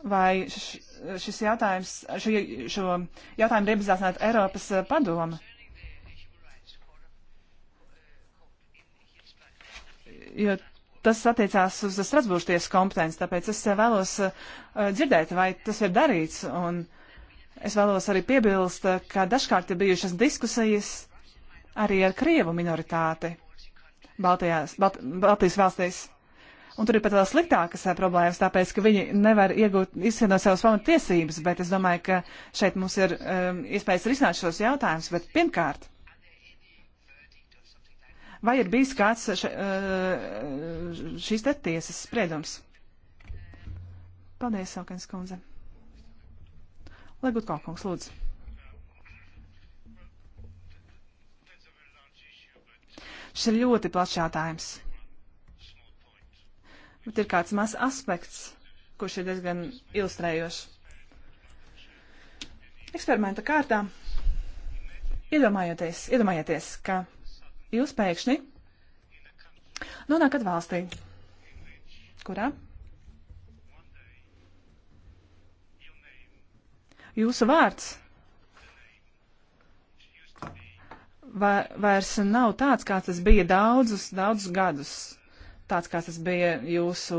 vai š, šis jautājums, šo, šo jautājumu ir iepazīstināt Eiropas eh, padoma. Jo tas attiecās uz Strasbūras tiesas kompetenci, tāpēc es eh, vēlos eh, dzirdēt, vai tas ir darīts. Un es vēlos arī piebilst, ka dažkārt ir bijušas diskusijas arī ar Krievu minoritāti Baltijās, Balt, Baltijas valstīs un tur ir pat vēl sliktākas eh, problēmas, tāpēc, ka viņi nevar iegūt, izsienot savas pamatiesības, bet es domāju, ka šeit mums ir um, iespējas risināt šos jautājumus, bet pirmkārt. Vai ir bijis kāds še, eh, šīs te tiesas spriedums? Paldies, Saukens kundze. Legut Kalkungs, lūdzu. Šis ir ļoti plašs jautājums bet ir kāds mazs aspekts, kurš ir diezgan ilustrējošs. Eksperimenta kārtā iedomājoties, iedomājieties, ka jūs pēkšņi nonākat valstī, kurā jūsu vārds vairs nav tāds, kāds tas bija daudzus, daudzus gadus tāds, kāds tas bija jūsu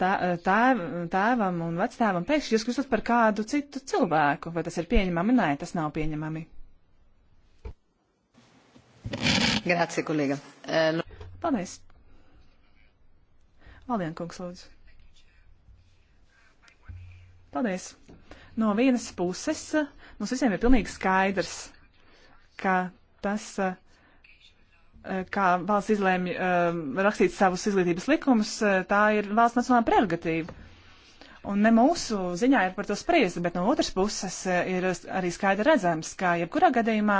tēv, tēvam un vectēvam, pēkšņi jūs kļūstat par kādu citu cilvēku. Vai tas ir pieņemami? Nē, tas nav pieņemami. Grācija, kolēga. Eh, nu- Paldies. Valdien, kungs, lūdzu. Paldies. No vienas puses mums visiem ir pilnīgi skaidrs, ka tas uh, kā valsts izlēma um, rakstīt savus izglītības likumus, uh, tā ir valsts nacionāla prerogatīva. Un ne mūsu ziņā ir par to spriest, bet no otras puses uh, ir arī skaidri redzams, ka jebkurā gadījumā,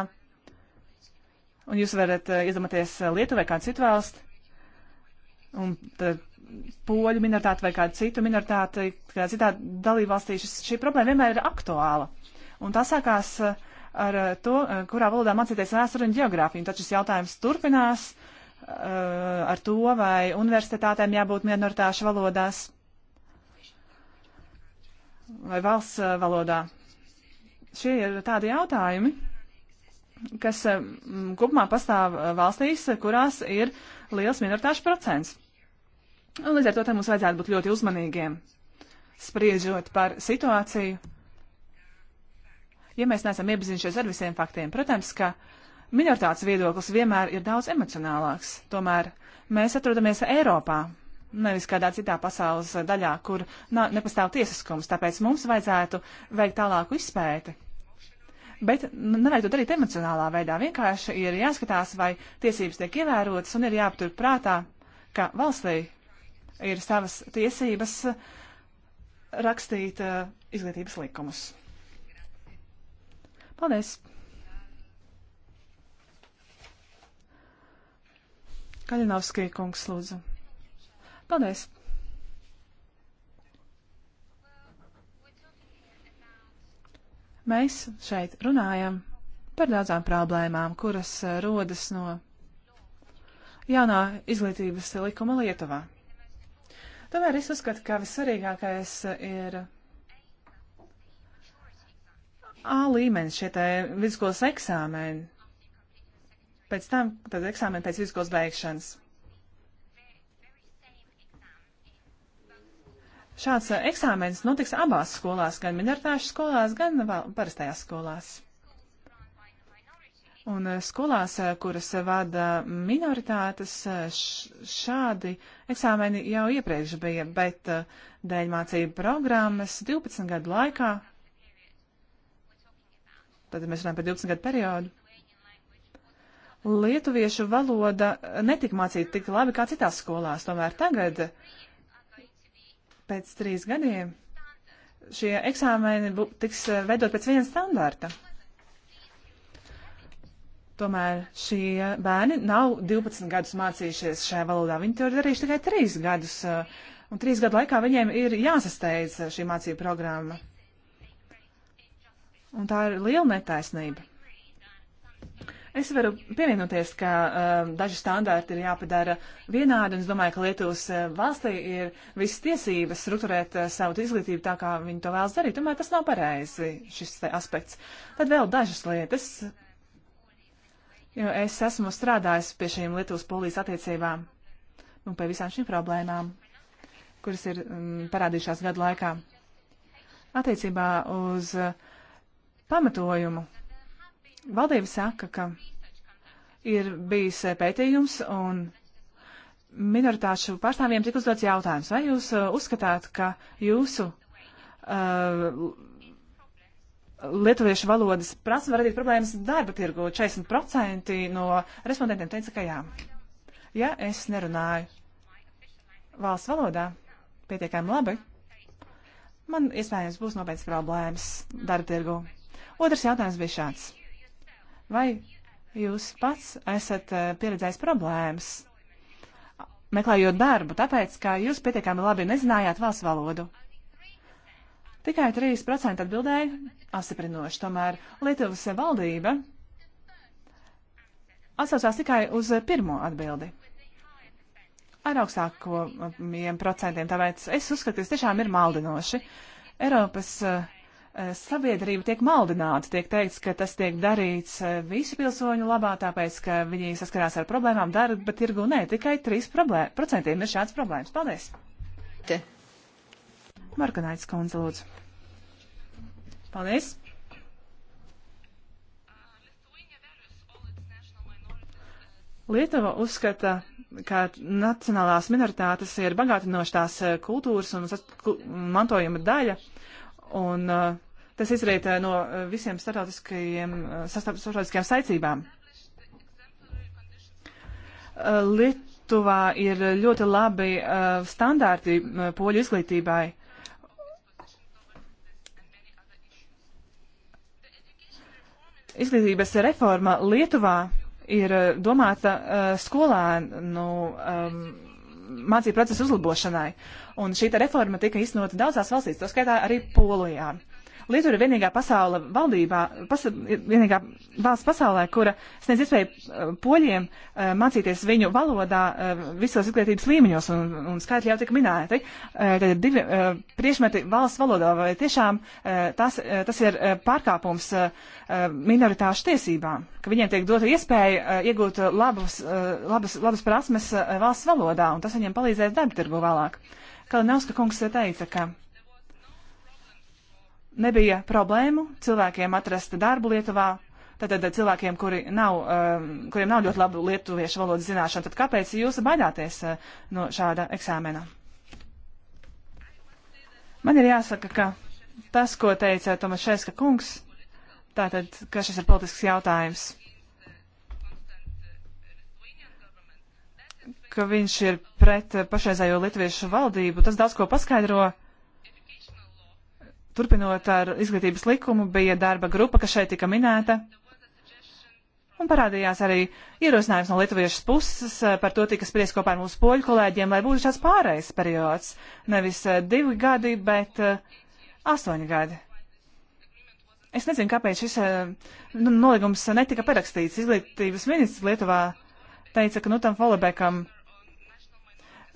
un jūs varat uh, iedomāties Lietuvu vai kādu citu valstu, un poļu minoritāti vai kādu citu minoritāti, kādā citā dalībvalstī šis, šī problēma vienmēr ir aktuāla. Un tā sākās uh, ar eh, to, eh, kurā valodā mācīties vēsturi un geogrāfiju. Taču šis jautājums turpinās eh, ar to, vai universitātēm jābūt minoritāšu valodās vai valsts valodā. Šie ir tādi jautājumi, kas kopumā pastāv valstīs, kurās ir liels minoritāšu procents. Un līdz ar to mums vajadzētu būt ļoti uzmanīgiem, spriežot par situāciju ja mēs neesam iepazinušies ar visiem faktiem. Protams, ka minoritātes viedoklis vienmēr ir daudz emocionālāks. Tomēr mēs atrodamies Eiropā, nevis kādā citā pasaules daļā, kur nepastāv tiesiskums, tāpēc mums vajadzētu veikt tālāku izpēti. Bet nu, nevajag to darīt emocionālā veidā. Vienkārši ir jāskatās, vai tiesības tiek ievērotas un ir jāaptur prātā, ka valstī ir savas tiesības rakstīt uh, izglītības likumus. Paldies! Kaļinovskī kungs lūdzu. Paldies! Mēs šeit runājam par daudzām problēmām, kuras eh, rodas no jaunā izglītības likuma Lietuvā. Tomēr es uzskatu, ka vissvarīgākais eh, ir A līmenis šie te vidusskolas eksāmeni. Pēc tam, tad eksāmeni pēc vidusskolas beigšanas. Šāds eh, eksāmenis notiks abās skolās, gan minoritāšu skolās, gan parastajās skolās. Un eh, skolās, eh, kuras vada minoritātes, šādi eksāmeni jau iepriekš bija, bet dēļ mācību programmas 12 gadu laikā tad mēs runājam par 12 gadu periodu. Lietuviešu valoda netika mācīta tik labi kā citās skolās, tomēr tagad, pēc trīs gadiem, šie eksāmeni tiks eh, veidot pēc viena standarta. Tomēr šie bērni nav 12 gadus mācījušies šajā valodā, viņi to ir darījuši tikai 3 gadus, eh, un 3 gadu laikā viņiem ir jāsasteidz eh, šī mācību programma. Un tā ir liela netaisnība. Es varu pievienoties, ka uh, daži standarti ir jāpadara vienādi, un es domāju, ka Lietuvas uh, valstī ir visas tiesības strukturēt uh, savu izglītību tā, kā viņi to vēlas darīt. Tomēr tas nav pareizi, šis te, aspekts. Tad vēl dažas lietas, jo es esmu strādājis pie šīm Lietuvas polijas attiecībām un pie visām šīm problēmām, kuras ir um, parādījušās gadu laikā. Attiecībā uz. Uh, pamatojumu. Valdība saka, ka ir bijis eh, pētījums un minoritāšu pārstāvjiem tika uzdots jautājums, vai jūs eh, uzskatāt, ka jūsu uh, lietuviešu valodas prasme var radīt problēmas darba tirgu? 40% no respondentiem teica, ka jā. Ja es nerunāju valsts valodā pietiekami labi, man iespējams būs nopietnas problēmas darba tirgu. Otrs jautājums bija šāds. Vai jūs pats esat eh, pieredzējis problēmas meklējot darbu, tāpēc, ka jūs pietiekami labi nezinājāt valsts valodu? Tikai 3% atbildēja apstiprinoši. Tomēr Lietuvas valdība atsaucās tikai uz pirmo atbildi ar augstākiem procentiem. Tāpēc es uzskatu, ka tas tiešām ir maldinoši. Eiropas uh, Eh, sabiedrība tiek maldināta, tiek teikts, ka tas tiek darīts eh, visu pilsoņu labā, tāpēc, ka viņi saskarās ar problēmām darba tirgu. Nē, tikai 3% ir šāds problēmas. Paldies! Te. Marganaits Konze, lūdzu. Paldies! Lietuva uzskata, ka nacionālās minoritātes ir bagātinošās eh, kultūras un mantojuma daļa, un uh, Tas izriet eh, no eh, visiem starptautiskajiem, eh, starptautiskajām saicībām. Lietuvā ir ļoti labi standārti poļu izglītībai. Izglītības reforma Lietuvā ir domāta uh, skolēnu um, mācību procesu uzlabošanai. Un šī reforma tika iznota daudzās valstīs, to skaitā arī Polijā. Uh, Lietuva ir vienīgā pasaula valdībā, pasa, vienīgā valsts pasaulē, kura sniedz iespēju eh, poļiem eh, mācīties viņu valodā eh, visos izglītības līmeņos, un, un skaitļi jau tika minēti. Tad ir divi priekšmeti valsts valodā, vai tiešām tas, tas ir pārkāpums minoritāšu tiesībām, ka viņiem tiek dota iespēja iegūt labus, labus, labus prasmes valsts valodā, un tas viņiem palīdzēs darba tirgu vēlāk. Kalinauska kungs teica, ka nebija problēmu cilvēkiem atrast darbu Lietuvā. Tātad cilvēkiem, kuri nav, eh, kuriem nav ļoti labu lietuviešu valodas zināšanu, tad kāpēc jūs baidāties eh, no šāda eksāmena? Man ir jāsaka, ka tas, ko teica Tomas Šeska kungs, tātad, ka šis ir politisks jautājums, ka viņš ir pret pašreizējo lietuviešu valdību, tas daudz ko paskaidro. Turpinot ar izglītības likumu, bija darba grupa, kas šeit tika minēta. Un parādījās arī ierosinājums no lietuviešu puses, eh, par to tika spriest kopā ar mūsu poļu kolēģiem, lai būtu šāds pārējais periods. Nevis eh, divi gadi, bet eh, astoņi gadi. Es nezinu, kāpēc šis nu, nolīgums netika parakstīts. Izglītības ministrs Lietuvā teica, ka nu tam Folebekam.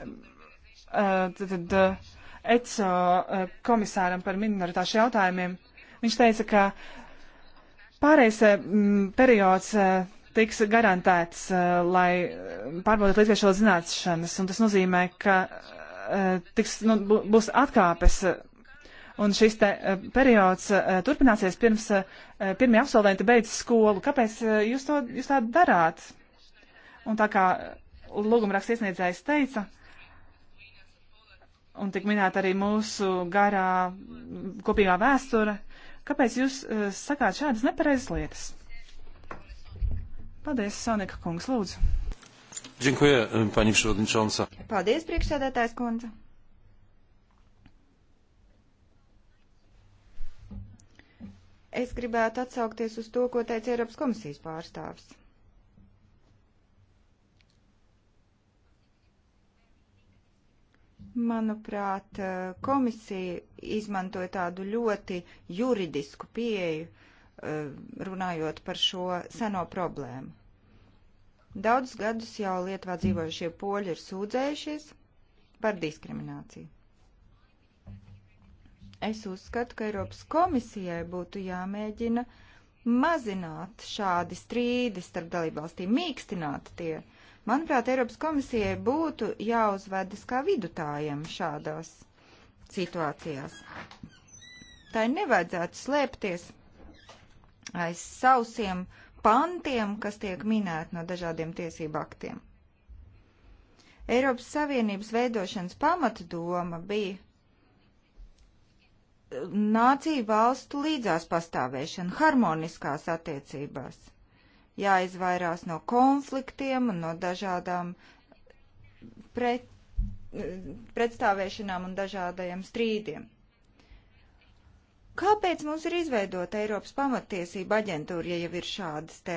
Uh, tad, tad, uh, ECO eh, komisāram par minoritāšu jautājumiem. Viņš teica, ka pārējais eh, periods eh, tiks garantēts, lai pārbaudītu līdzgaitšo zināšanas, un tas nozīmē, ka tiks, nu, būs atkāpes un šis te, periods turpināsies pirms pirmie absolventi beidz skolu. Kāpēc jūs to jūs tā darāt? Un tā kā lūgumraksts iesniedzējs teica, un tik minēta arī mūsu garā kopīgā vēsture. Kāpēc jūs uh, sakāt šādas nepareizas lietas? Paldies, Sonika kungs, lūdzu. Dziękuję, eh, pani przewodnicząca. Paldies, priekšsēdētājs kundze. Es gribētu atsaukties uz to, ko teica Eiropas komisijas pārstāvs. Manuprāt, komisija izmantoja tādu ļoti juridisku pieeju, eh, runājot par šo seno problēmu. Daudzus gadus jau Lietuvā dzīvojušie poļi ir sūdzējušies par diskrimināciju. Es uzskatu, ka Eiropas komisijai būtu jāmēģina mazināt šādi strīdi starp dalībvalstīm, mīkstināt tie. Uh, Manuprāt, Eiropas komisijai būtu jāuzvedas kā vidutājiem šādās situācijās. Tai nevajadzētu slēpties aiz sausiem pantiem, kas tiek minēti no dažādiem tiesību aktiem. Eiropas Savienības veidošanas pamata doma bija eh, nāciju valstu līdzās pastāvēšana harmoniskās attiecībās jāizvairās no konfliktiem un no dažādām pret, pretstāvēšanām un dažādajiem strīdiem. Kāpēc mums ir izveidota Eiropas pamatiesība aģentūra, ja jau ir šādas te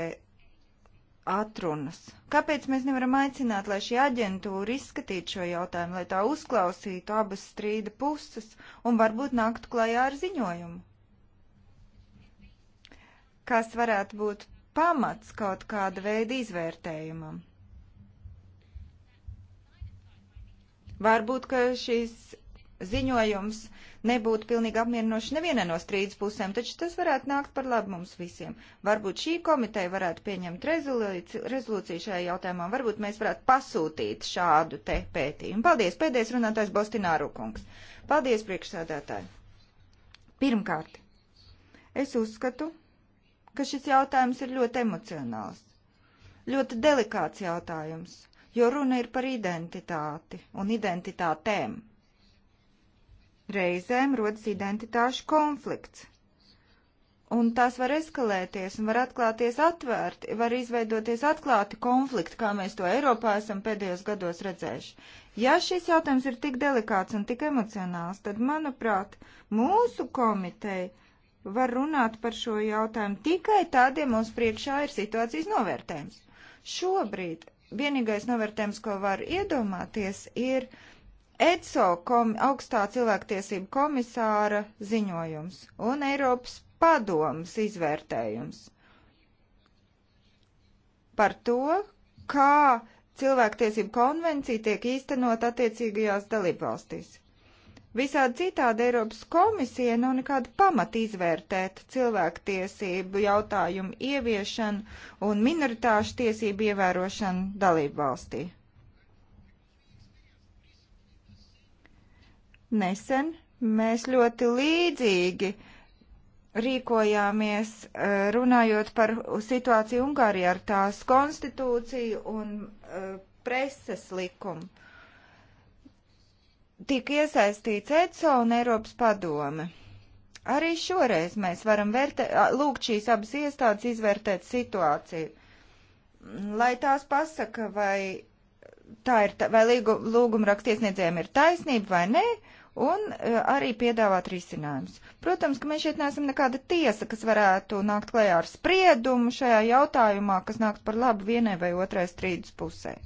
atrunas? Kāpēc mēs nevaram aicināt, lai šī aģentūra izskatītu šo jautājumu, lai tā uzklausītu abas strīda puses un varbūt nāktu klajā ar ziņojumu? Kas varētu būt pamats kaut kāda veida izvērtējumam. Varbūt, ka šīs ziņojums nebūtu pilnīgi apmierinoši nevienai no strīdus pusēm, taču tas varētu nākt par labu mums visiem. Varbūt šī komiteja varētu pieņemt rezolūciju šajā jautājumā, varbūt mēs varētu pasūtīt šādu te pētījumu. Paldies, pēdējais runātājs Bostināru kungs. Paldies, priekšsādātāji. Pirmkārt, es uzskatu, ka šis jautājums ir ļoti emocionāls, ļoti delikāts jautājums, jo runa ir par identitāti un identitātēm. Reizēm rodas identitāšu konflikts, un tās var eskalēties un var atklāties atvērti, var izveidoties atklāti konflikti, kā mēs to Eiropā esam pēdējos gados redzējuši. Ja šis jautājums ir tik delikāts un tik emocionāls, tad, manuprāt, mūsu komiteja var runāt par šo jautājumu tikai tad, ja mums priekšā ir situācijas novērtējums. Šobrīd vienīgais novērtējums, ko var iedomāties, ir ECO kom, augstā cilvēktiesība komisāra ziņojums un Eiropas padomas izvērtējums par to, kā cilvēktiesību konvencija tiek īstenot attiecīgajās dalībvalstīs. Visādi citādi Eiropas komisija nav nekāda pamata izvērtēt cilvēktiesību jautājumu ieviešanu un minoritāšu tiesību ievērošanu dalību valstī. Nesen mēs ļoti līdzīgi rīkojāmies eh, runājot par situāciju Ungārijā ar tās konstitūciju un eh, preses likumu tika iesaistīts ECO un Eiropas padome. Arī šoreiz mēs varam vērtē, lūgt šīs abas iestādes izvērtēt situāciju, lai tās pasaka, vai tā ir, vai lūguma rakstiesniedzējiem ir taisnība vai nē, un e, arī piedāvāt risinājumus. Protams, ka mēs šeit neesam nekāda tiesa, kas varētu nākt klajā ar spriedumu šajā jautājumā, kas nākt par labu vienai vai otrai strīdus pusē.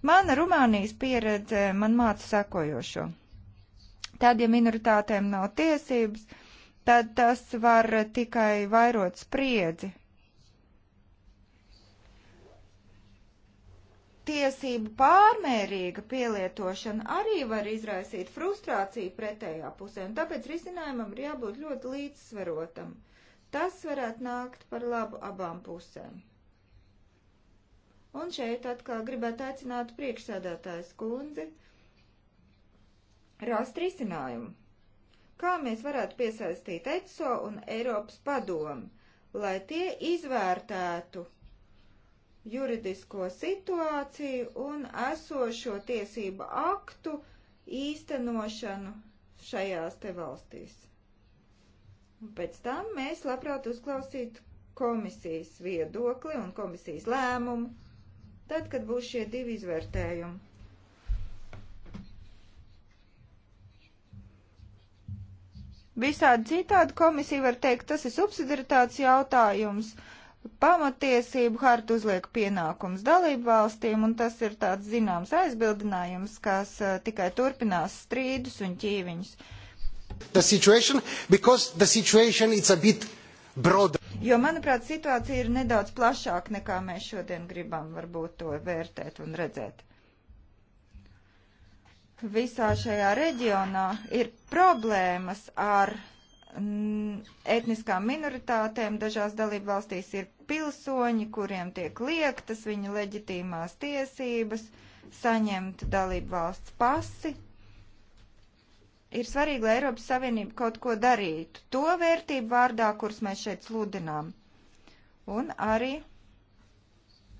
Mana Rumānijas pieredze man māca sakojošo. Tad, ja minoritātēm nav tiesības, tad tas var tikai vairot spriedzi. Tiesību pārmērīga pielietošana arī var izraisīt frustrāciju pretējā pusē, un tāpēc risinājumam ir jābūt ļoti līdzsvarotam. Tas varētu nākt par labu abām pusēm. Un šeit atkal gribētu aicināt priekšsēdētājs kundzi rast risinājumu. Kā mēs varētu piesaistīt ECO un Eiropas padomu, lai tie izvērtētu juridisko situāciju un esošo tiesību aktu īstenošanu šajās te valstīs. Un pēc tam mēs labprāt uzklausītu komisijas viedokli un komisijas lēmumu tad, kad būs šie divi izvērtējumi. Visādi citādi komisija var teikt, tas ir subsidiaritātes jautājums. Pamatiesību harta uzliek pienākums dalību valstīm, un tas ir tāds zināms aizbildinājums, kas uh, tikai turpinās strīdus un ķīviņus. The situation, because the situation is a bit broda. Jo, manuprāt, situācija ir nedaudz plašāka nekā mēs šodien gribam varbūt to vērtēt un redzēt. Visā šajā reģionā ir problēmas ar mm, etniskām minoritātēm dažās dalību valstīs ir pilsoņi, kuriem tiek liektas viņu leģitīmās tiesības saņemt dalību valsts pasi, ir svarīgi, lai Eiropas Savienība kaut ko darītu to vērtību vārdā, kuras mēs šeit sludinām. Un arī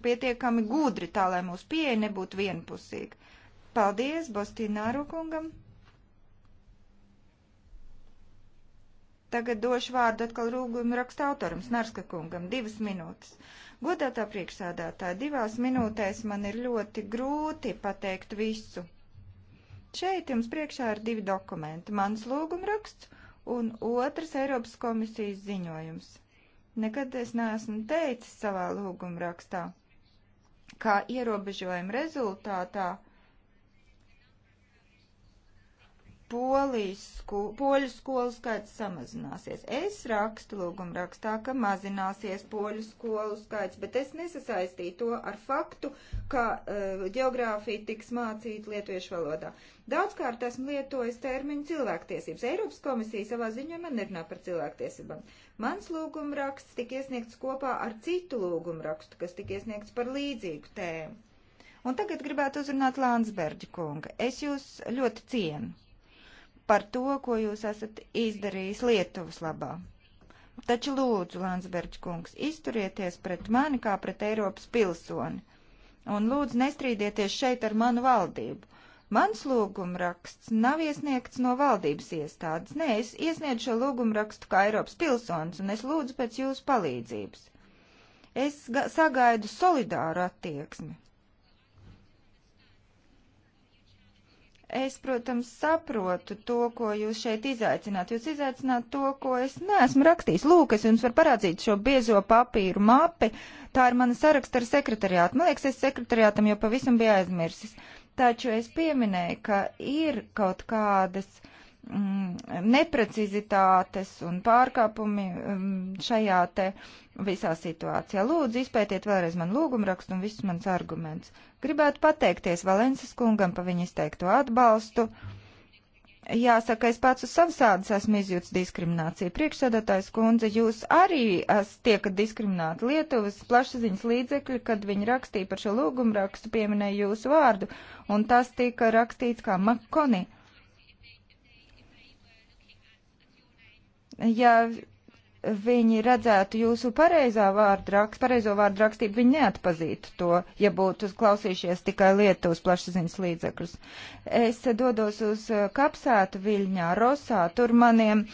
pietiekami gudri, tā lai mūsu pieeja nebūtu vienpusīga. Paldies Bostināru kungam! Tagad došu vārdu atkal rūguma raksta autoram Snarska kungam - divas minūtes. Godātā priekšsādātā divās minūtēs man ir ļoti grūti pateikt visu Šeit jums priekšā ir divi dokumenti - mans lūgumraksts un otrs Eiropas komisijas ziņojums. Nekad es neesmu teicis savā lūgumrakstā, kā ierobežojuma rezultātā Sku, poļu skolu skaits samazināsies. Es rakstu lūgumu rakstā, ka mazināsies poļu skolu skaits, bet es nesasaistīju to ar faktu, ka uh, geogrāfija tiks mācīta lietuviešu valodā. Daudzkārt esmu lietojis termiņu cilvēktiesības. Eiropas komisija savā ziņojumā nerunā par cilvēktiesībām. Mans lūgumu raksts tika iesniegts kopā ar citu lūgumu rakstu, kas tika iesniegts par līdzīgu tēmu. Un tagad gribētu uzrunāt Lānsberģa kunga. Es jūs ļoti cienu par to, ko jūs esat izdarījis Lietuvas labā. Taču lūdzu, Landsbergs kungs, izturieties pret mani kā pret Eiropas pilsoni. Un lūdzu, nestrīdieties šeit ar manu valdību. Mans lūgumraksts nav iesniegts no valdības iestādes. Nē, es iesniedzu šo lūgumrakstu kā Eiropas pilsonis, un es lūdzu pēc jūsu palīdzības. Es sagaidu solidāru attieksmi. Es, protams, saprotu to, ko jūs šeit izaicināt. Jūs izaicināt to, ko es neesmu rakstījis. Lūk, es jums varu parādīt šo biezo papīru mapi. Tā ir mana saraksta ar sekretariātu. Man liekas, es sekretariātam jau pavisam biju aizmirsis. Taču es pieminēju, ka ir kaut kādas uh, Mm, neprecizitātes un pārkāpumi mm, šajā te visā situācijā. Lūdzu, izpētiet vēlreiz man lūgumrakstu un visus mans argumentus. Gribētu pateikties Valences kungam par viņu izteikto atbalstu. Jāsaka, es pats uz savas ādas esmu izjūts diskrimināciju. Priekšsēdētājs kundze, jūs arī tiekat diskriminēti Lietuvas plašsaziņas līdzekļi, kad viņi rakstīja par šo lūgumrakstu, pieminēja jūsu vārdu, un tas tika rakstīts kā Makoni. Uh, ja viņi redzētu jūsu pareizā vārdu rakstu, pareizo vārdu rakstību, viņi neatpazītu to, ja būtu klausījušies tikai Lietuvas plašsaziņas līdzekļus. Es dodos uz eh, kapsētu Viļņā, Rosā, tur maniem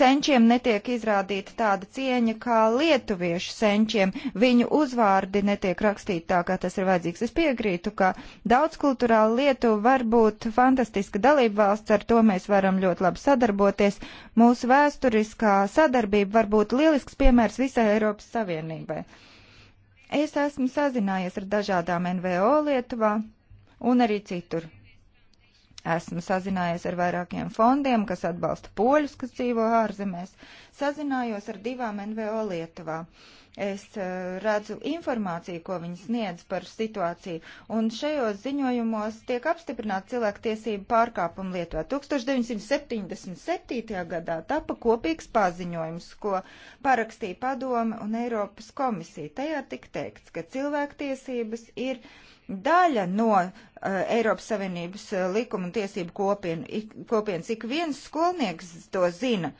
senčiem netiek izrādīta tāda cieņa kā lietuviešu senčiem, viņu uzvārdi netiek rakstīti tā, kā tas ir vajadzīgs. Es piekrītu, ka daudzkulturāla Lietuva var būt fantastiska dalībvalsts, ar to mēs varam ļoti labi sadarboties. Mūsu vēsturiskā sadarbība var būtu lielisks piemērs visai Eiropas Savienībai. Es esmu sazinājies ar dažādām NVO Lietuvā un arī citur. Esmu sazinājies ar vairākiem fondiem, kas atbalsta poļus, kas dzīvo ārzemēs. Sazinājos ar divām NVO Lietuvā. Es eh, redzu informāciju, ko viņi sniedz par situāciju, un šajos ziņojumos tiek apstiprināta cilvēktiesība pārkāpuma Lietuvā. 1977. gadā tapa kopīgs paziņojums, ko parakstīja padome un Eiropas komisija. Tajā tik teikts, ka cilvēktiesības ir daļa no uh, Eiropas Savienības uh, likuma un tiesību kopien, ik, kopienas. Ik viens skolnieks to zina.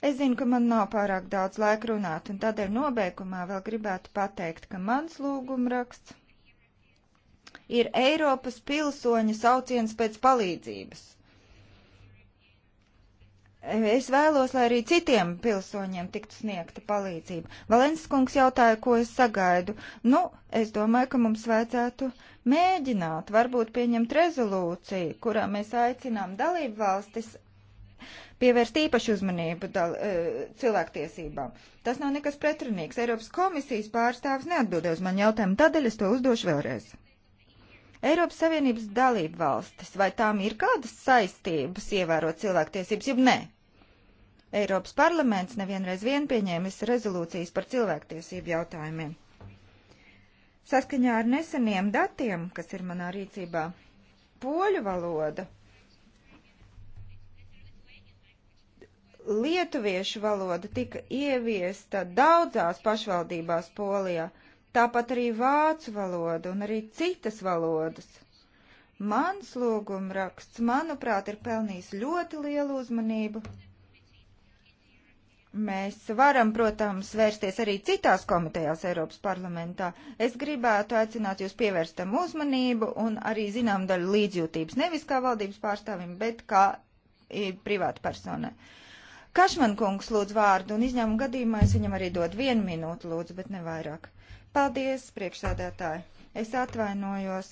Es zinu, ka man nav pārāk daudz laika runāt, un tādēļ nobeigumā vēl gribētu pateikt, ka mans lūgumraksts ir Eiropas pilsoņa sauciens pēc palīdzības. Es vēlos, lai arī citiem pilsoņiem tiktu sniegta palīdzība. Valensas kungs jautāja, ko es sagaidu. Nu, es domāju, ka mums vajadzētu mēģināt, varbūt pieņemt rezolūciju, kurā mēs aicinām dalību valstis pievērst īpašu uzmanību dal, e, cilvēktiesībām. Tas nav nekas pretrunīgs. Eiropas komisijas pārstāvis neatbildēja uz man jautājumu, tādēļ es to uzdošu vēlreiz. Eiropas Savienības dalību valstis, vai tām ir kādas saistības ievērot cilvēktiesības, jeb nē? Eiropas parlaments nevienreiz vien pieņēmis rezolūcijas par cilvēktiesību jautājumiem. Saskaņā ar neseniem datiem, kas ir manā rīcībā, poļu valoda, lietuviešu valoda tika ieviesta daudzās pašvaldībās Polijā tāpat arī vācu valoda un arī citas valodas. Mans lūgumraksts, manuprāt, ir pelnījis ļoti lielu uzmanību. Mēs varam, protams, vērsties arī citās komitejās Eiropas parlamentā. Es gribētu aicināt jūs pievērst tam uzmanību un arī zinām daļu līdzjūtības nevis kā valdības pārstāvim, bet kā privāta persona. Kašman kungs lūdz vārdu un izņēmu gadījumā es viņam arī dodu vienu minūtu lūdzu, bet ne vairāk. Paldies, priekšsēdētāji. Es atvainojos,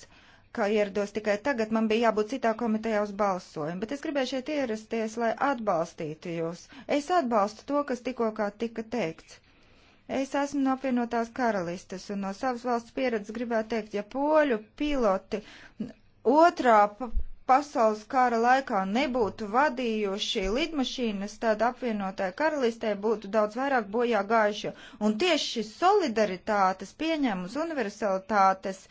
ka ierados tikai tagad. Man bija jābūt citā komitejā uz balsojumu, bet es gribēju šeit ierasties, lai atbalstītu jūs. Es atbalstu to, kas tikko kā tika teikts. Es esmu no apvienotās karalistes un no savas valsts pieredzes gribētu teikt, ja poļu piloti otrā pasaules kara laikā nebūtu vadījuši lidmašīnas, tad apvienotāja karalistē būtu daudz vairāk bojā gājušo. Un tieši šis solidaritātes pieņēmums, universalitātes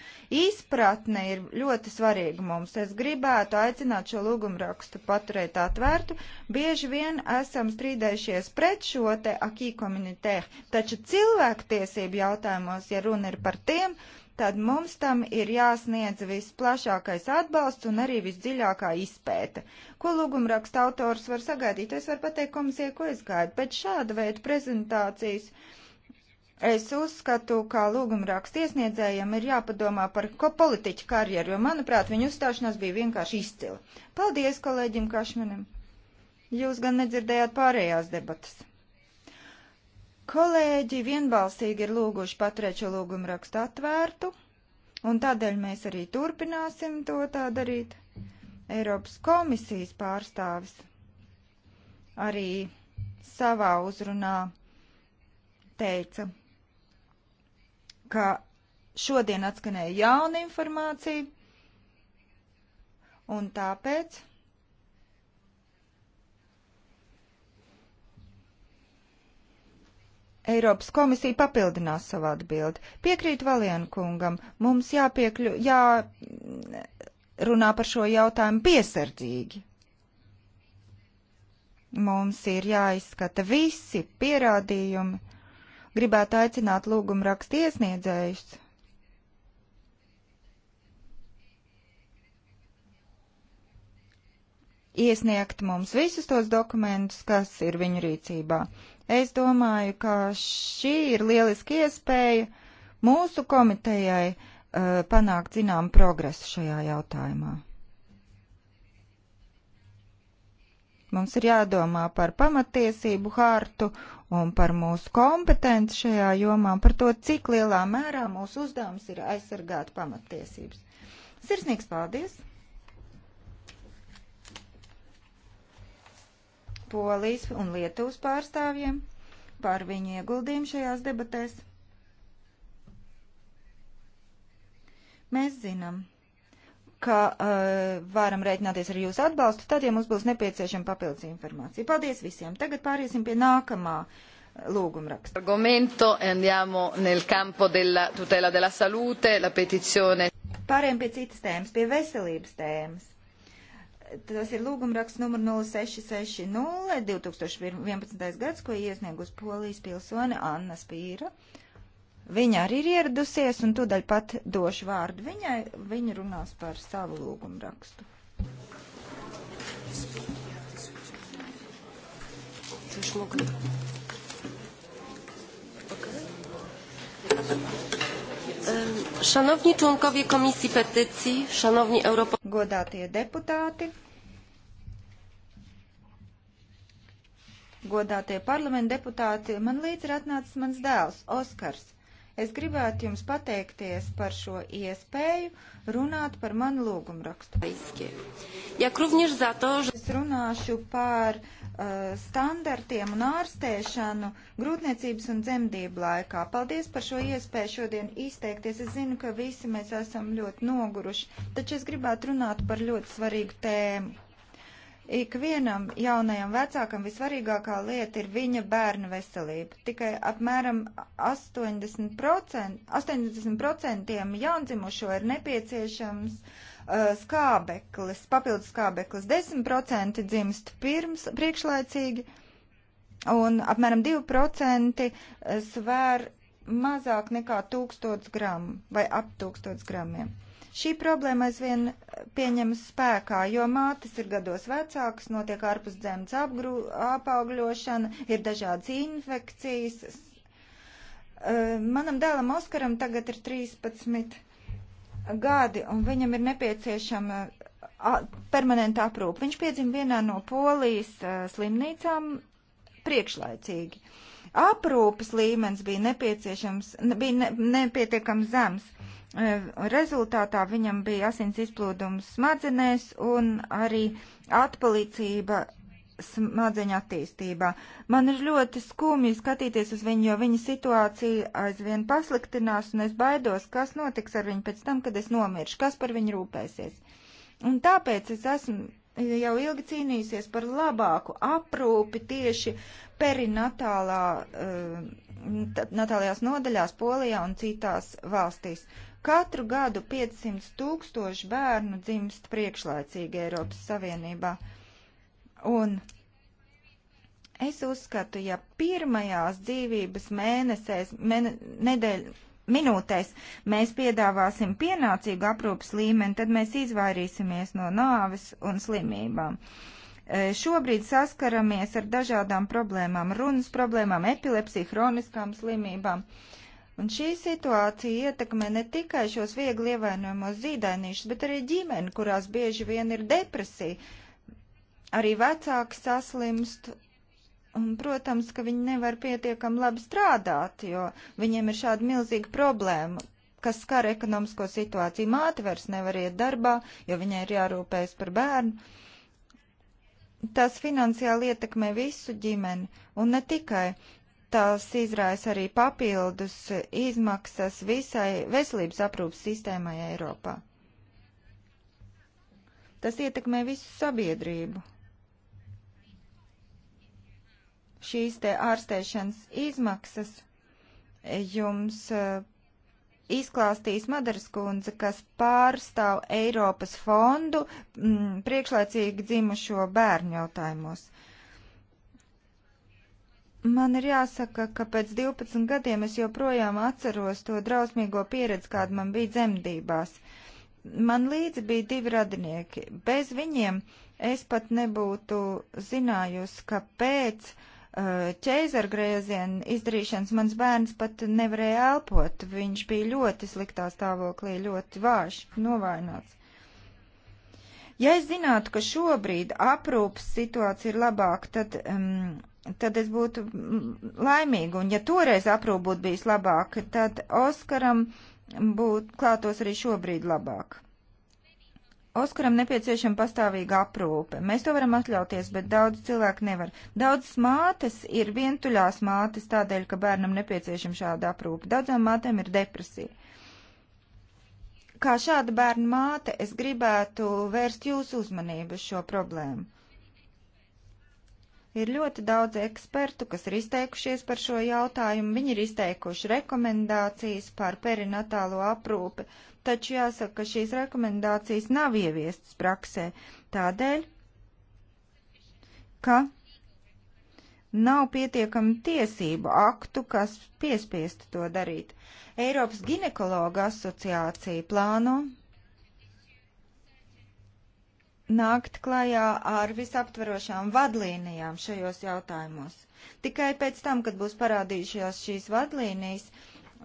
izpratne ir ļoti svarīga mums. Es gribētu aicināt šo lūgumrakstu paturēt atvērtu. Bieži vien esam strīdējušies pret šo te akī komunitē, taču cilvēktiesību jautājumos, ja runa ir par tiem, tad mums tam ir jāsniedz visplašākais atbalsts un arī visdziļākā izpēta. Ko lūgumraksta autors var sagaidīt? Es varu pateikt komisijai, ko es gaidu, bet šāda veida prezentācijas. Es uzskatu, ka lūgumraksta iesniedzējiem ir jāpadomā par politiķu karjeru, jo, manuprāt, viņa uzstāšanās bija vienkārši izcila. Paldies kolēģim Kašmanim! Jūs gan nedzirdējāt pārējās debatas. Kolēģi vienbalsīgi ir lūguši paturēt šo lūgumu rakstu atvērtu, un tādēļ mēs arī turpināsim to tā darīt. Eiropas komisijas pārstāvis arī savā uzrunā teica, ka šodien atskanēja jauna informācija, un tāpēc Eiropas komisija papildinās savu atbildi. Piekrīt Valienkungam, mums jāpiekļu, jārunā par šo jautājumu piesardzīgi. Mums ir jāizskata visi pierādījumi. Gribētu aicināt lūgumu rakstu iesniedzējus. Iesniegt mums visus tos dokumentus, kas ir viņu rīcībā. Es domāju, ka šī ir lieliski iespēja mūsu komitejai uh, panākt zinām progresu šajā jautājumā. Mums ir jādomā par pamatiesību hārtu un par mūsu kompetenci šajā jomā, par to, cik lielā mērā mūsu uzdevums ir aizsargāt pamatiesības. Sirsnīgs paldies! Polijas un Lietuvas pārstāvjiem par viņu ieguldījumu šajās debatēs. Mēs zinām, ka uh, varam rēķināties ar jūsu atbalstu, tad, ja mums būs nepieciešama papildus informācija. Paldies visiem! Tagad pāriesim pie nākamā eh, lūgumraksta. Argomento e andiamo nel campo della tutela della salute, la petizione. Pāriem pie citas tēmas, pie veselības tēmas. Tas ir lūgumraksts numur 0660 2011. gads, ko iesniegus Polijas pilsone Anna Spīra. Viņa arī ir ieradusies, un tūdaļ pat došu vārdu viņai. Viņa runās par savu lūgumrakstu. Thank you. Šanovņi um, čunkovie komisija peticiju, šanovņi Eiropa. Godātie deputāti, godātie parlamenta deputāti, man līdz ir atnācis mans dēls, Oskars. Es gribētu jums pateikties par šo iespēju runāt par manu lūgumu rakstu. Es runāšu par uh, standartiem un ārstēšanu grūtniecības un dzemdību laikā. Paldies par šo iespēju šodien izteikties. Es zinu, ka visi mēs esam ļoti noguruši, taču es gribētu runāt par ļoti svarīgu tēmu. Ikvienam jaunajam vecākam visvarīgākā lieta ir viņa bērna veselība. Tikai apmēram 80%, 80% jaundzimušo ir nepieciešams uh, skābeklis, papildus skābeklis. 10% dzimst pirms priekšlaicīgi un apmēram 2% uh, svēr mazāk nekā 1000 gramu vai ap 1000 gramiem. Šī problēma aizvien eh, pieņemas spēkā, jo mātes ir gados vecākas, notiek ārpusdzemdas apaugļošana, ir dažādas infekcijas. Eh, manam dēlam Oskaram tagad ir 13 gadi, un viņam ir nepieciešama permanenta aprūpe. Viņš piedzima vienā no polijas eh, slimnīcām priekšlaicīgi. Aprūpes līmenis bija nepieciešams, bija ne, nepietiekams zems. Eh, rezultātā viņam bija asins izplūdums smadzenēs un arī atpalīdzība smadzeņu attīstībā. Man ir ļoti skumji skatīties uz viņu, jo viņa situācija aizvien pasliktinās, un es baidos, kas notiks ar viņu pēc tam, kad es nomiršu, kas par viņu rūpēsies. Un tāpēc es esmu jau ilgi cīnījusies par labāku aprūpi tieši perinatālā, uh, natālajās nodaļās Polijā un citās valstīs. Katru gadu 500 tūkstoši bērnu dzimst priekšlaicīgi Eiropas Savienībā. Un es uzskatu, ja pirmajās dzīvības mēnesēs, mēne, nedēļ, minūtēs mēs piedāvāsim pienācīgu aprūpas līmeni, tad mēs izvairīsimies no nāves un slimībām. E, šobrīd saskaramies ar dažādām problēmām, runas problēmām, epilepsiju, hroniskām slimībām. Uh, Un šī situācija ietekmē ne tikai šos viegli ievainojamos zīdainīšus, bet arī ģimeni, kurās bieži vien ir depresija. Arī vecāki saslimst un, protams, ka viņi nevar pietiekam labi strādāt, jo viņiem ir šāda milzīga problēma, kas skar ekonomisko situāciju. Māte vairs nevar iet darbā, jo viņai ir jārūpējas par bērnu. Tas finansiāli ietekmē visu ģimeni, un ne tikai tās izraisa arī papildus izmaksas visai veselības aprūpas sistēmai Eiropā. Tas ietekmē visu sabiedrību. Šīs te ārstēšanas izmaksas jums e, izklāstīs Madaras kundze, kas pārstāv Eiropas fondu m, priekšlaicīgi dzimušo bērnu jautājumos. Man ir jāsaka, ka pēc 12 gadiem es joprojām atceros to drausmīgo pieredzi, kāda man bija dzemdībās. Man līdzi bija divi radinieki. Bez viņiem es pat nebūtu zinājusi, ka pēc uh, eh, ķēzargrieziena izdarīšanas mans bērns pat nevarēja elpot. Viņš bija ļoti sliktā stāvoklī, ļoti vāš, novainots. Ja es zinātu, ka šobrīd aprūpas situācija ir labāka, tad. Um, tad es būtu mm, laimīga. Un ja toreiz aprūp būtu bijis labāk, tad Oskaram būtu klātos arī šobrīd labāk. Oskaram nepieciešama pastāvīga aprūpe. Mēs to varam atļauties, bet daudz cilvēku nevar. Daudzas mātes ir vientuļās mātes tādēļ, ka bērnam nepieciešama šāda aprūpe. Daudzām mātēm ir depresija. Kā šāda bērna māte, es gribētu vērst jūsu uzmanību uz šo problēmu. Ir ļoti daudz ekspertu, kas ir izteikušies par šo jautājumu. Viņi ir izteikuši rekomendācijas par perinatālo aprūpi, taču jāsaka, ka šīs rekomendācijas nav ieviestas praksē tādēļ, ka nav pietiekami tiesību aktu, kas piespiestu to darīt. Eiropas ginekologa asociācija plāno nākt klajā ar visaptverošām vadlīnijām šajos jautājumos. Tikai pēc tam, kad būs parādījušās šīs vadlīnijas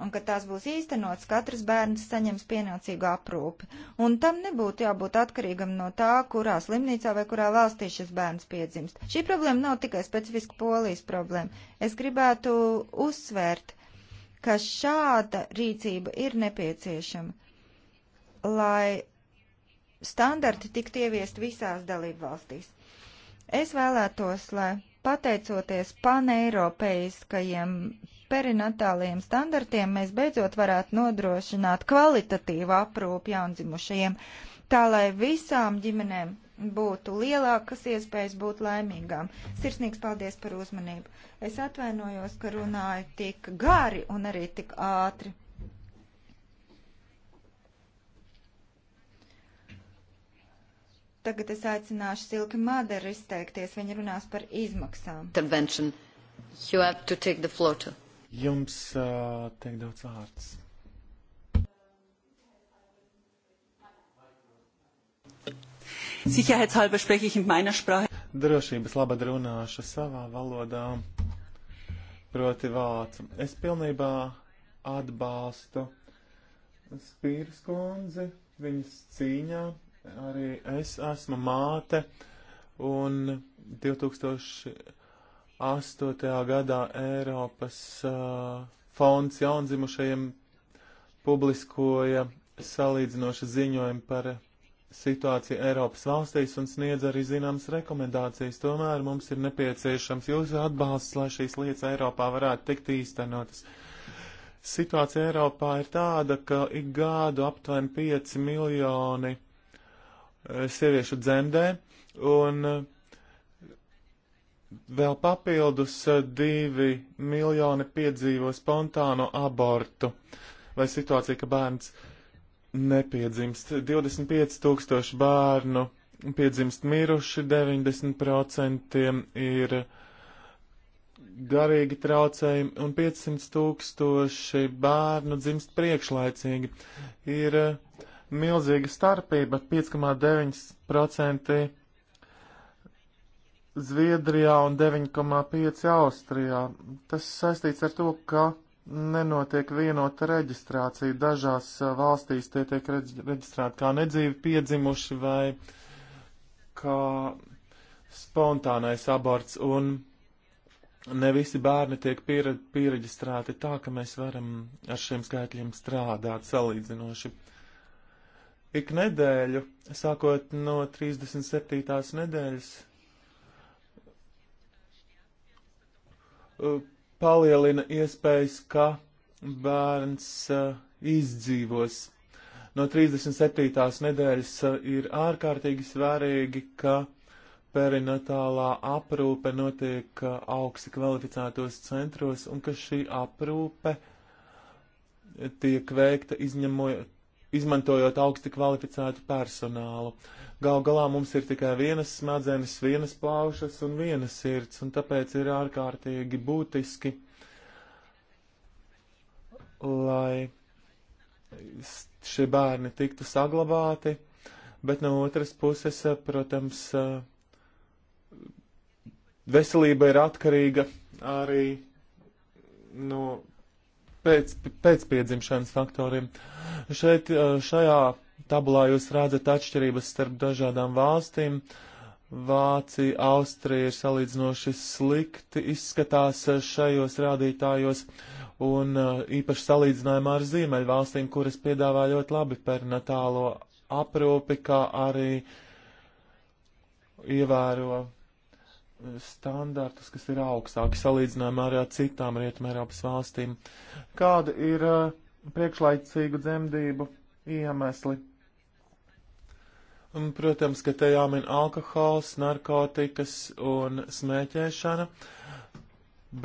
un kad tās būs īstenots, katrs bērns saņems pienācīgu aprūpi. Un tam nebūtu jābūt atkarīgam no tā, kurā slimnīcā vai kurā valstī šis bērns piedzimst. Šī problēma nav tikai specifiska polijas problēma. Es gribētu uzsvērt, ka šāda rīcība ir nepieciešama, lai standarti tiktu ieviest visās dalību valstīs. Es vēlētos, lai pateicoties paneiropeiskajiem perinatāliem standartiem, mēs beidzot varētu nodrošināt kvalitatīvu aprūpu jaundzimušajiem, tā lai visām ģimenēm būtu lielākas iespējas būt laimīgām. Sirsnīgs paldies par uzmanību. Es atvainojos, ka runāju tik gari un arī tik ātri. Tagad es aicināšu Silke Maderu izteikties. Viņa runās par izmaksām. Jums uh, tiek dots vārds. Sicherheitshalber spreche ich in meiner Sprache. Drošības labad runāšu savā valodā, proti vācu. Es pilnībā atbalstu Spīras kundzi viņas cīņā Arī es esmu māte un 2008. gadā Eiropas uh, fonds jaundzimušajiem publiskoja salīdzinošu ziņojumu par situāciju Eiropas valstīs un sniedz arī zināmas rekomendācijas. Tomēr mums ir nepieciešams jūsu atbalsts, lai šīs lietas Eiropā varētu tikt īstenotas. Situācija Eiropā ir tāda, ka ik gādu aptuveni 5 miljoni Eh, sieviešu dzemdē, un eh, vēl papildus eh, divi miljoni piedzīvo spontānu abortu vai situāciju, ka bērns nepiedzimst. 25 tūkstoši bērnu piedzimst miruši, 90% ir garīgi traucējumi un 500 tūkstoši bērnu dzimst priekšlaicīgi. Ir uh, milzīga starpība - 5,9% Zviedrijā un 9,5% Austrijā. Tas saistīts ar to, ka nenotiek vienota reģistrācija. Dažās uh, valstīs tie tiek reģistrēti kā nedzīvi piedzimuši vai kā spontānais aborts, un ne visi bērni tiek piere, piereģistrēti tā, ka mēs varam ar šiem skaitļiem strādāt salīdzinoši ik nedēļu, sākot no 37. nedēļas, eh, palielina iespējas, ka bērns uh, izdzīvos. No 37. nedēļas uh, ir ārkārtīgi svarīgi, ka perinatālā aprūpe notiek uh, augsti kvalificētos centros un ka šī aprūpe tiek veikta izņemot izmantojot augsti kvalificētu personālu. Gal galā mums ir tikai vienas smadzenes, vienas plaušas un viena sirds, un tāpēc ir ārkārtīgi būtiski, lai šie bērni tiktu saglabāti, bet no otras puses, protams, veselība ir atkarīga arī no pēc, pēcpiedzimšanas faktoriem. Šeit, eh, šajā tabulā jūs redzat atšķirības starp dažādām valstīm. Vācija, Austrija ir salīdzinoši slikti izskatās eh, šajos rādītājos un eh, īpaši salīdzinājumā ar Ziemeļvalstīm, kuras piedāvā ļoti labi pernatālo aprūpi, kā arī ievēro standartus, kas ir augstāki salīdzinājumā ar citām Rietumē Eiropas valstīm. Kāda ir uh, priekšlaicīgu dzemdību iemesli? Un, protams, ka te jāmin alkohols, narkotikas un smēķēšana,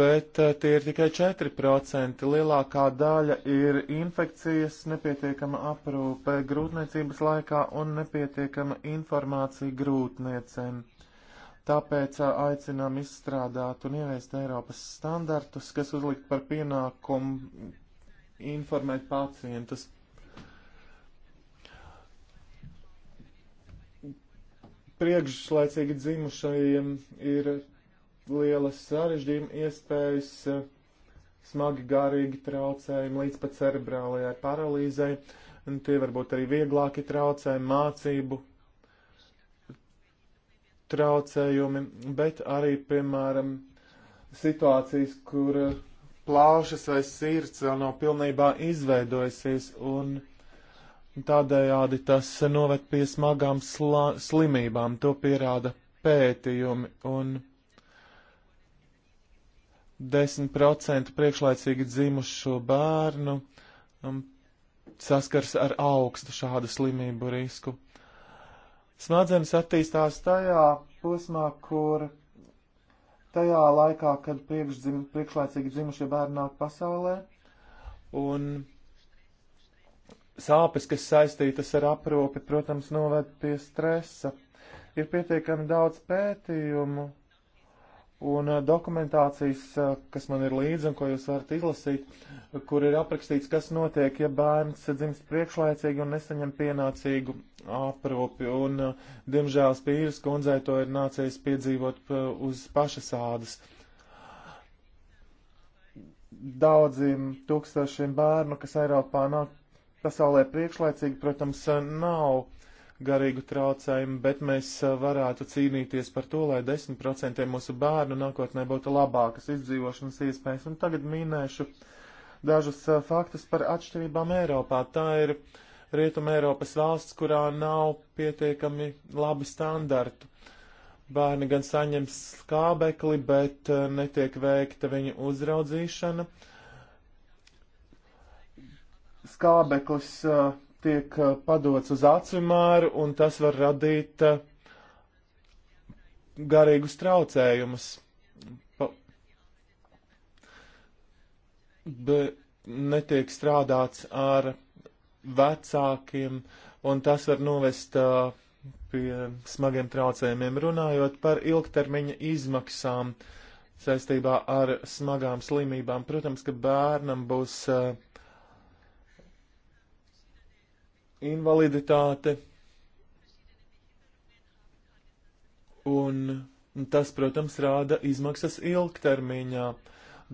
bet uh, tie ir tikai 4%. Lielākā daļa ir infekcijas, nepietiekama aprūpe grūtniecības laikā un nepietiekama informācija grūtniecēm Tāpēc aicinām izstrādāt un ieviest Eiropas standartus, kas uzlikt par pienākumu informēt pacientus. Priekšlaicīgi dzimušajiem ir lielas sarežģījuma iespējas, smagi garīgi traucējumi līdz pat cerebrālajai paralīzei, un tie varbūt arī vieglāki traucējumi mācību traucējumi, bet arī, piemēram, situācijas, kur plaušas vai sirds vēl nav pilnībā izveidojusies, un tādējādi tas noved pie smagām slimībām, to pierāda pētījumi, un 10% priekšlaicīgi dzimušo bērnu um, saskars ar augstu šādu slimību risku. Smadzenes attīstās tajā posmā, kur tajā laikā, kad priekšdzim, priekšlaicīgi dzimušie bērni nāk pasaulē, un sāpes, kas saistītas ar apropi, protams, noved pie stresa. Ir pietiekami daudz pētījumu Un uh, dokumentācijas, uh, kas man ir līdzi un ko jūs varat izlasīt, kur ir aprakstīts, kas notiek, ja bērns dzimst priekšlaicīgi un nesaņem pienācīgu aprūpi. Un, uh, diemžēl, spīras kundzei to ir nācies piedzīvot uz pašas ādas. Daudziem tūkstošiem bērnu, kas Eiropā nāk pasaulē priekšlaicīgi, protams, nav garīgu traucējumu, bet mēs uh, varētu cīnīties par to, lai 10% mūsu bērnu nākotnē būtu labākas izdzīvošanas iespējas. Un tagad minēšu dažus uh, faktus par atšķirībām Eiropā. Tā ir Rietuma Eiropas valsts, kurā nav pietiekami labi standartu bērni gan saņem skābekli, bet uh, netiek veikta viņa uzraudzīšana. Skābeklis uh, tiek eh, padots uz acimāru, un tas var radīt eh, garīgus traucējumus. Pa... Bet netiek strādāts ar vecākiem, un tas var novest uh, pie smagiem traucējumiem, runājot par ilgtermiņa izmaksām saistībā ar smagām slimībām. Protams, ka bērnam būs uh, invaliditāte. Un tas, protams, rāda izmaksas ilgtermiņā,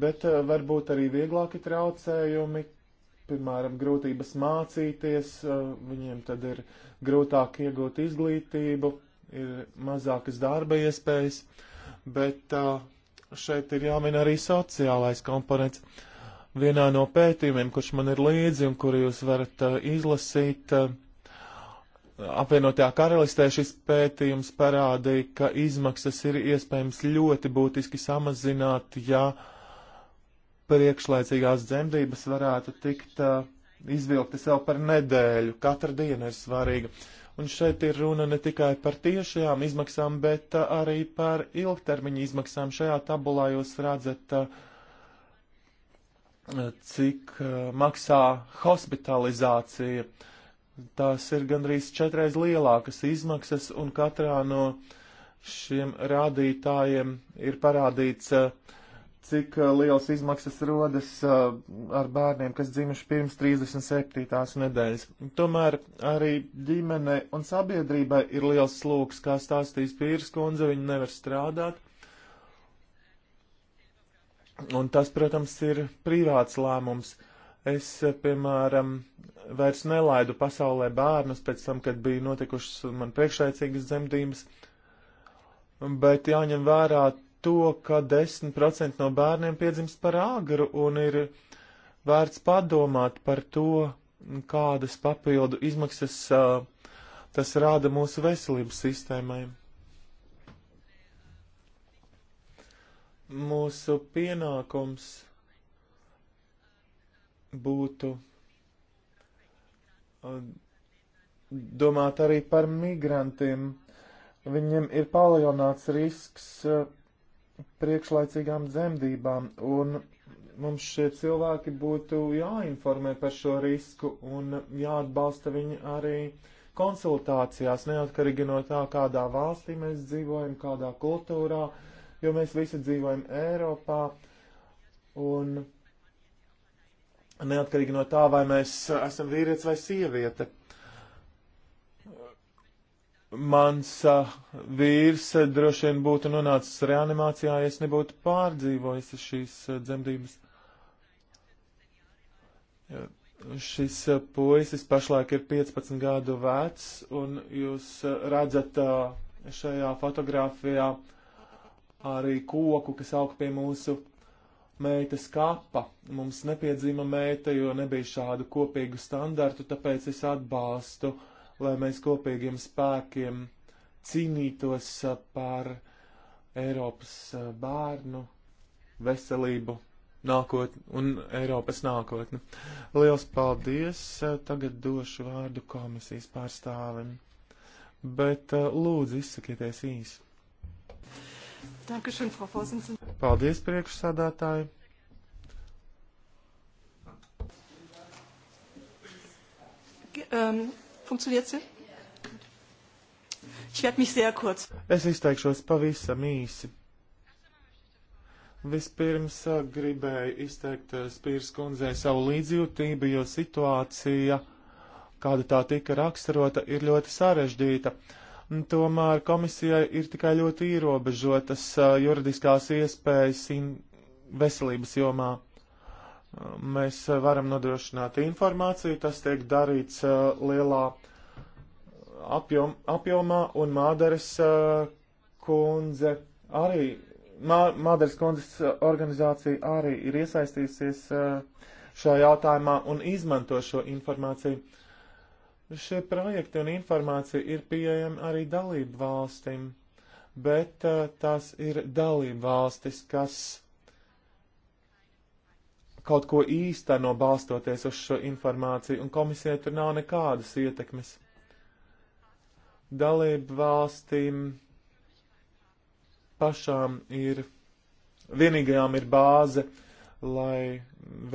bet eh, varbūt arī vieglāki traucējumi, piemēram, grūtības mācīties, eh, viņiem tad ir grūtāk iegūt izglītību, ir mazākas darba iespējas, bet eh, šeit ir jāmin arī sociālais komponents vienā no pētījumiem, kurš man ir līdzi un kuru jūs varat uh, izlasīt, uh, apvienotajā karalistē šis pētījums parādīja, ka izmaksas ir iespējams ļoti būtiski samazināt, ja priekšlaicīgās dzemdības varētu tikt uh, izvilktas vēl par nedēļu. Katra diena ir svarīga. Un šeit ir runa ne tikai par tiešajām izmaksām, bet uh, arī par ilgtermiņa izmaksām. Šajā tabulā jūs redzat uh, cik eh, maksā hospitalizācija. Tās ir gandrīz četreiz lielākas izmaksas, un katrā no šiem rādītājiem ir parādīts, eh, cik eh, liels izmaksas rodas ar bērniem, kas dzimuši pirms 37. nedēļas. Tomēr arī ģimenei un sabiedrībai ir liels slūks, kā stāstīs Pīrs kundze, viņi nevar strādāt, Un tas, protams, ir privāts lēmums. Es, piemēram, vairs nelaidu pasaulē bērnus pēc tam, kad bija notikušas man priekšlaicīgas dzemdības, bet jāņem vērā to, ka 10% no bērniem piedzimst par agru un ir vērts padomāt par to, kādas papildu izmaksas uh, tas rāda mūsu veselības sistēmai. Mūsu pienākums būtu uh, domāt arī par migrantiem. Viņiem ir palielināts risks uh, priekšlaicīgām dzemdībām, un mums šie cilvēki būtu jāinformē par šo risku un jāatbalsta viņi arī konsultācijās, neatkarīgi no tā, kādā valstī mēs dzīvojam, kādā kultūrā, uh, jo mēs visi dzīvojam Eiropā un neatkarīgi no tā, vai mēs esam vīrietis vai sieviete. Mans uh, vīrs droši vien būtu nonācis reanimācijā, ja es nebūtu pārdzīvojis šīs uh, dzemdības. Ja, šis uh, puisis pašlaik ir 15 gadu vecs, un jūs redzat šajā fotografijā uh, arī koku, kas aug pie mūsu meitas kapa. Mums nepiedzima meita, jo nebija šādu kopīgu standartu, tāpēc es atbalstu, lai mēs kopīgiem spēkiem cīnītos par Eiropas eh, bērnu veselību nākotni un Eiropas nākotni. Liels paldies! Eh, tagad došu vārdu komisijas pārstāvim. Bet eh, lūdzu, izsakieties īsi. Paldies, priekšsādātāji! Ähm, funktioniert sie? Ich werde mich sehr kurz. Es izteikšos pavisam īsi. Vispirms äh, gribēju izteikt äh, Spīras kundzei savu līdzjūtību, jo situācija, kāda tā tika raksturota, ir ļoti sarežģīta. Tomēr komisijai ir tikai ļoti ierobežotas juridiskās iespējas veselības jomā. Mēs varam nodrošināt informāciju, tas tiek darīts lielā apjom, apjomā, un Māderes kundze arī, Māderes kundzes organizācija arī ir iesaistījusies šajā jautājumā un izmanto šo informāciju. Šie projekti un informācija ir pieejama arī dalību valstīm, bet uh, tās ir dalību valstis, kas kaut ko īsteno balstoties uz šo informāciju, un komisija tur nav nekādas ietekmes. Dalību valstīm pašām ir, vienīgajām ir bāze, lai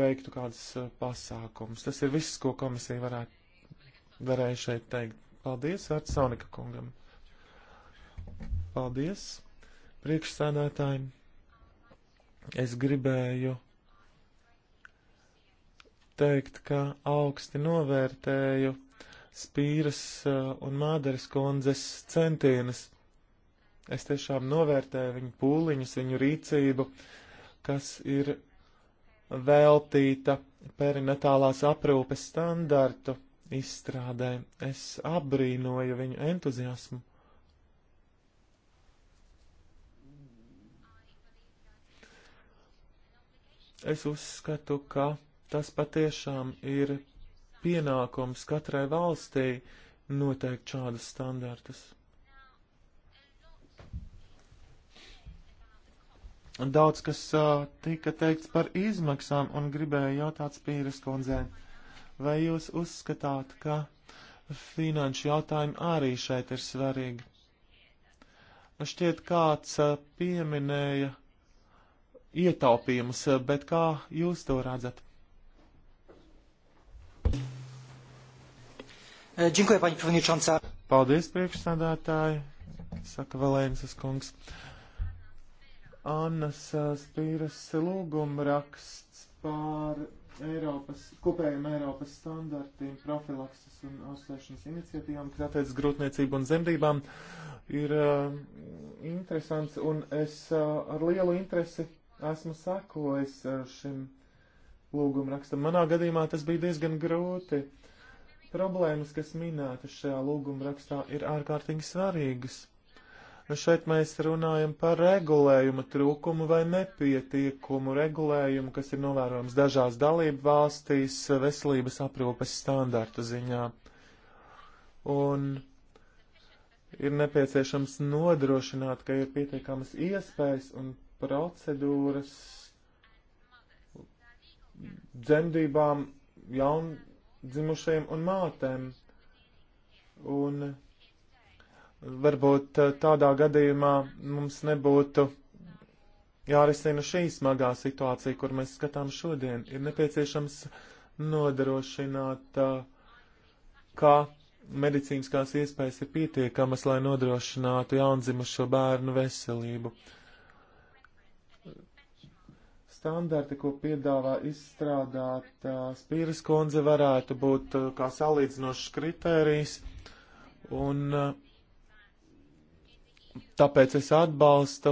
veiktu kādas uh, pasākums. Tas ir viss, ko komisija varētu varēju šeit teikt. Paldies Vērtsonika kungam. Paldies priekšsēdētājiem. Es gribēju teikt, ka augsti novērtēju Spīras uh, un Māderes kundzes centienus. Es tiešām novērtēju viņu pūliņus, viņu rīcību, kas ir veltīta perinatālās aprūpes standartu izstrādē. Es apbrīnoju viņu entuziasmu. Es uzskatu, ka tas patiešām ir pienākums katrai valstī noteikt šādus standartus. Daudz kas uh, tika teikts par izmaksām un gribēju jautāt spīras kundzei. Vai jūs uzskatāt, ka finanšu jautājumi arī šeit ir svarīgi? Nu, šķiet, kāds eh, pieminēja ietaupījumus, eh, bet kā jūs to redzat? Eh, dziękuję, pani przewodnicząca. Paldies, priekšsādātāji, saka Valēnas kungs. Annas Spīras lūguma raksts par Eiropas, kopējiem Eiropas standartiem, profilakses un ārstēšanas iniciatīvām, kas attiec grūtniecību un zemdībām, ir uh, interesants, un es uh, ar lielu interesi esmu sakojis uh, eh, šim lūgumrakstam. Manā gadījumā tas bija diezgan grūti. Problēmas, kas minētas šajā lūgumrakstā, ir ārkārtīgi svarīgas. Nu, šeit mēs runājam par regulējuma trūkumu vai nepietiekumu regulējumu, kas ir novērojams dažās dalību valstīs veselības aprūpes standartu ziņā. Un ir nepieciešams nodrošināt, ka ir pietiekamas iespējas un procedūras dzemdībām jaundzimušajiem un mātēm. Un Varbūt eh, tādā gadījumā mums nebūtu jārisina šī smagā situācija, kur mēs skatām šodien. Ir nepieciešams nodrošināt, eh, ka medicīniskās iespējas ir pietiekamas, lai nodrošinātu jaundzimušo bērnu veselību. Standarti, ko piedāvā izstrādāt eh, Spīras kundze, varētu būt kā salīdzinošs kritērijs. Un uh, Tāpēc es atbalstu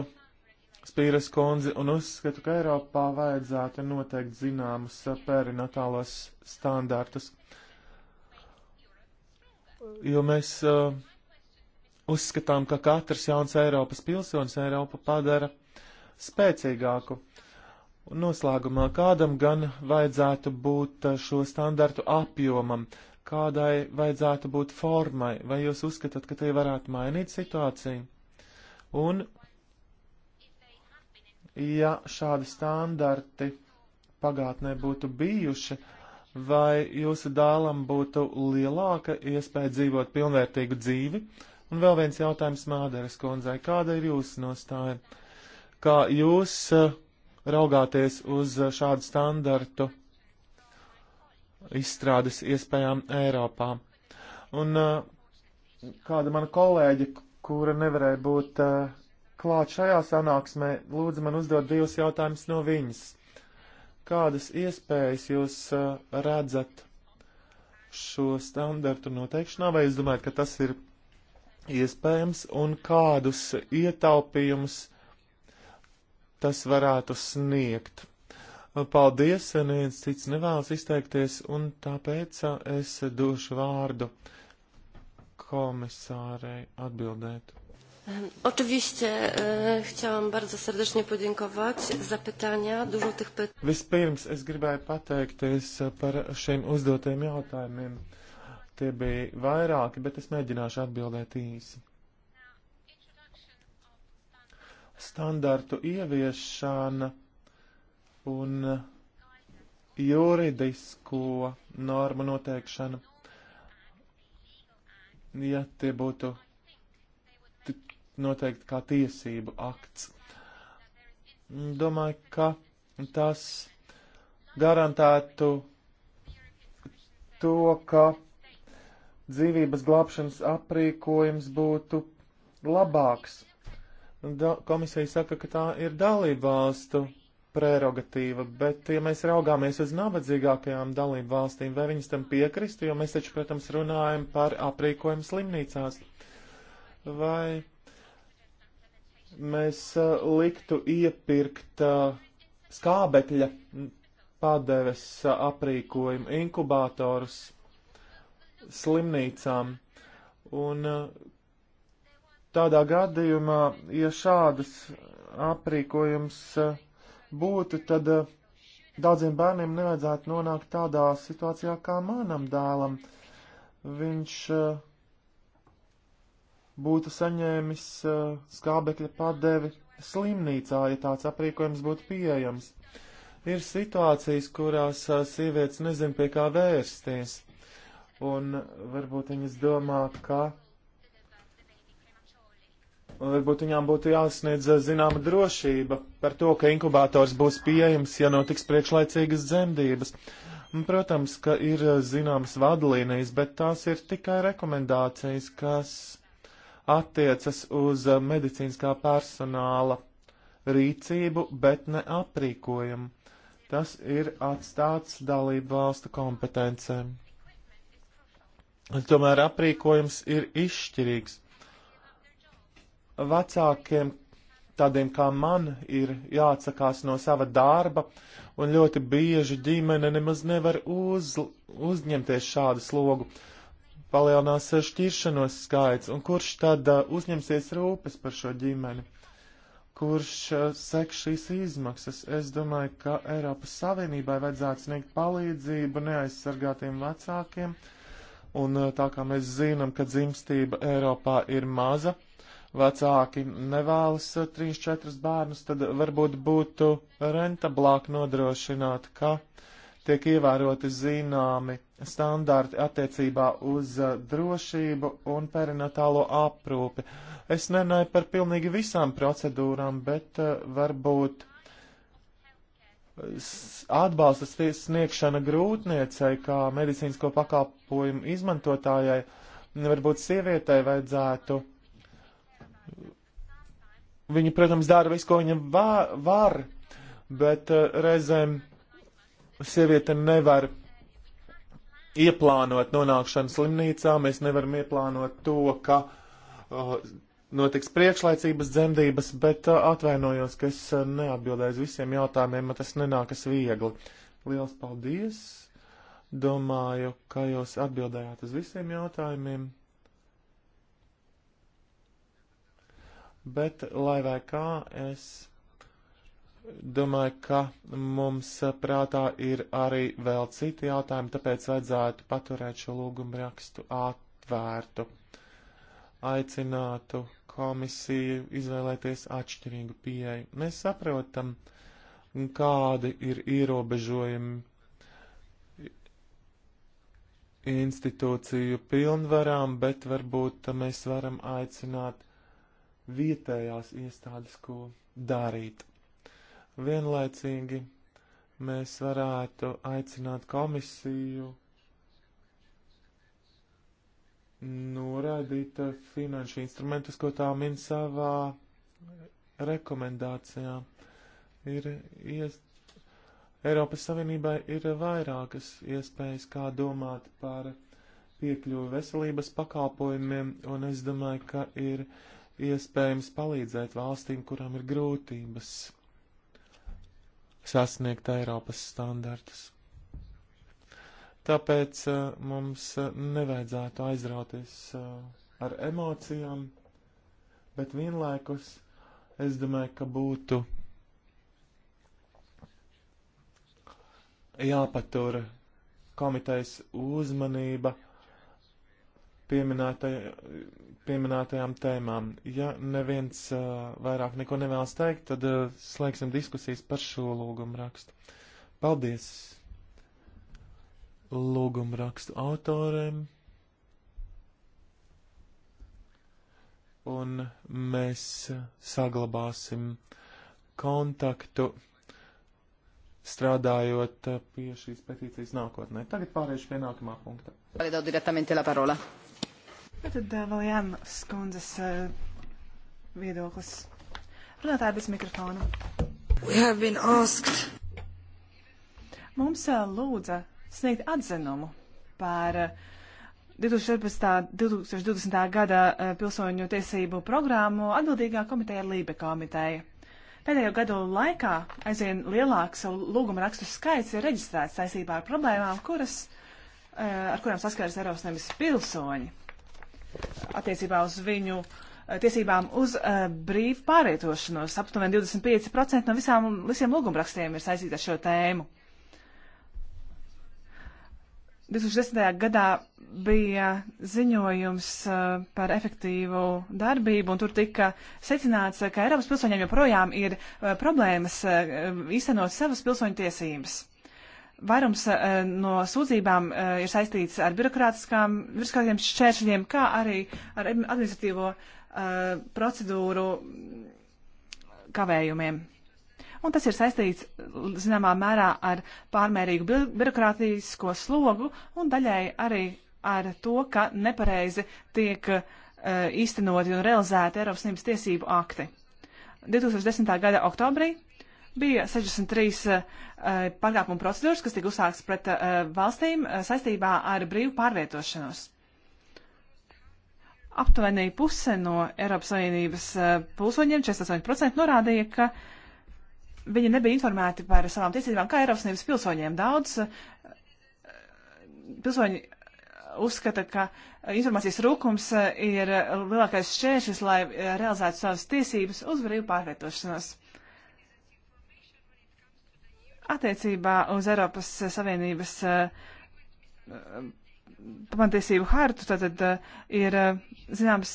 Spīras kundzi un uzskatu, ka Eiropā vajadzētu noteikt zināmus perinatālos standārtus. Jo mēs uh, uzskatām, ka katrs jauns Eiropas pilsonis Eiropu padara spēcīgāku. Un noslēgumā kādam gan vajadzētu būt uh, šo standartu apjomam, kādai vajadzētu būt formai, vai jūs uzskatāt, ka tie varētu mainīt situāciju? Un, ja šādi standarti pagātnē būtu bijuši, vai jūsu dēlam būtu lielāka iespēja dzīvot pilnvērtīgu dzīvi? Un vēl viens jautājums Māderes kundzei. Kāda ir jūsu nostāja? Kā jūs eh, raugāties uz eh, šādu standartu izstrādes iespējām Eiropā? Un eh, kāda mana kolēģa, kura nevarēja būt uh, klāt šajā sanāksmē, lūdzu man uzdot divus jautājumus no viņas. Kādas iespējas jūs uh, redzat šo standartu noteikšanā, vai jūs domājat, ka tas ir iespējams, un kādus ietaupījumus tas varētu sniegt? Paldies, neviens cits nevēlas izteikties, un tāpēc eh, es došu vārdu uh, komisārei atbildēt. Ehm, oczywiście e, chciałam bardzo serdecznie podziękować za pytania, dużo tych pytań. Vispirms es gribēju pateikties par šiem uzdotajiem jautājumiem. Tie bija vairāki, bet es mēģināšu atbildēt īsi. Standartu ieviešana un juridisko normu noteikšana ja tie būtu noteikti kā tiesību akts. Domāju, ka tas garantētu to, ka dzīvības glābšanas aprīkojums būtu labāks. Da komisija saka, ka tā ir dalība valstu prerogatīva, bet, ja mēs raugāmies uz nabadzīgākajām dalību valstīm, vai viņas tam piekristu, jo mēs taču, protams, runājam par aprīkojumu slimnīcās, vai mēs uh, liktu iepirkt uh, skābekļa padeves uh, aprīkojumu, inkubātorus slimnīcām, un tādā gadījumā, ja šādas aprīkojums uh, būtu, tad eh, daudziem bērniem nevajadzētu nonākt tādā situācijā kā manam dēlam. Viņš eh, būtu saņēmis eh, skābekļa padevi slimnīcā, ja tāds aprīkojums būtu pieejams. Ir situācijas, kurās sievietes nezin pie kā vērsties, un varbūt viņas domā, ka Varbūt viņām būtu jāsniedz eh, zināma drošība par to, ka inkubators būs pieejams, ja notiks priekšlaicīgas dzemdības. Protams, ka ir eh, zināmas vadlīnijas, bet tās ir tikai rekomendācijas, kas attiecas uz eh, medicīniskā personāla rīcību, bet ne aprīkojumu. Tas ir atstāts dalību valstu kompetencēm. Tomēr aprīkojums ir izšķirīgs vecākiem, tādiem kā man, ir jāatsakās no sava darba, un ļoti bieži ģimene nemaz nevar uz, uzņemties šādu slogu. Palielinās šķiršanos skaits, un kurš tad uh, uzņemsies rūpes par šo ģimeni? Kurš uh, sek šīs izmaksas? Es domāju, ka Eiropas Savienībai vajadzētu sniegt palīdzību neaizsargātiem vecākiem, un uh, tā kā mēs zinām, ka dzimstība Eiropā ir maza, vecāki nevēlas 3-4 eh, bērnus, tad varbūt būtu rentablāk nodrošināt, ka tiek ievēroti zināmi standarti attiecībā uz eh, drošību un perinatālo aprūpi. Es nerunāju par pilnīgi visām procedūrām, bet eh, varbūt atbalsta sniegšana grūtniecei, kā medicīnisko pakalpojumu izmantotājai, varbūt sievietei vajadzētu Viņi, protams, dara visu, ko viņa var, bet eh, reizēm sieviete nevar ieplānot nonākšanu slimnīcā, mēs nevaram ieplānot to, ka uh, notiks priekšlaicības dzemdības, bet uh, atvainojos, ka es uh, neatbildēju uz visiem jautājumiem, man tas nenākas viegli. Liels paldies! Domāju, ka jūs atbildējāt uz visiem jautājumiem. Bet, lai vai kā, es domāju, ka mums prātā ir arī vēl citi jautājumi, tāpēc vajadzētu paturēt šo lūgumu rakstu atvērtu. Aicinātu komisiju izvēlēties atšķirīgu pieeju. Mēs saprotam, kādi ir ierobežojumi institūciju pilnvarām, bet varbūt mēs varam aicināt vietējās iestādes, ko darīt. Vienlaicīgi mēs varētu aicināt komisiju noraidīt finanšu instrumentus, ko tā min savā rekomendācijā. Ir iest... Eiropas Savienībai ir vairākas iespējas, kā domāt par piekļuvu veselības pakalpojumiem, un es domāju, ka ir iespējams palīdzēt valstīm, kurām ir grūtības sasniegt Eiropas standartus. Tāpēc uh, mums uh, nevajadzētu aizrauties uh, ar emocijām, bet vienlaikus es domāju, ka būtu jāpatura komitejas uzmanība pieminētajām tēmām. Ja neviens uh, vairāk neko nevēlas teikt, tad uh, slēgsim diskusijas par šo lūgumu rakstu. Paldies lūgumu rakstu autoriem. Un mēs saglabāsim kontaktu strādājot pie šīs petīcijas nākotnē. Tagad pāriešu pie nākamā punkta. Paldies, Direktamente, la parola. Tad vēl Jānis Kundzes viedoklis. Runātāji bez mikrofona. Mums lūdza sniegt atzinumu par 2014. 2020. gada pilsoņu tiesību programmu atbildīgā komiteja ir Lībe komiteja. Pēdējo gadu laikā aizvien lielāks lūguma rakstu skaits ir reģistrēts saistībā ar problēmām, kuras, ar kurām saskaras Eiropas nevis pilsoņi attiecībā uz viņu eh, tiesībām uz uh, brīvu pārvietošanos. Aptuveni 25% no visām, visiem lūgumrakstiem ir saistīti ar šo tēmu. 2010. gadā bija ziņojums uh, par efektīvu darbību, un tur tika secināts, ka Eiropas pilsoņiem joprojām ir uh, problēmas uh, īstenot savas pilsoņu tiesības. Vairums eh, no sūdzībām eh, ir saistīts ar birokrātiskām, birokrātiskiem šķēršļiem, kā arī ar administratīvo eh, procedūru kavējumiem. Un tas ir saistīts, zināmā mērā, ar pārmērīgu bi birokrātisko slogu un daļai arī ar to, ka nepareizi tiek uh, īstenoti un realizēti Eiropas Savienības tiesību akti. 2010. gada oktobrī Bija 63 eh, eh, pārkāpuma procedūras, kas tika uzsāktas pret eh, valstīm saistībā ar brīvu pārvietošanos. Aptuveni puse no Eiropas Savienības pilsoņiem, 48%, norādīja, ka viņi nebija informēti par savām tiesībām kā Eiropas Savienības pilsoņiem. Daudz pilsoņi uzskata, ka informācijas trūkums ir lielākais šķēršļis, lai realizētu savas tiesības uz brīvu pārvietošanos. Attiecībā uz Eiropas Savienības eh, pamatiesību hartu tātad eh, ir eh, zināms,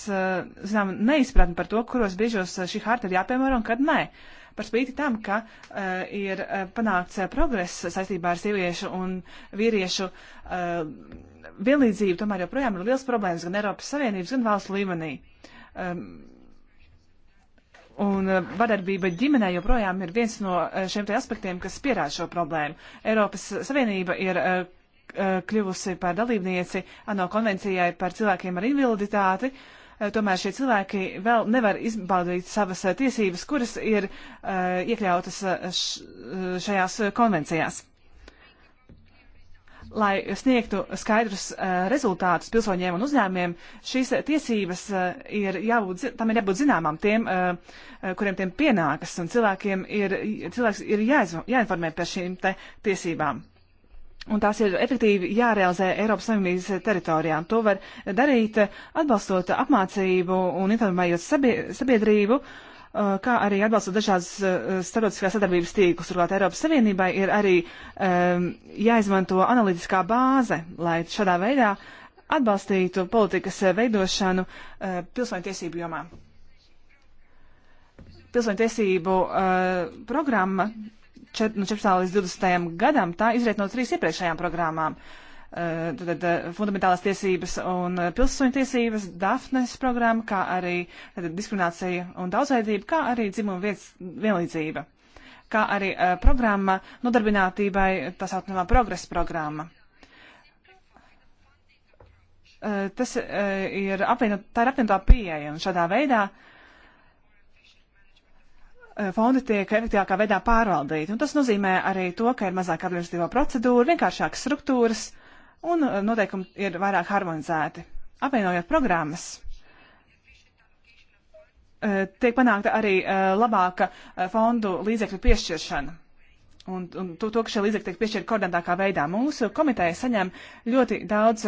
zinām, neizpratni par to, kuros brīžos šī harta ir jāpiemēro un kad nē. Par spīti tam, ka uh, ir panākts progress saistībā ar sieviešu un vīriešu uh, vienlīdzību, tomēr joprojām ir liels problēmas gan Eiropas Savienības, gan valsts līmenī. Um, Un eh, vardarbība ģimenē joprojām ir viens no eh, šiem te aspektiem, kas pierāda šo problēmu. Eiropas Savienība ir eh, kļuvusi par dalībnieci ANO konvencijai par cilvēkiem ar invaliditāti. Tomēr šie cilvēki vēl nevar izbaudīt savas tiesības, kuras ir iekļautas šajās konvencijās lai sniegtu skaidrus uh, rezultātus pilsoņiem un uzņēmumiem, šīs tiesības uh, ir jābūt, tam ir jābūt zināmām tiem, uh, kuriem tiem pienākas, un cilvēkiem ir, cilvēks ir jāizv, jāinformē par šīm te tiesībām. Un tās ir efektīvi jārealizē Eiropas Savienības teritorijā. Un to var darīt atbalstot apmācību un informējot sabiedrību. Uh, Uh, kā arī atbalstot dažādas uh, starptautiskās sadarbības tīklus. Turklāt Eiropas Savienībai ir arī um, jāizmanto analītiskā bāze, lai šādā veidā atbalstītu politikas uh, veidošanu uh, pilsoņu tiesību jomā. Pilsoņu tiesību uh, programma no 14. līdz 20. gadam tā izriet no trīs iepriekšējām programmām. Uh, Eh, tad, eh, fundamentālās tiesības un eh, pilsoņu tiesības, Dafnes programma, kā arī tad, diskriminācija un daudzveidība, kā arī dzimuma vietas vienlīdzība, kā arī uh, programma nodarbinātībai, tā saucamā progresa programma. Uh, tas uh, ir apvienot, tā ir apvienotā pieeja, un šādā veidā fondi tiek efektīvākā veidā pārvaldīti. Un tas nozīmē arī to, ka ir mazāk administratīvo procedūru, vienkāršākas struktūras, un eh, noteikumi ir vairāk harmonizēti. Apvienojot programmas, eh, tiek panākta arī eh, labāka fondu līdzekļu piešķiršana. Un, un to, to, ka šie līdzekļi tiek piešķirti koordinētākā veidā, mūsu komiteja saņem ļoti daudz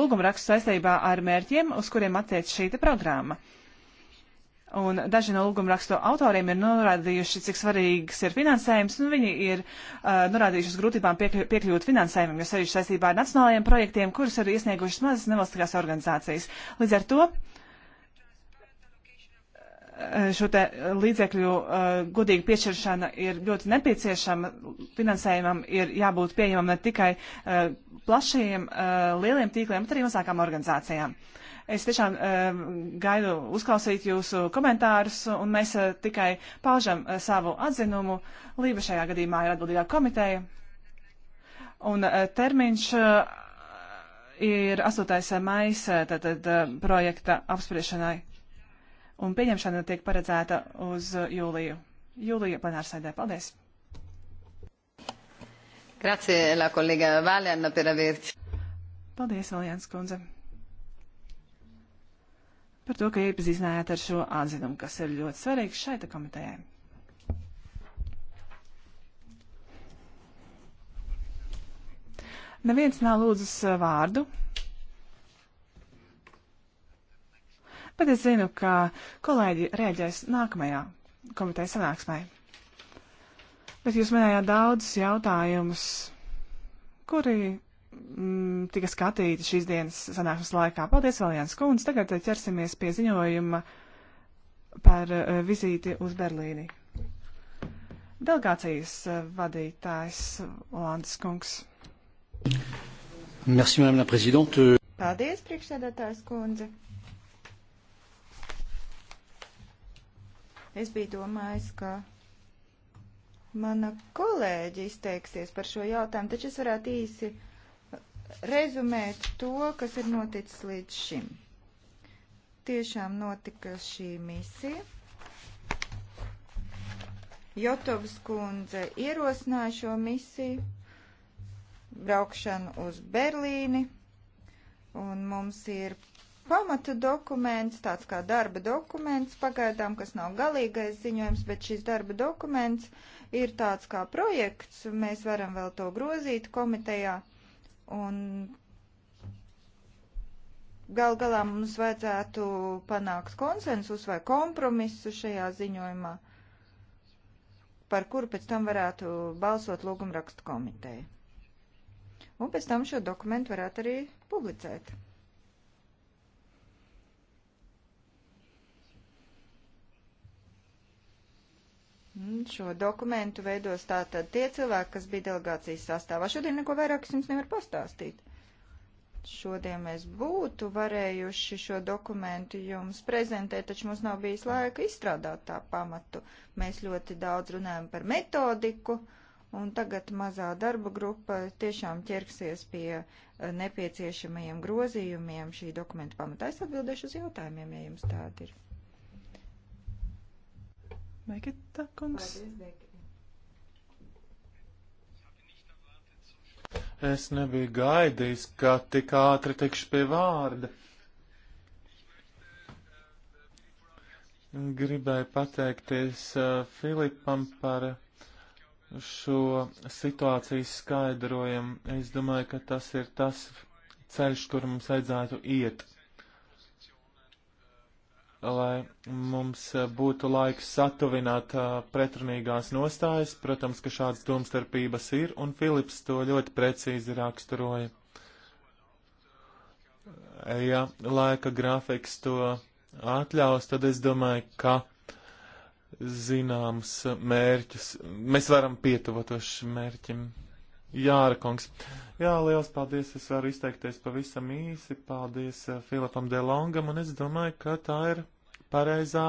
lūgumrakstu saistībā ar mērķiem, uz kuriem attiec šī programma. Uh, Un daži no lūgumrakstu autoriem ir norādījuši, cik svarīgs ir finansējums, un viņi ir uh, norādījuši uz grūtībām piekļu, piekļūt finansējumam, jo sevišķi saistībā ar nacionālajiem projektiem, kurus ir iesniegušas mazas nevalstiskās organizācijas. Līdz ar to uh, šo te līdzekļu uh, godīga piešķiršana ir ļoti nepieciešama. Finansējumam ir jābūt pieejamam ne tikai uh, plašajiem, uh, lieliem tīkliem, bet arī mazākām organizācijām. Uh, Es tiešām uh, gaidu uzklausīt jūsu komentārus, un mēs uh, tikai paužam uh, savu atzinumu. Lība šajā gadījumā ir atbildīgā komiteja, un uh, termiņš uh, ir 8. maijs tātad, projekta apspriešanai, un pieņemšana tiek paredzēta uz jūliju. Jūlija plenārsēdē. Paldies! Grazie, la kolēga Valjana, per averci. Paldies, Valjans kundze par to, ka iepazīstinājāt ar šo atzinumu, kas ir ļoti svarīgs šai komitejai. Neviens nav lūdzis eh, vārdu. Bet es zinu, ka kolēģi rēģēs nākamajā komitejas sanāksmē. Bet jūs minējāt daudzus jautājumus, kuri m, mm, tika skatīti šīs dienas sanāksmes laikā. Paldies, Valjāns Kunds. Tagad ķersimies pie ziņojuma par eh, vizīti uz Berlīni. Delegācijas eh, vadītājs Landes Kungs. Merci, madame la présidente. Paldies, priekšsēdētājs kundze. Es biju domājis, ka mana kolēģi izteiksies par šo jautājumu, taču es varētu īsi rezumēt to, kas ir noticis līdz šim. Tiešām notika šī misija. Jotovs kundze ierosināja šo misiju, braukšanu uz Berlīni, un mums ir pamata dokuments, tāds kā darba dokuments, pagaidām, kas nav galīgais ziņojums, bet šis darba dokuments ir tāds kā projekts, mēs varam vēl to grozīt komitejā Un gal galā mums vajadzētu panākt konsensus vai kompromisu šajā ziņojumā, par kuru pēc tam varētu balsot lūgumrakstu komiteja. Un pēc tam šo dokumentu varētu arī publicēt. Mm, šo dokumentu veidos tātad tie cilvēki, kas bija delegācijas sastāvā. Šodien neko vairāk es jums nevaru pastāstīt. Šodien mēs būtu varējuši šo dokumentu jums prezentēt, taču mums nav bijis laika izstrādāt tā pamatu. Mēs ļoti daudz runājam par metodiku, un tagad mazā darba grupa tiešām ķerksies pie eh, nepieciešamajiem grozījumiem šī dokumenta pamatā. Es atbildēšu uz jautājumiem, ja jums tādi ir. Megetta kungs. Es nebiju gaidījis, ka tik ātri tikšu pie vārda. Gribēju pateikties uh, Filipam par šo situācijas skaidrojumu. Es domāju, ka tas ir tas ceļš, kur mums vajadzētu iet lai mums e, būtu laiks satuvināt e, pretrunīgās nostājas. Protams, ka šādas domstarpības ir, un Filips to ļoti precīzi raksturoja. E, ja laika grafiks to atļaus, tad es domāju, ka zināms mērķis, mēs varam pietuvoties šim mērķim. Jāra kungs. Jā, liels paldies. Es varu izteikties pavisam īsi. Paldies Filipam Delongam, un es domāju, ka tā ir pareizā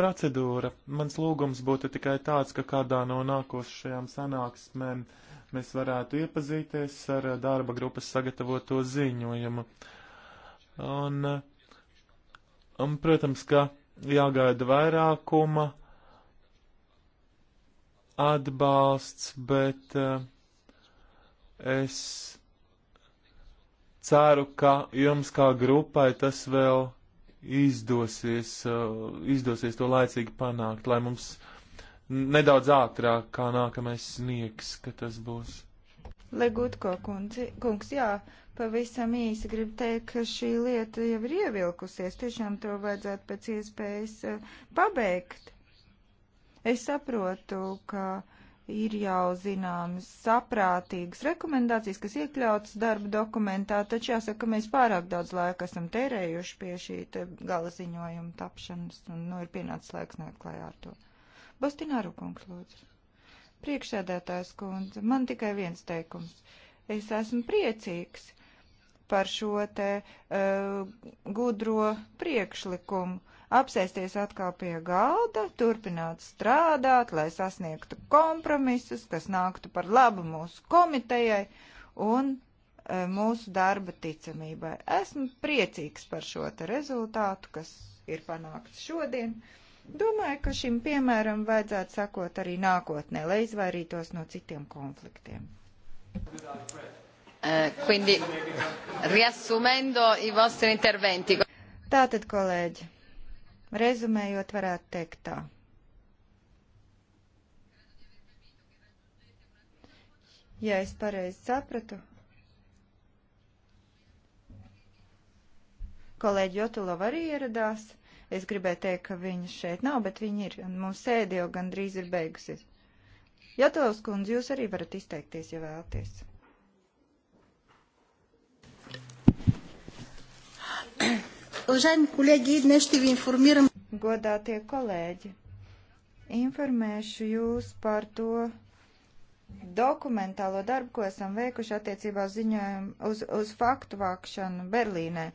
procedūra. Mans lūgums būtu tikai tāds, ka kādā no nākošajām sanāksmēm mēs varētu iepazīties ar darba grupas sagatavoto ziņojumu. Un, un protams, ka jāgaida vairākuma atbalsts, bet uh, es ceru, ka jums kā grupai tas vēl izdosies, uh, izdosies to laicīgi panākt, lai mums nedaudz ātrāk kā nākamais sniegs, ka tas būs. Legutko kundzi, kungs, jā, pavisam īsi gribu teikt, ka šī lieta jau ir ievilkusies, tiešām to vajadzētu pēc iespējas uh, pabeigt. Es saprotu, ka ir jau zināmas saprātīgas rekomendācijas, kas iekļautas darba dokumentā, taču jāsaka, ka mēs pārāk daudz laika esam tērējuši pie šī gala ziņojuma tapšanas, un nu ir pienācis laiks nākt klajā ar to. Bostināru kungs, lūdzu. Priekšsēdētājs kundze, man tikai viens teikums. Es esmu priecīgs par šo te uh, gudro priekšlikumu apsēsties atkal pie galda, turpināt strādāt, lai sasniegtu kompromisus, kas nāktu par labu mūsu komitejai un e, mūsu darba ticamībai. Esmu priecīgs par šo te rezultātu, kas ir panākts šodien. Domāju, ka šim piemēram vajadzētu sakot arī nākotnē, lai izvairītos no citiem konfliktiem. Uh, quindi, riassumendo i vostri interventi. Tātad, kolēģi, Rezumējot, varētu teikt tā. Ja es pareizi sapratu, kolēģi Jotulova arī ieradās. Es gribēju teikt, ka viņas šeit nav, bet viņi ir, un mūsu sēdi jau gandrīz ir beigusies. Jotulovs kundze, jūs arī varat izteikties, ja vēlaties. Уважаеми колеги, днес ще ви информирам. Godātie kolēģi, informēšu jūs par to dokumentālo darbu, ko esam veikuši attiecībā uz, ziņojumu, uz, uz faktu vākšanu Berlīnē.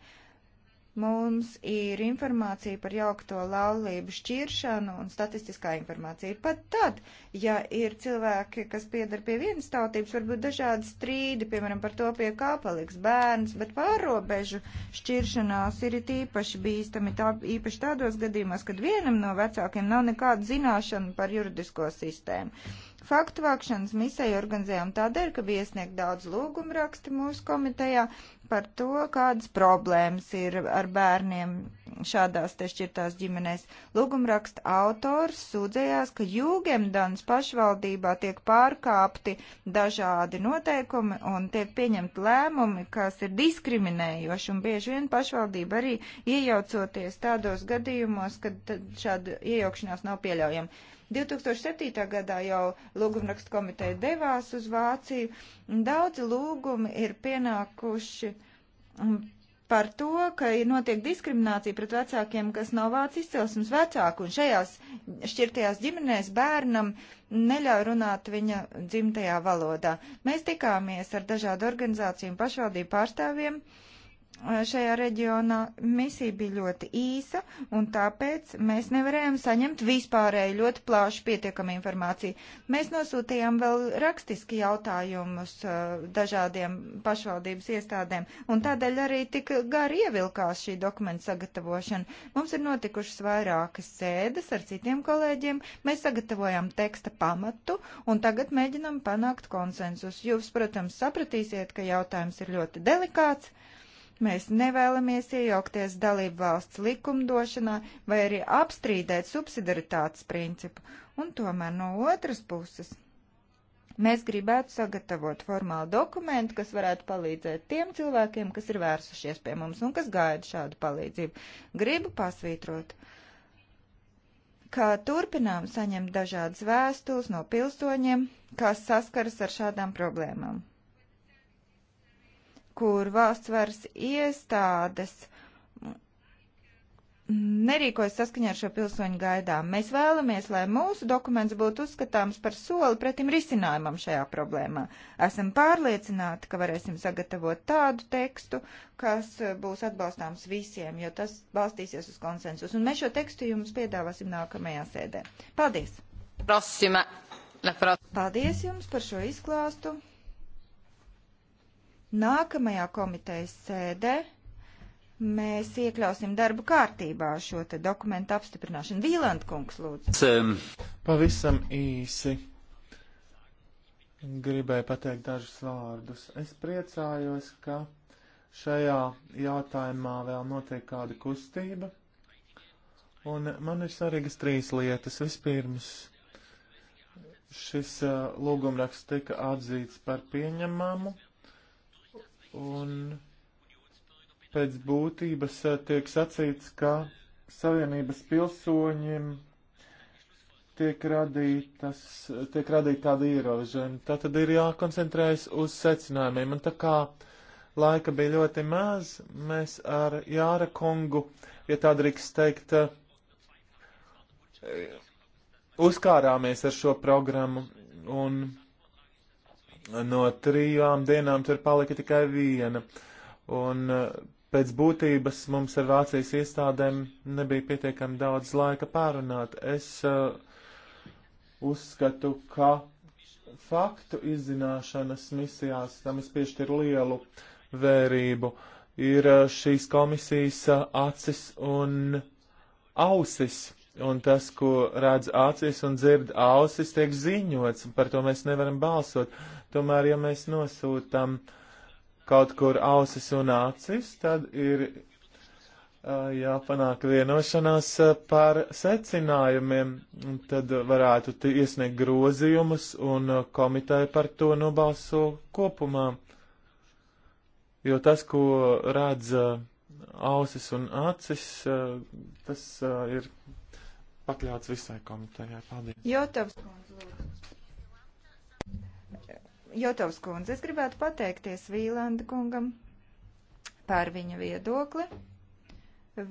Mums ir informācija par jaukto laulību šķiršanu un statistiskā informācija. Pat tad, ja ir cilvēki, kas piedar pie vienas tautības, varbūt dažādi strīdi, piemēram, par to, pie kā paliks bērns, bet pārobežu šķiršanās ir īpaši bīstami, tā, īpaši tādos gadījumos, kad vienam no vecākiem nav nekāda zināšana par juridisko sistēmu. Faktu vākšanas misiju organizējām tādēļ, ka bija iesniegt daudz lūgumu raksti mūsu komitejā par to, kādas problēmas ir ar bērniem šādās te šķirtās ģimenēs. Lūgumraksta autors sūdzējās, ka Jūgemdans pašvaldībā tiek pārkāpti dažādi noteikumi un tiek pieņemti lēmumi, kas ir diskriminējoši, un bieži vien pašvaldība arī iejaucoties tādos gadījumos, kad šāda iejaukšanās nav pieļaujama 2007. gadā jau lūgumrakstu komiteja devās uz Vāciju. Daudzi lūgumi ir pienākuši par to, ka ir notiek diskriminācija pret vecākiem, kas nav vācu izcelsmes vecāku, un šajās šķirtajās ģimenēs bērnam neļauj runāt viņa dzimtajā valodā. Mēs tikāmies ar dažādu organizāciju un pašvaldību pārstāvjiem. Uh, šajā reģionā misija bija ļoti īsa, un tāpēc mēs nevarējām saņemt vispārēju ļoti plāšu pietiekamu informāciju. Mēs nosūtījām vēl rakstiski jautājumus uh, dažādiem pašvaldības iestādēm, un tādēļ arī tik gari ievilkās šī dokumenta sagatavošana. Mums ir notikušas vairākas sēdes ar citiem kolēģiem, mēs sagatavojām teksta pamatu, un tagad mēģinam panākt konsensus. Jūs, protams, sapratīsiet, ka jautājums ir ļoti delikāts Mēs nevēlamies iejaukties dalību valsts likumdošanā vai arī apstrīdēt subsidaritātes principu. Un tomēr no otras puses. Mēs gribētu sagatavot formālu dokumentu, kas varētu palīdzēt tiem cilvēkiem, kas ir vērsušies pie mums un kas gaida šādu palīdzību. Gribu pasvītrot, ka turpinām saņemt dažādas vēstules no pilsoņiem, kas saskaras ar šādām problēmām kur valsts varas iestādes nerīkojas saskaņā ar šo pilsoņu gaidām. Mēs vēlamies, lai mūsu dokuments būtu uzskatāms par soli pretim risinājumam šajā problēmā. Esam pārliecināti, ka varēsim sagatavot tādu tekstu, kas būs atbalstāms visiem, jo tas balstīsies uz konsensus. Un mēs šo tekstu jums piedāvāsim nākamajā sēdē. Paldies! Prasime. Paldies jums par šo izklāstu. Nākamajā komitejas sēdē mēs iekļausim darbu kārtībā šo te dokumentu apstiprināšanu. Vīland kungs, lūdzu. Pavisam īsi. Gribēju pateikt dažus vārdus. Es priecājos, ka šajā jautājumā vēl notiek kāda kustība. Un man ir svarīgas trīs lietas. Vispirms, šis uh, lūgumraksts tika atzīts par pieņemamu un pēc būtības eh, tiek sacīts, ka Savienības pilsoņiem tiek, radītas, tiek radīta tāda ierobežojuma. Tā tad ir jākoncentrējas uz secinājumiem. Un tā kā laika bija ļoti maz, mēs ar Jāra Kongu, ja tā drīkst teikt, eh, uzkārāmies ar šo programmu. Un No trijām dienām tur palika tikai viena. Un eh, pēc būtības mums ar Vācijas iestādēm nebija pietiekami daudz laika pārunāt. Es uh, uzskatu, ka faktu izzināšanas misijās, tam es piešķiru lielu vērību, ir eh, šīs komisijas acis un ausis un tas, ko redz acis un dzird ausis, tiek ziņots, un par to mēs nevaram balsot. Tomēr, ja mēs nosūtam kaut kur ausis un acis, tad ir uh, jāpanāk vienošanās par secinājumiem, un tad varētu iesniegt grozījumus, un komiteja par to nobalso kopumā. Jo tas, ko redz ausis un acis, tas ir pakļauts visai komitejai. Paldies. Jotovs kundze. Jotovs kundze, es gribētu pateikties Vīlanda kungam par viņa viedokli.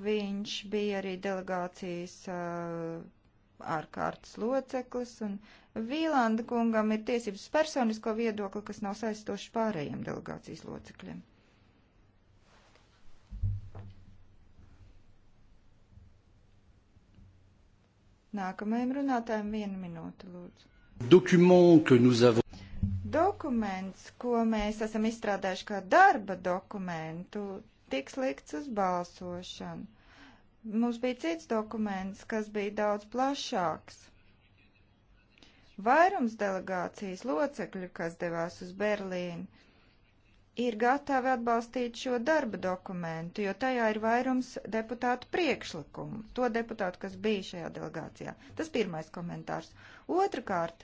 Viņš bija arī delegācijas uh, ārkārtas loceklis, un Vīlanda kungam ir tiesības personisko viedokli, kas nav saistoši pārējiem delegācijas locekļiem. Nākamajam runātājam vienu minūtu, lūdzu. Dokument, ka nous avons. Dokuments, ko mēs esam izstrādājuši kā darba dokumentu, tiks likts uz balsošanu. Mums bija cits dokuments, kas bija daudz plašāks. Vairums delegācijas locekļu, kas devās uz Berlīnu, ir gatavi atbalstīt šo darba dokumentu, jo tajā ir vairums deputātu priekšlikumu, to deputātu, kas bija šajā delegācijā. Tas pirmais komentārs. Otrakārt,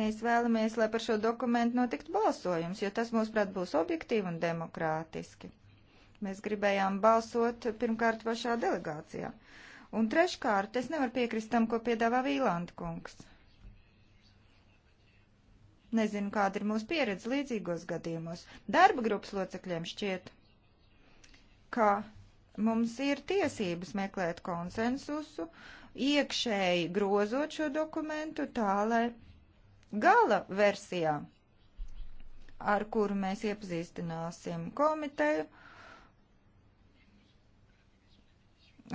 mēs vēlamies, lai par šo dokumentu notiktu balsojums, jo tas, mūsuprāt, būs objektīvi un demokrātiski. Mēs gribējām balsot pirmkārt pašā delegācijā. Un treškārt, es nevaru piekrist tam, ko piedāvā Vīlanda kungs Nezinu, kāda ir mūsu pieredze līdzīgos gadījumos. Darba grupas locekļiem šķiet, ka mums ir tiesības meklēt konsensusu, iekšēji grozot šo dokumentu tā, lai gala versijā, ar kuru mēs iepazīstināsim komiteju, uh,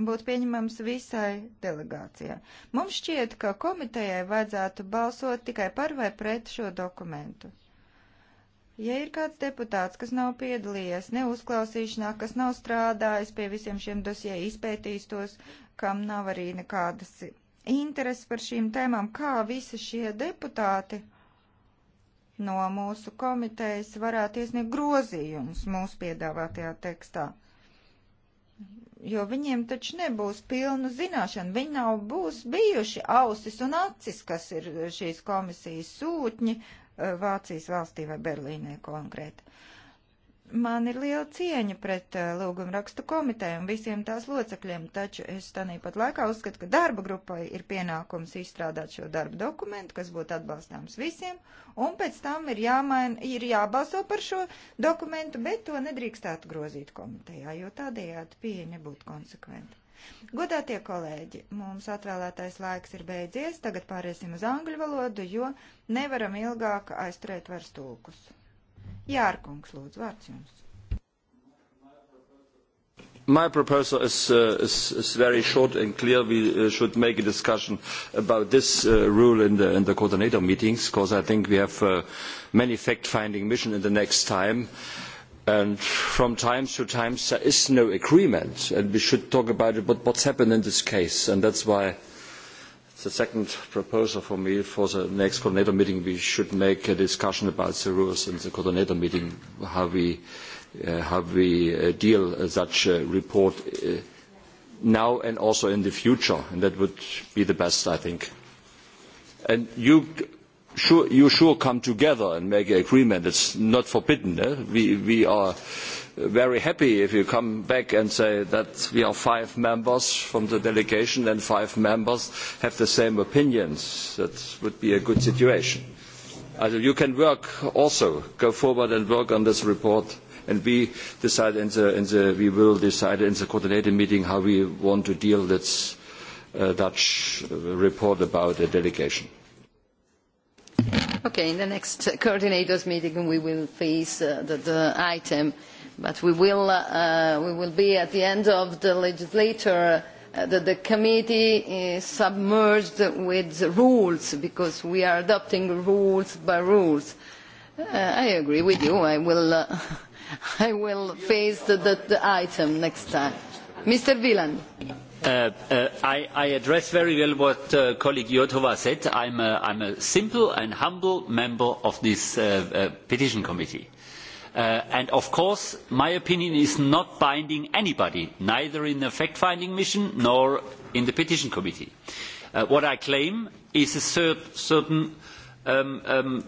būtu pieņemams visai delegācijai. Mums šķiet, ka komitejai vajadzētu balsot tikai par vai pret šo dokumentu. Ja ir kāds deputāts, kas nav piedalījies neuzklausīšanā, kas nav strādājis pie visiem šiem dosie, izpētījis tos, kam nav arī nekādas intereses par šīm tēmām, kā visi šie deputāti no mūsu komitejas varētu iesniegt grozījumus mūsu piedāvātajā tekstā jo viņiem taču nebūs pilnu zināšanu. Viņi nav būs bijuši ausis un acis, kas ir šīs komisijas sūtņi eh, Vācijas valstī vai Berlīnē konkrēti. Uh, Man ir liela cieņa pret uh, eh, lūgumu rakstu komiteju un visiem tās locekļiem, taču es tāpat laikā uzskatu, ka darba grupai ir pienākums izstrādāt šo darbu dokumentu, kas būtu atbalstāms visiem, un pēc tam ir, jāmaina, ir jābalso par šo dokumentu, bet to nedrīkstētu grozīt komitejā, jo tādējādi pieeja nebūtu konsekventa. Godātie kolēģi, mums atvēlētais laiks ir beidzies, tagad pāriesim uz angļu valodu, jo nevaram ilgāk aizturēt vairs tulkus. Jārkungs, lūdzu, vārds jums. My proposal is, uh, is, is very short and clear. We uh, should make a discussion about this uh, rule in the, in the coordinator meetings, because I think we have uh, many fact-finding mission in the next time. And from time to time, there is no agreement, and we should talk about it, but what's happened in this case. And that's why uh, the second proposal for me for the next coordinator meeting, we should make a discussion about the rules in the coordinator meeting, how we, uh, how we uh, deal uh, such a report uh, now and also in the future, and that would be the best, I think. And you sure, you sure come together and make an agreement. It's not forbidden. Eh? We, we are very happy if you come back and say that we are five members from the delegation and five members have the same opinions. That would be a good situation. Also, you can work also, go forward and work on this report. And we decide in the, in the, we will decide in the coordinated meeting how we want to deal with uh, Dutch uh, report about the delegation. Okay, in the next coordinators meeting we will face uh, the, the item uh, but we will, uh, uh, we will be at the end of the legislature uh, that the committee is submerged with rules because we are adopting rules by rules. Uh, I agree with you. I will, uh, I will face the, the, the item next time. Mr. Wieland. Uh, uh, I, I address very well what uh, colleague Jotova said. I'm a, I'm a simple and humble member of this uh, uh, petition committee Uh, and of course my opinion is not binding anybody neither in the fact finding mission nor in the petition committee. Uh, what i claim is a cert, certain um, um,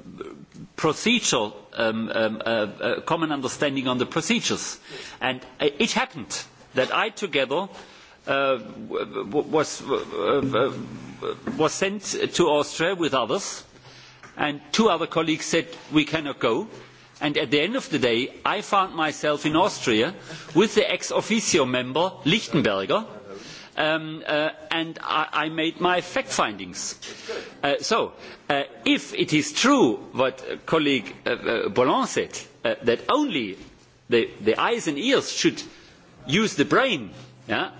procedural um, um, uh, uh, common understanding on the procedures and uh, it happened that i together uh, was, uh, was sent to austria with others and two other colleagues said we cannot go' and at the end of the day i found myself in austria with the ex officio member lichtenberger um, uh, and I, I made my fact findings. Uh, so, uh, if it is true what colleague uh, uh, Bolland said, uh, that only the, the eyes and ears should use the brain, yeah,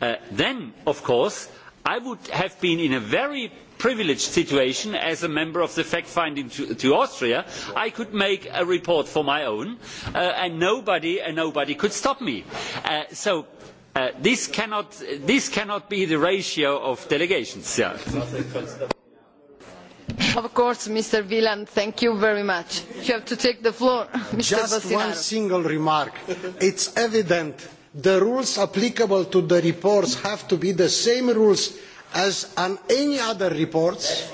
uh, then, of course, I would have been in a very privileged situation as a member of the fact finding to, to austria i could make a report for my own uh, and nobody and nobody could stop me uh, so uh, this cannot this cannot be the ratio of delegations yeah. of course mr wieland thank you very much you have to take the floor mr just Bastinaro. one single remark it's evident the rules applicable to the reports have to be the same rules as on any other reports,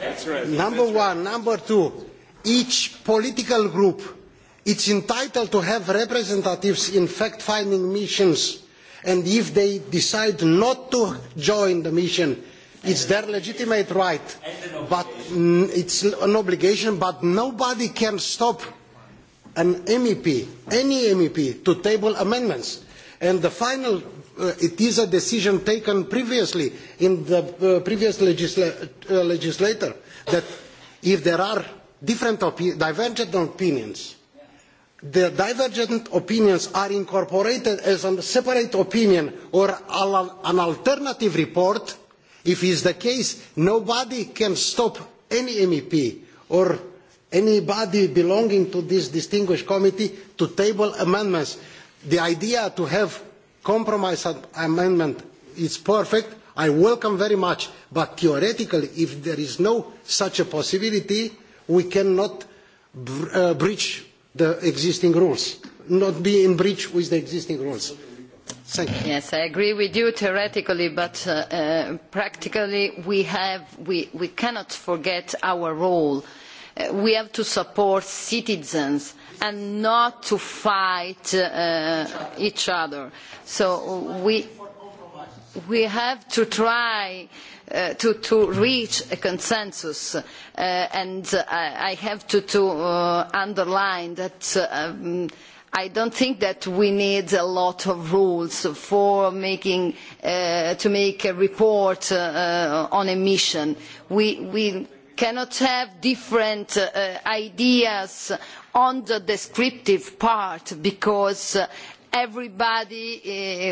That's right. number That's right. one, number two, each political group is entitled to have representatives in fact-finding missions, and if they decide not to join the mission, it's their legitimate right, but it's an obligation, but nobody can stop an MEP, any MEP, to table amendments. And the final uh, it is a decision taken previously in the uh, previous legisla uh, legislator that if there are different opi divergent opinions, the divergent opinions are incorporated as a separate opinion or al an alternative report. If is the case, nobody can stop any MEP or anybody belonging to this distinguished committee to table amendments. The idea to have compromise amendment is perfect, I welcome very much, but theoretically, if there is no such a possibility, we cannot br uh, breach the existing rules, not be in breach with the existing rules. Thank you. Yes, I agree with you theoretically, but uh, uh, practically we, have, we, we cannot forget our role. Uh, we have to support citizens and not to fight uh, each other. So we, we have to try uh, to, to reach a consensus uh, and I, I have to, to uh, underline that uh, um, I don't think that we need a lot of rules for making, uh, to make a report uh, uh on emission. We, we cannot have different uh, ideas on the descriptive part because uh, everybody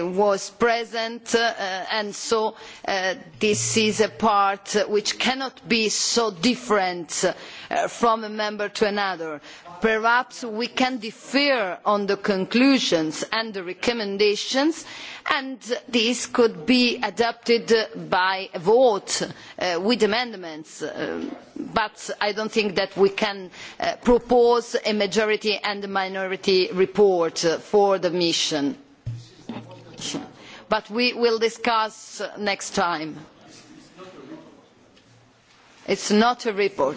uh, was present uh, and so uh, this is a part which cannot be so different uh, from a member to another perhaps we can differ on the conclusions and the recommendations and these could be adopted by a vote uh, with amendments uh, but i do not think that we can uh, propose a majority and a minority report uh, for the mission but we will discuss next time. it is not a report.